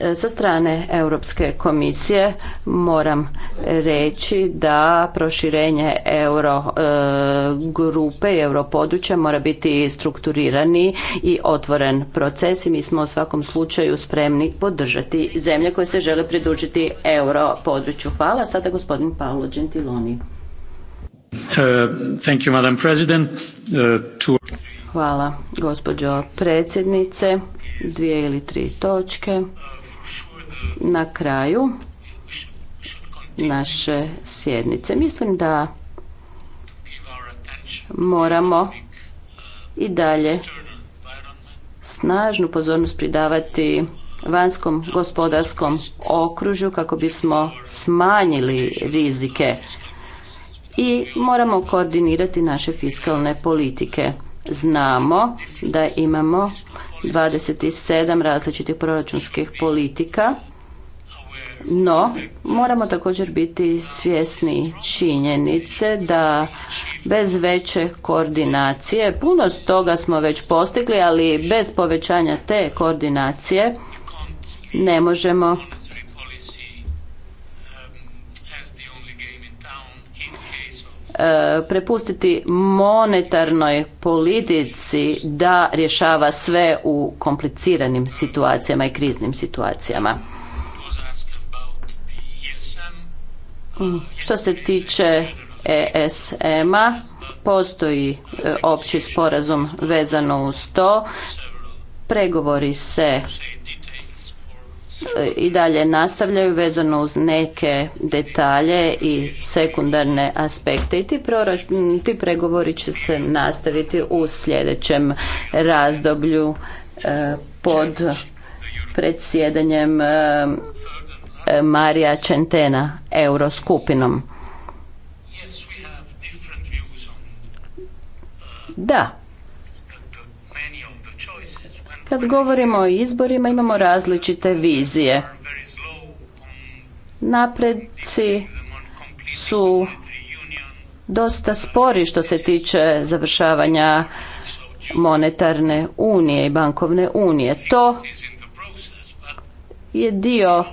E, sa strane Europske komisije moram reći da proširenje euro e, grupe i europodručja mora biti strukturirani i otvoren proces i mi smo u svakom slučaju spremni podržati zemlje koje se žele pridružiti euro području. Hvala. Sada gospodin Paolo Gentiloni. E, Hvala, gospođo predsjednice. Dvije ili tri točke na kraju naše sjednice. Mislim da moramo i dalje snažnu pozornost pridavati vanjskom gospodarskom okružju kako bismo smanjili rizike i moramo koordinirati naše fiskalne politike. Znamo da imamo 27 različitih proračunskih politika no, moramo također biti svjesni činjenice da bez veće koordinacije, puno toga smo već postigli, ali bez povećanja te koordinacije ne možemo e, prepustiti monetarnoj politici da rješava sve u kompliciranim situacijama i kriznim situacijama. Što se tiče ESM-a, postoji e, opći sporazum vezano uz to. Pregovori se e, i dalje nastavljaju vezano uz neke detalje i sekundarne aspekte i ti, ti pregovori će se nastaviti u sljedećem razdoblju e, pod predsjedanjem Eh, Marija Centena euroskupinom. Da. Kad govorimo o izborima imamo različite vizije. Napredci su dosta spori što se tiče završavanja monetarne unije i bankovne unije. To je dio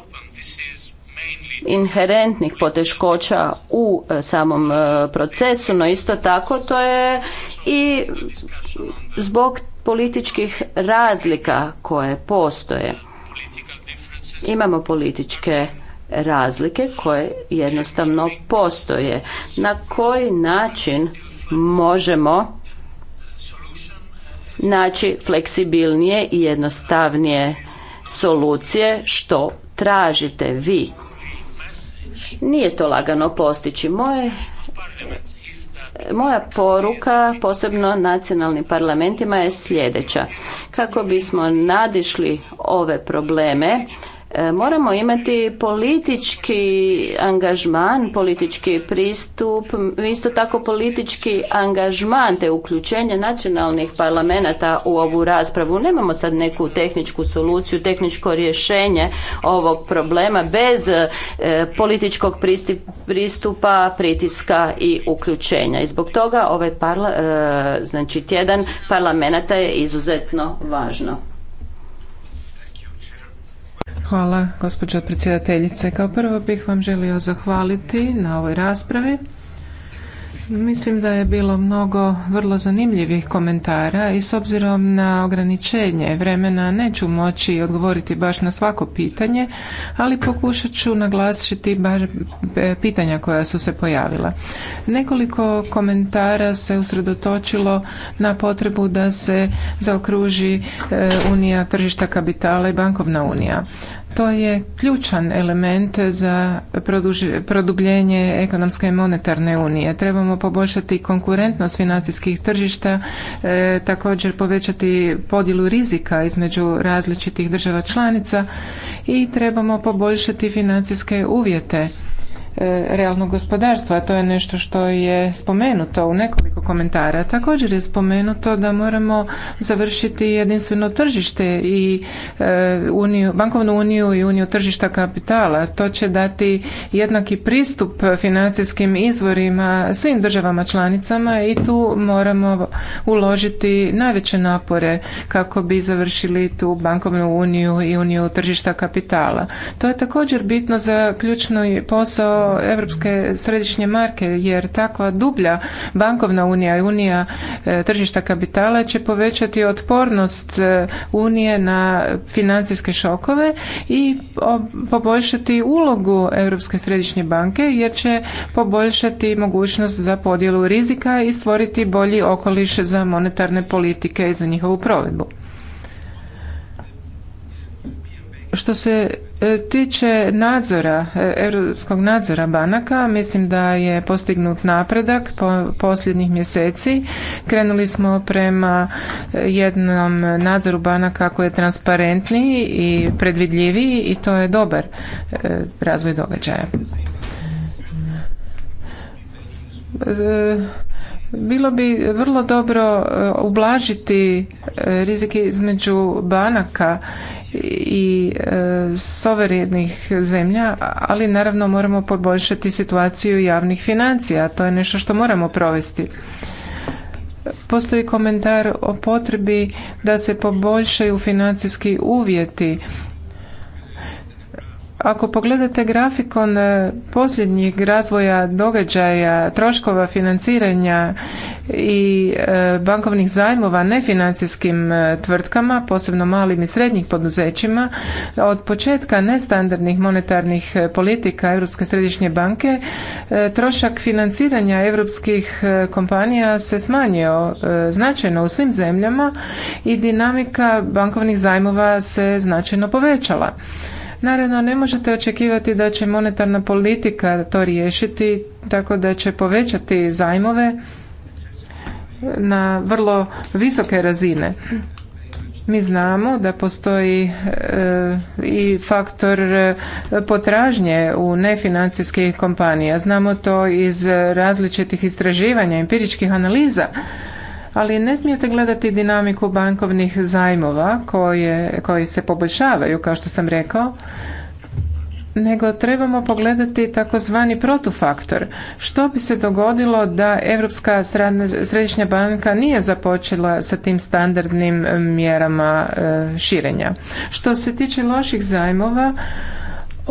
inherentnih poteškoća u e, samom e, procesu, no isto tako to je i zbog političkih razlika koje postoje. Imamo političke razlike koje jednostavno postoje. Na koji način možemo naći fleksibilnije i jednostavnije solucije što tražite vi? Nije to lagano postići. Moje moja poruka, posebno nacionalnim parlamentima, je sljedeća. Kako bismo nadišli ove probleme, E, moramo imati politički angažman, politički pristup, isto tako politički angažman te uključenje nacionalnih parlamenta u ovu raspravu. Nemamo sad neku tehničku soluciju, tehničko rješenje ovog problema bez e, političkog pristupa, pritiska i uključenja. I zbog toga ovaj parla, e, znači tjedan parlamenta je izuzetno važno. Hvala, gospođo predsjedateljice. Kao prvo bih vam želio zahvaliti na ovoj raspravi. Mislim da je bilo mnogo vrlo zanimljivih komentara i s obzirom na ograničenje vremena neću moći odgovoriti baš na svako pitanje, ali pokušat ću naglasiti baš e, pitanja koja su se pojavila. Nekoliko komentara se usredotočilo na potrebu da se zaokruži e, Unija tržišta kapitala i bankovna unija. To je ključan element za produbljenje ekonomske i monetarne unije. Trebamo poboljšati konkurentnost financijskih tržišta, e, također povećati podjelu rizika između različitih država članica i trebamo poboljšati financijske uvjete E, realnog gospodarstva, a to je nešto što je spomenuto u nekoliko komentara. Također je spomenuto da moramo završiti jedinstveno tržište i e, uniju, bankovnu uniju i uniju tržišta kapitala. To će dati jednaki pristup financijskim izvorima svim državama članicama i tu moramo uložiti najveće napore kako bi završili tu bankovnu uniju i uniju tržišta kapitala. To je također bitno za ključni posao Europske središnje marke jer takva dublja bankovna unija i unija e, tržišta kapitala će povećati otpornost e, unije na financijske šokove i poboljšati ulogu Europske središnje banke jer će poboljšati mogućnost za podjelu rizika i stvoriti bolji okoliš za monetarne politike i za njihovu provedbu. Što se E, tiče nadzora, e, europskog nadzora banaka, mislim da je postignut napredak po posljednjih mjeseci. Krenuli smo prema e, jednom nadzoru banaka koji je transparentniji i predvidljiviji i to je dobar razvoj događaja. Bilo bi vrlo dobro ublažiti rizike između banaka i e, soverenih zemlja, ali naravno moramo poboljšati situaciju javnih financija, to je nešto što moramo provesti. Postoji komentar o potrebi da se poboljšaju financijski uvjeti ako pogledate grafikon e, posljednjih razvoja događaja, troškova financiranja i e, bankovnih zajmova nefinancijskim e, tvrtkama, posebno malim i srednjim poduzećima, od početka nestandardnih monetarnih politika Europske središnje banke, trošak financiranja europskih kompanija se smanjio značajno u svim zemljama i dinamika bankovnih zajmova se značajno povećala. Naravno, ne možete očekivati da će monetarna politika to riješiti tako da će povećati zajmove na vrlo visoke razine. Mi znamo da postoji e, i faktor e, potražnje u nefinancijskih kompanija. Znamo to iz različitih istraživanja, empiričkih analiza ali ne smijete gledati dinamiku bankovnih zajmova koji se poboljšavaju, kao što sam rekao, nego trebamo pogledati takozvani protufaktor. Što bi se dogodilo da Europska središnja banka nije započela sa tim standardnim mjerama e, širenja? Što se tiče loših zajmova,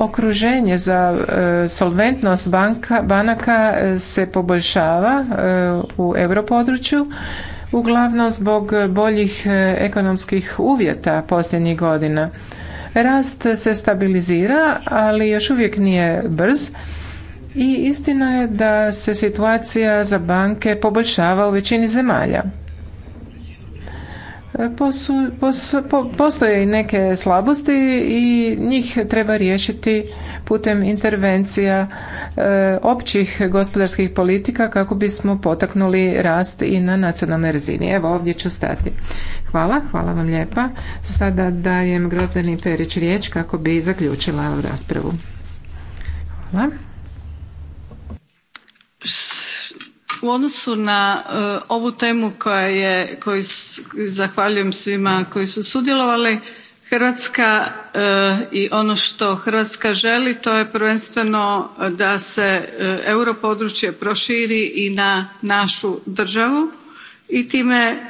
okruženje za e, solventnost banka, banaka e, se poboljšava e, u europodručju uglavnom zbog boljih ekonomskih uvjeta posljednjih godina. Rast se stabilizira, ali još uvijek nije brz. I istina je da se situacija za banke poboljšava u većini zemalja postoje i neke slabosti i njih treba riješiti putem intervencija e, općih gospodarskih politika kako bismo potaknuli rast i na nacionalnoj razini. Evo ovdje ću stati. Hvala, hvala vam lijepa. Sada dajem Grozdani Perić riječ kako bi zaključila raspravu. Hvala u odnosu na e, ovu temu koja je koju zahvaljujem svima koji su sudjelovali hrvatska e, i ono što hrvatska želi to je prvenstveno da se e, europodručje proširi i na našu državu i time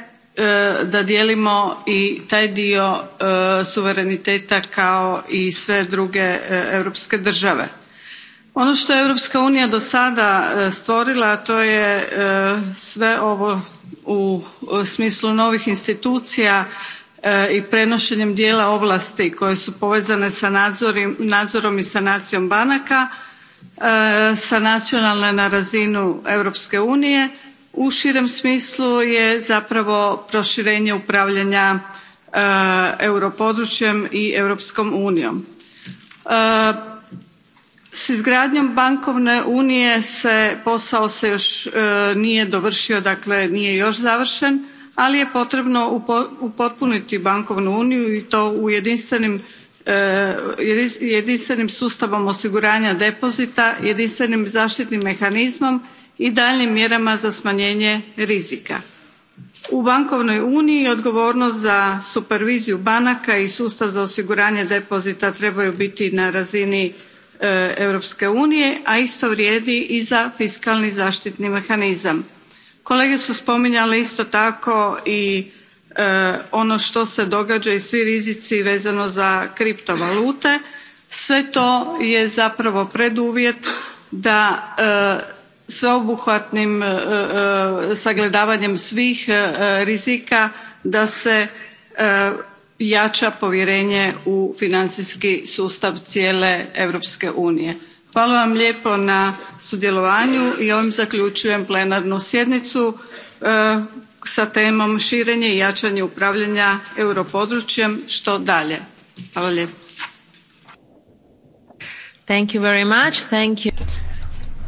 da dijelimo i taj dio suvereniteta kao i sve druge europske države ono što je EU unija do sada e, stvorila to je e, sve ovo u smislu novih institucija e, i prenošenjem dijela ovlasti koje su povezane sa nadzorom i sanacijom banaka sa nacionalne na razinu europske unije u širem smislu je zapravo proširenje upravljanja europodručjem i EU. unijom s izgradnjom bankovne unije se posao se još e, nije dovršio dakle nije još završen ali je potrebno upotpuniti bankovnu uniju i to u e, jedinstvenim sustavom osiguranja depozita jedinstvenim zaštitnim mehanizmom i daljnjim mjerama za smanjenje rizika. u bankovnoj uniji odgovornost za superviziju banaka i sustav za osiguranje depozita trebaju biti na razini E, Europske unije, a isto vrijedi i za fiskalni zaštitni mehanizam. Kolege su spominjale isto tako i e, ono što se događa i svi rizici vezano za kriptovalute. Sve to je zapravo preduvjet da e, sveobuhvatnim sagledavanjem svih rizika da se jača povjerenje u financijski sustav cijele europske unije. hvala vam lijepo na sudjelovanju i ovim zaključujem plenarnu sjednicu e, sa temom širenje i jačanje upravljanja europodručjem što dalje. hvala lijepo.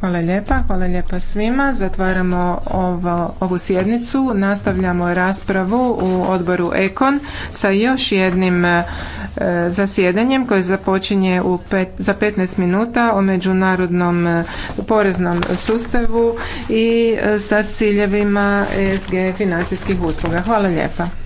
Hvala lijepa, hvala lijepa svima. Zatvaramo ovo, ovu sjednicu. Nastavljamo raspravu u odboru Ekon sa još jednim e, zasjedanjem koje započinje u pet, za 15 minuta o međunarodnom e, poreznom sustavu i e, sa ciljevima ESG financijskih usluga. Hvala lijepa.